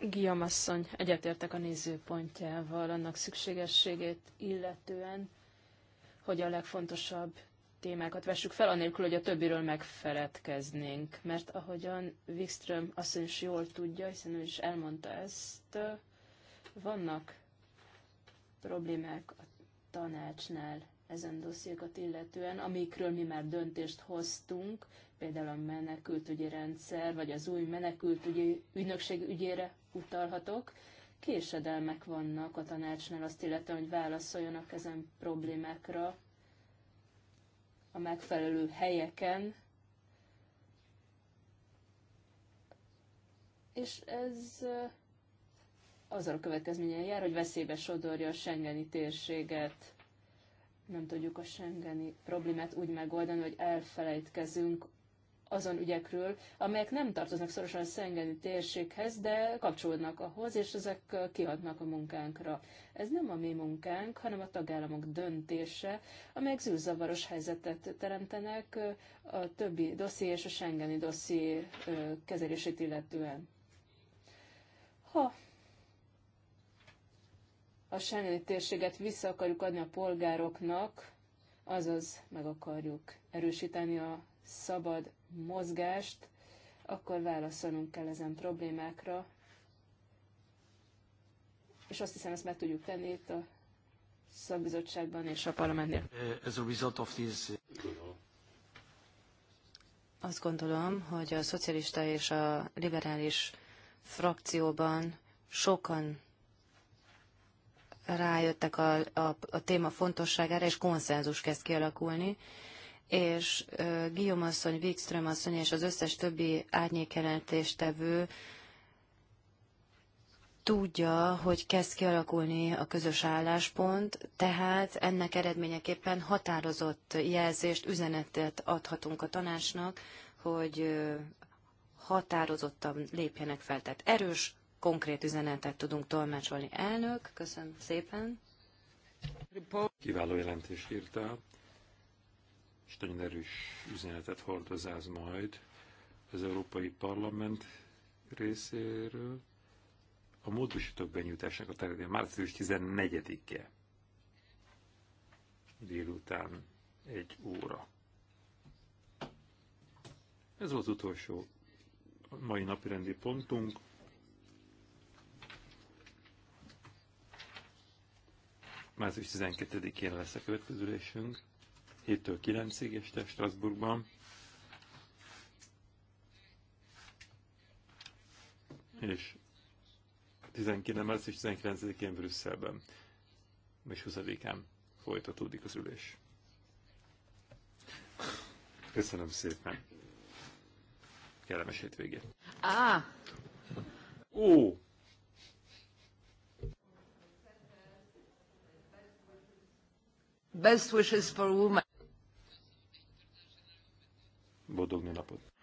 Guillaume asszony, egyetértek a nézőpontjával, annak szükségességét illetően, hogy a legfontosabb témákat vessük fel, anélkül, hogy a többiről megfeledkeznénk. Mert ahogyan Wikström asszony is jól tudja, hiszen ő is elmondta ezt, vannak problémák a tanácsnál ezen dossziékat illetően, amikről mi már döntést hoztunk, például a menekültügyi rendszer, vagy az új menekültügyi ügynökség ügyére utalhatok, késedelmek vannak a tanácsnál azt illetően, hogy válaszoljanak ezen problémákra a megfelelő helyeken, és ez eh, azzal a következményen jár, hogy veszélybe sodorja a Schengeni térséget nem tudjuk a Schengeni problémát úgy megoldani, hogy elfelejtkezünk azon ügyekről, amelyek nem tartoznak szorosan a Schengeni térséghez, de kapcsolódnak ahhoz, és ezek kihatnak a munkánkra. Ez nem a mi munkánk, hanem a tagállamok döntése, amelyek zűrzavaros helyzetet teremtenek a többi dosszié és a Schengeni dosszié kezelését illetően. Ha a Schengeni térséget vissza akarjuk adni a polgároknak, azaz meg akarjuk erősíteni a szabad mozgást, akkor válaszolnunk kell ezen problémákra. És azt hiszem, ezt meg tudjuk tenni itt a szakbizottságban és a parlamentnél. As a result of this... Azt gondolom, hogy a szocialista és a liberális frakcióban sokan rájöttek a, a, a téma fontosságára, és konszenzus kezd kialakulni, és uh, Guillaume asszony, Wikström asszony és az összes többi árnyékjelentéstevő tudja, hogy kezd kialakulni a közös álláspont, tehát ennek eredményeképpen határozott jelzést, üzenetet adhatunk a tanácsnak, hogy határozottan lépjenek fel. Tehát erős konkrét üzenetet tudunk tolmácsolni. Elnök, köszönöm szépen. Kiváló jelentést írtál, és nagyon erős üzenetet hordoz ez majd az Európai Parlament részéről. A módosítók benyújtásnak a területén március 14-e délután egy óra. Ez volt az utolsó mai napi rendi pontunk. Március 12-én lesz a következő ülésünk, 7-től 9-ig este Strasbourgban. És 19. március 19-én Brüsszelben és 20-án folytatódik az ülés. Köszönöm szépen. Kellemes hétvégét. Ah! Ó! Best wishes for women. Boldog napot!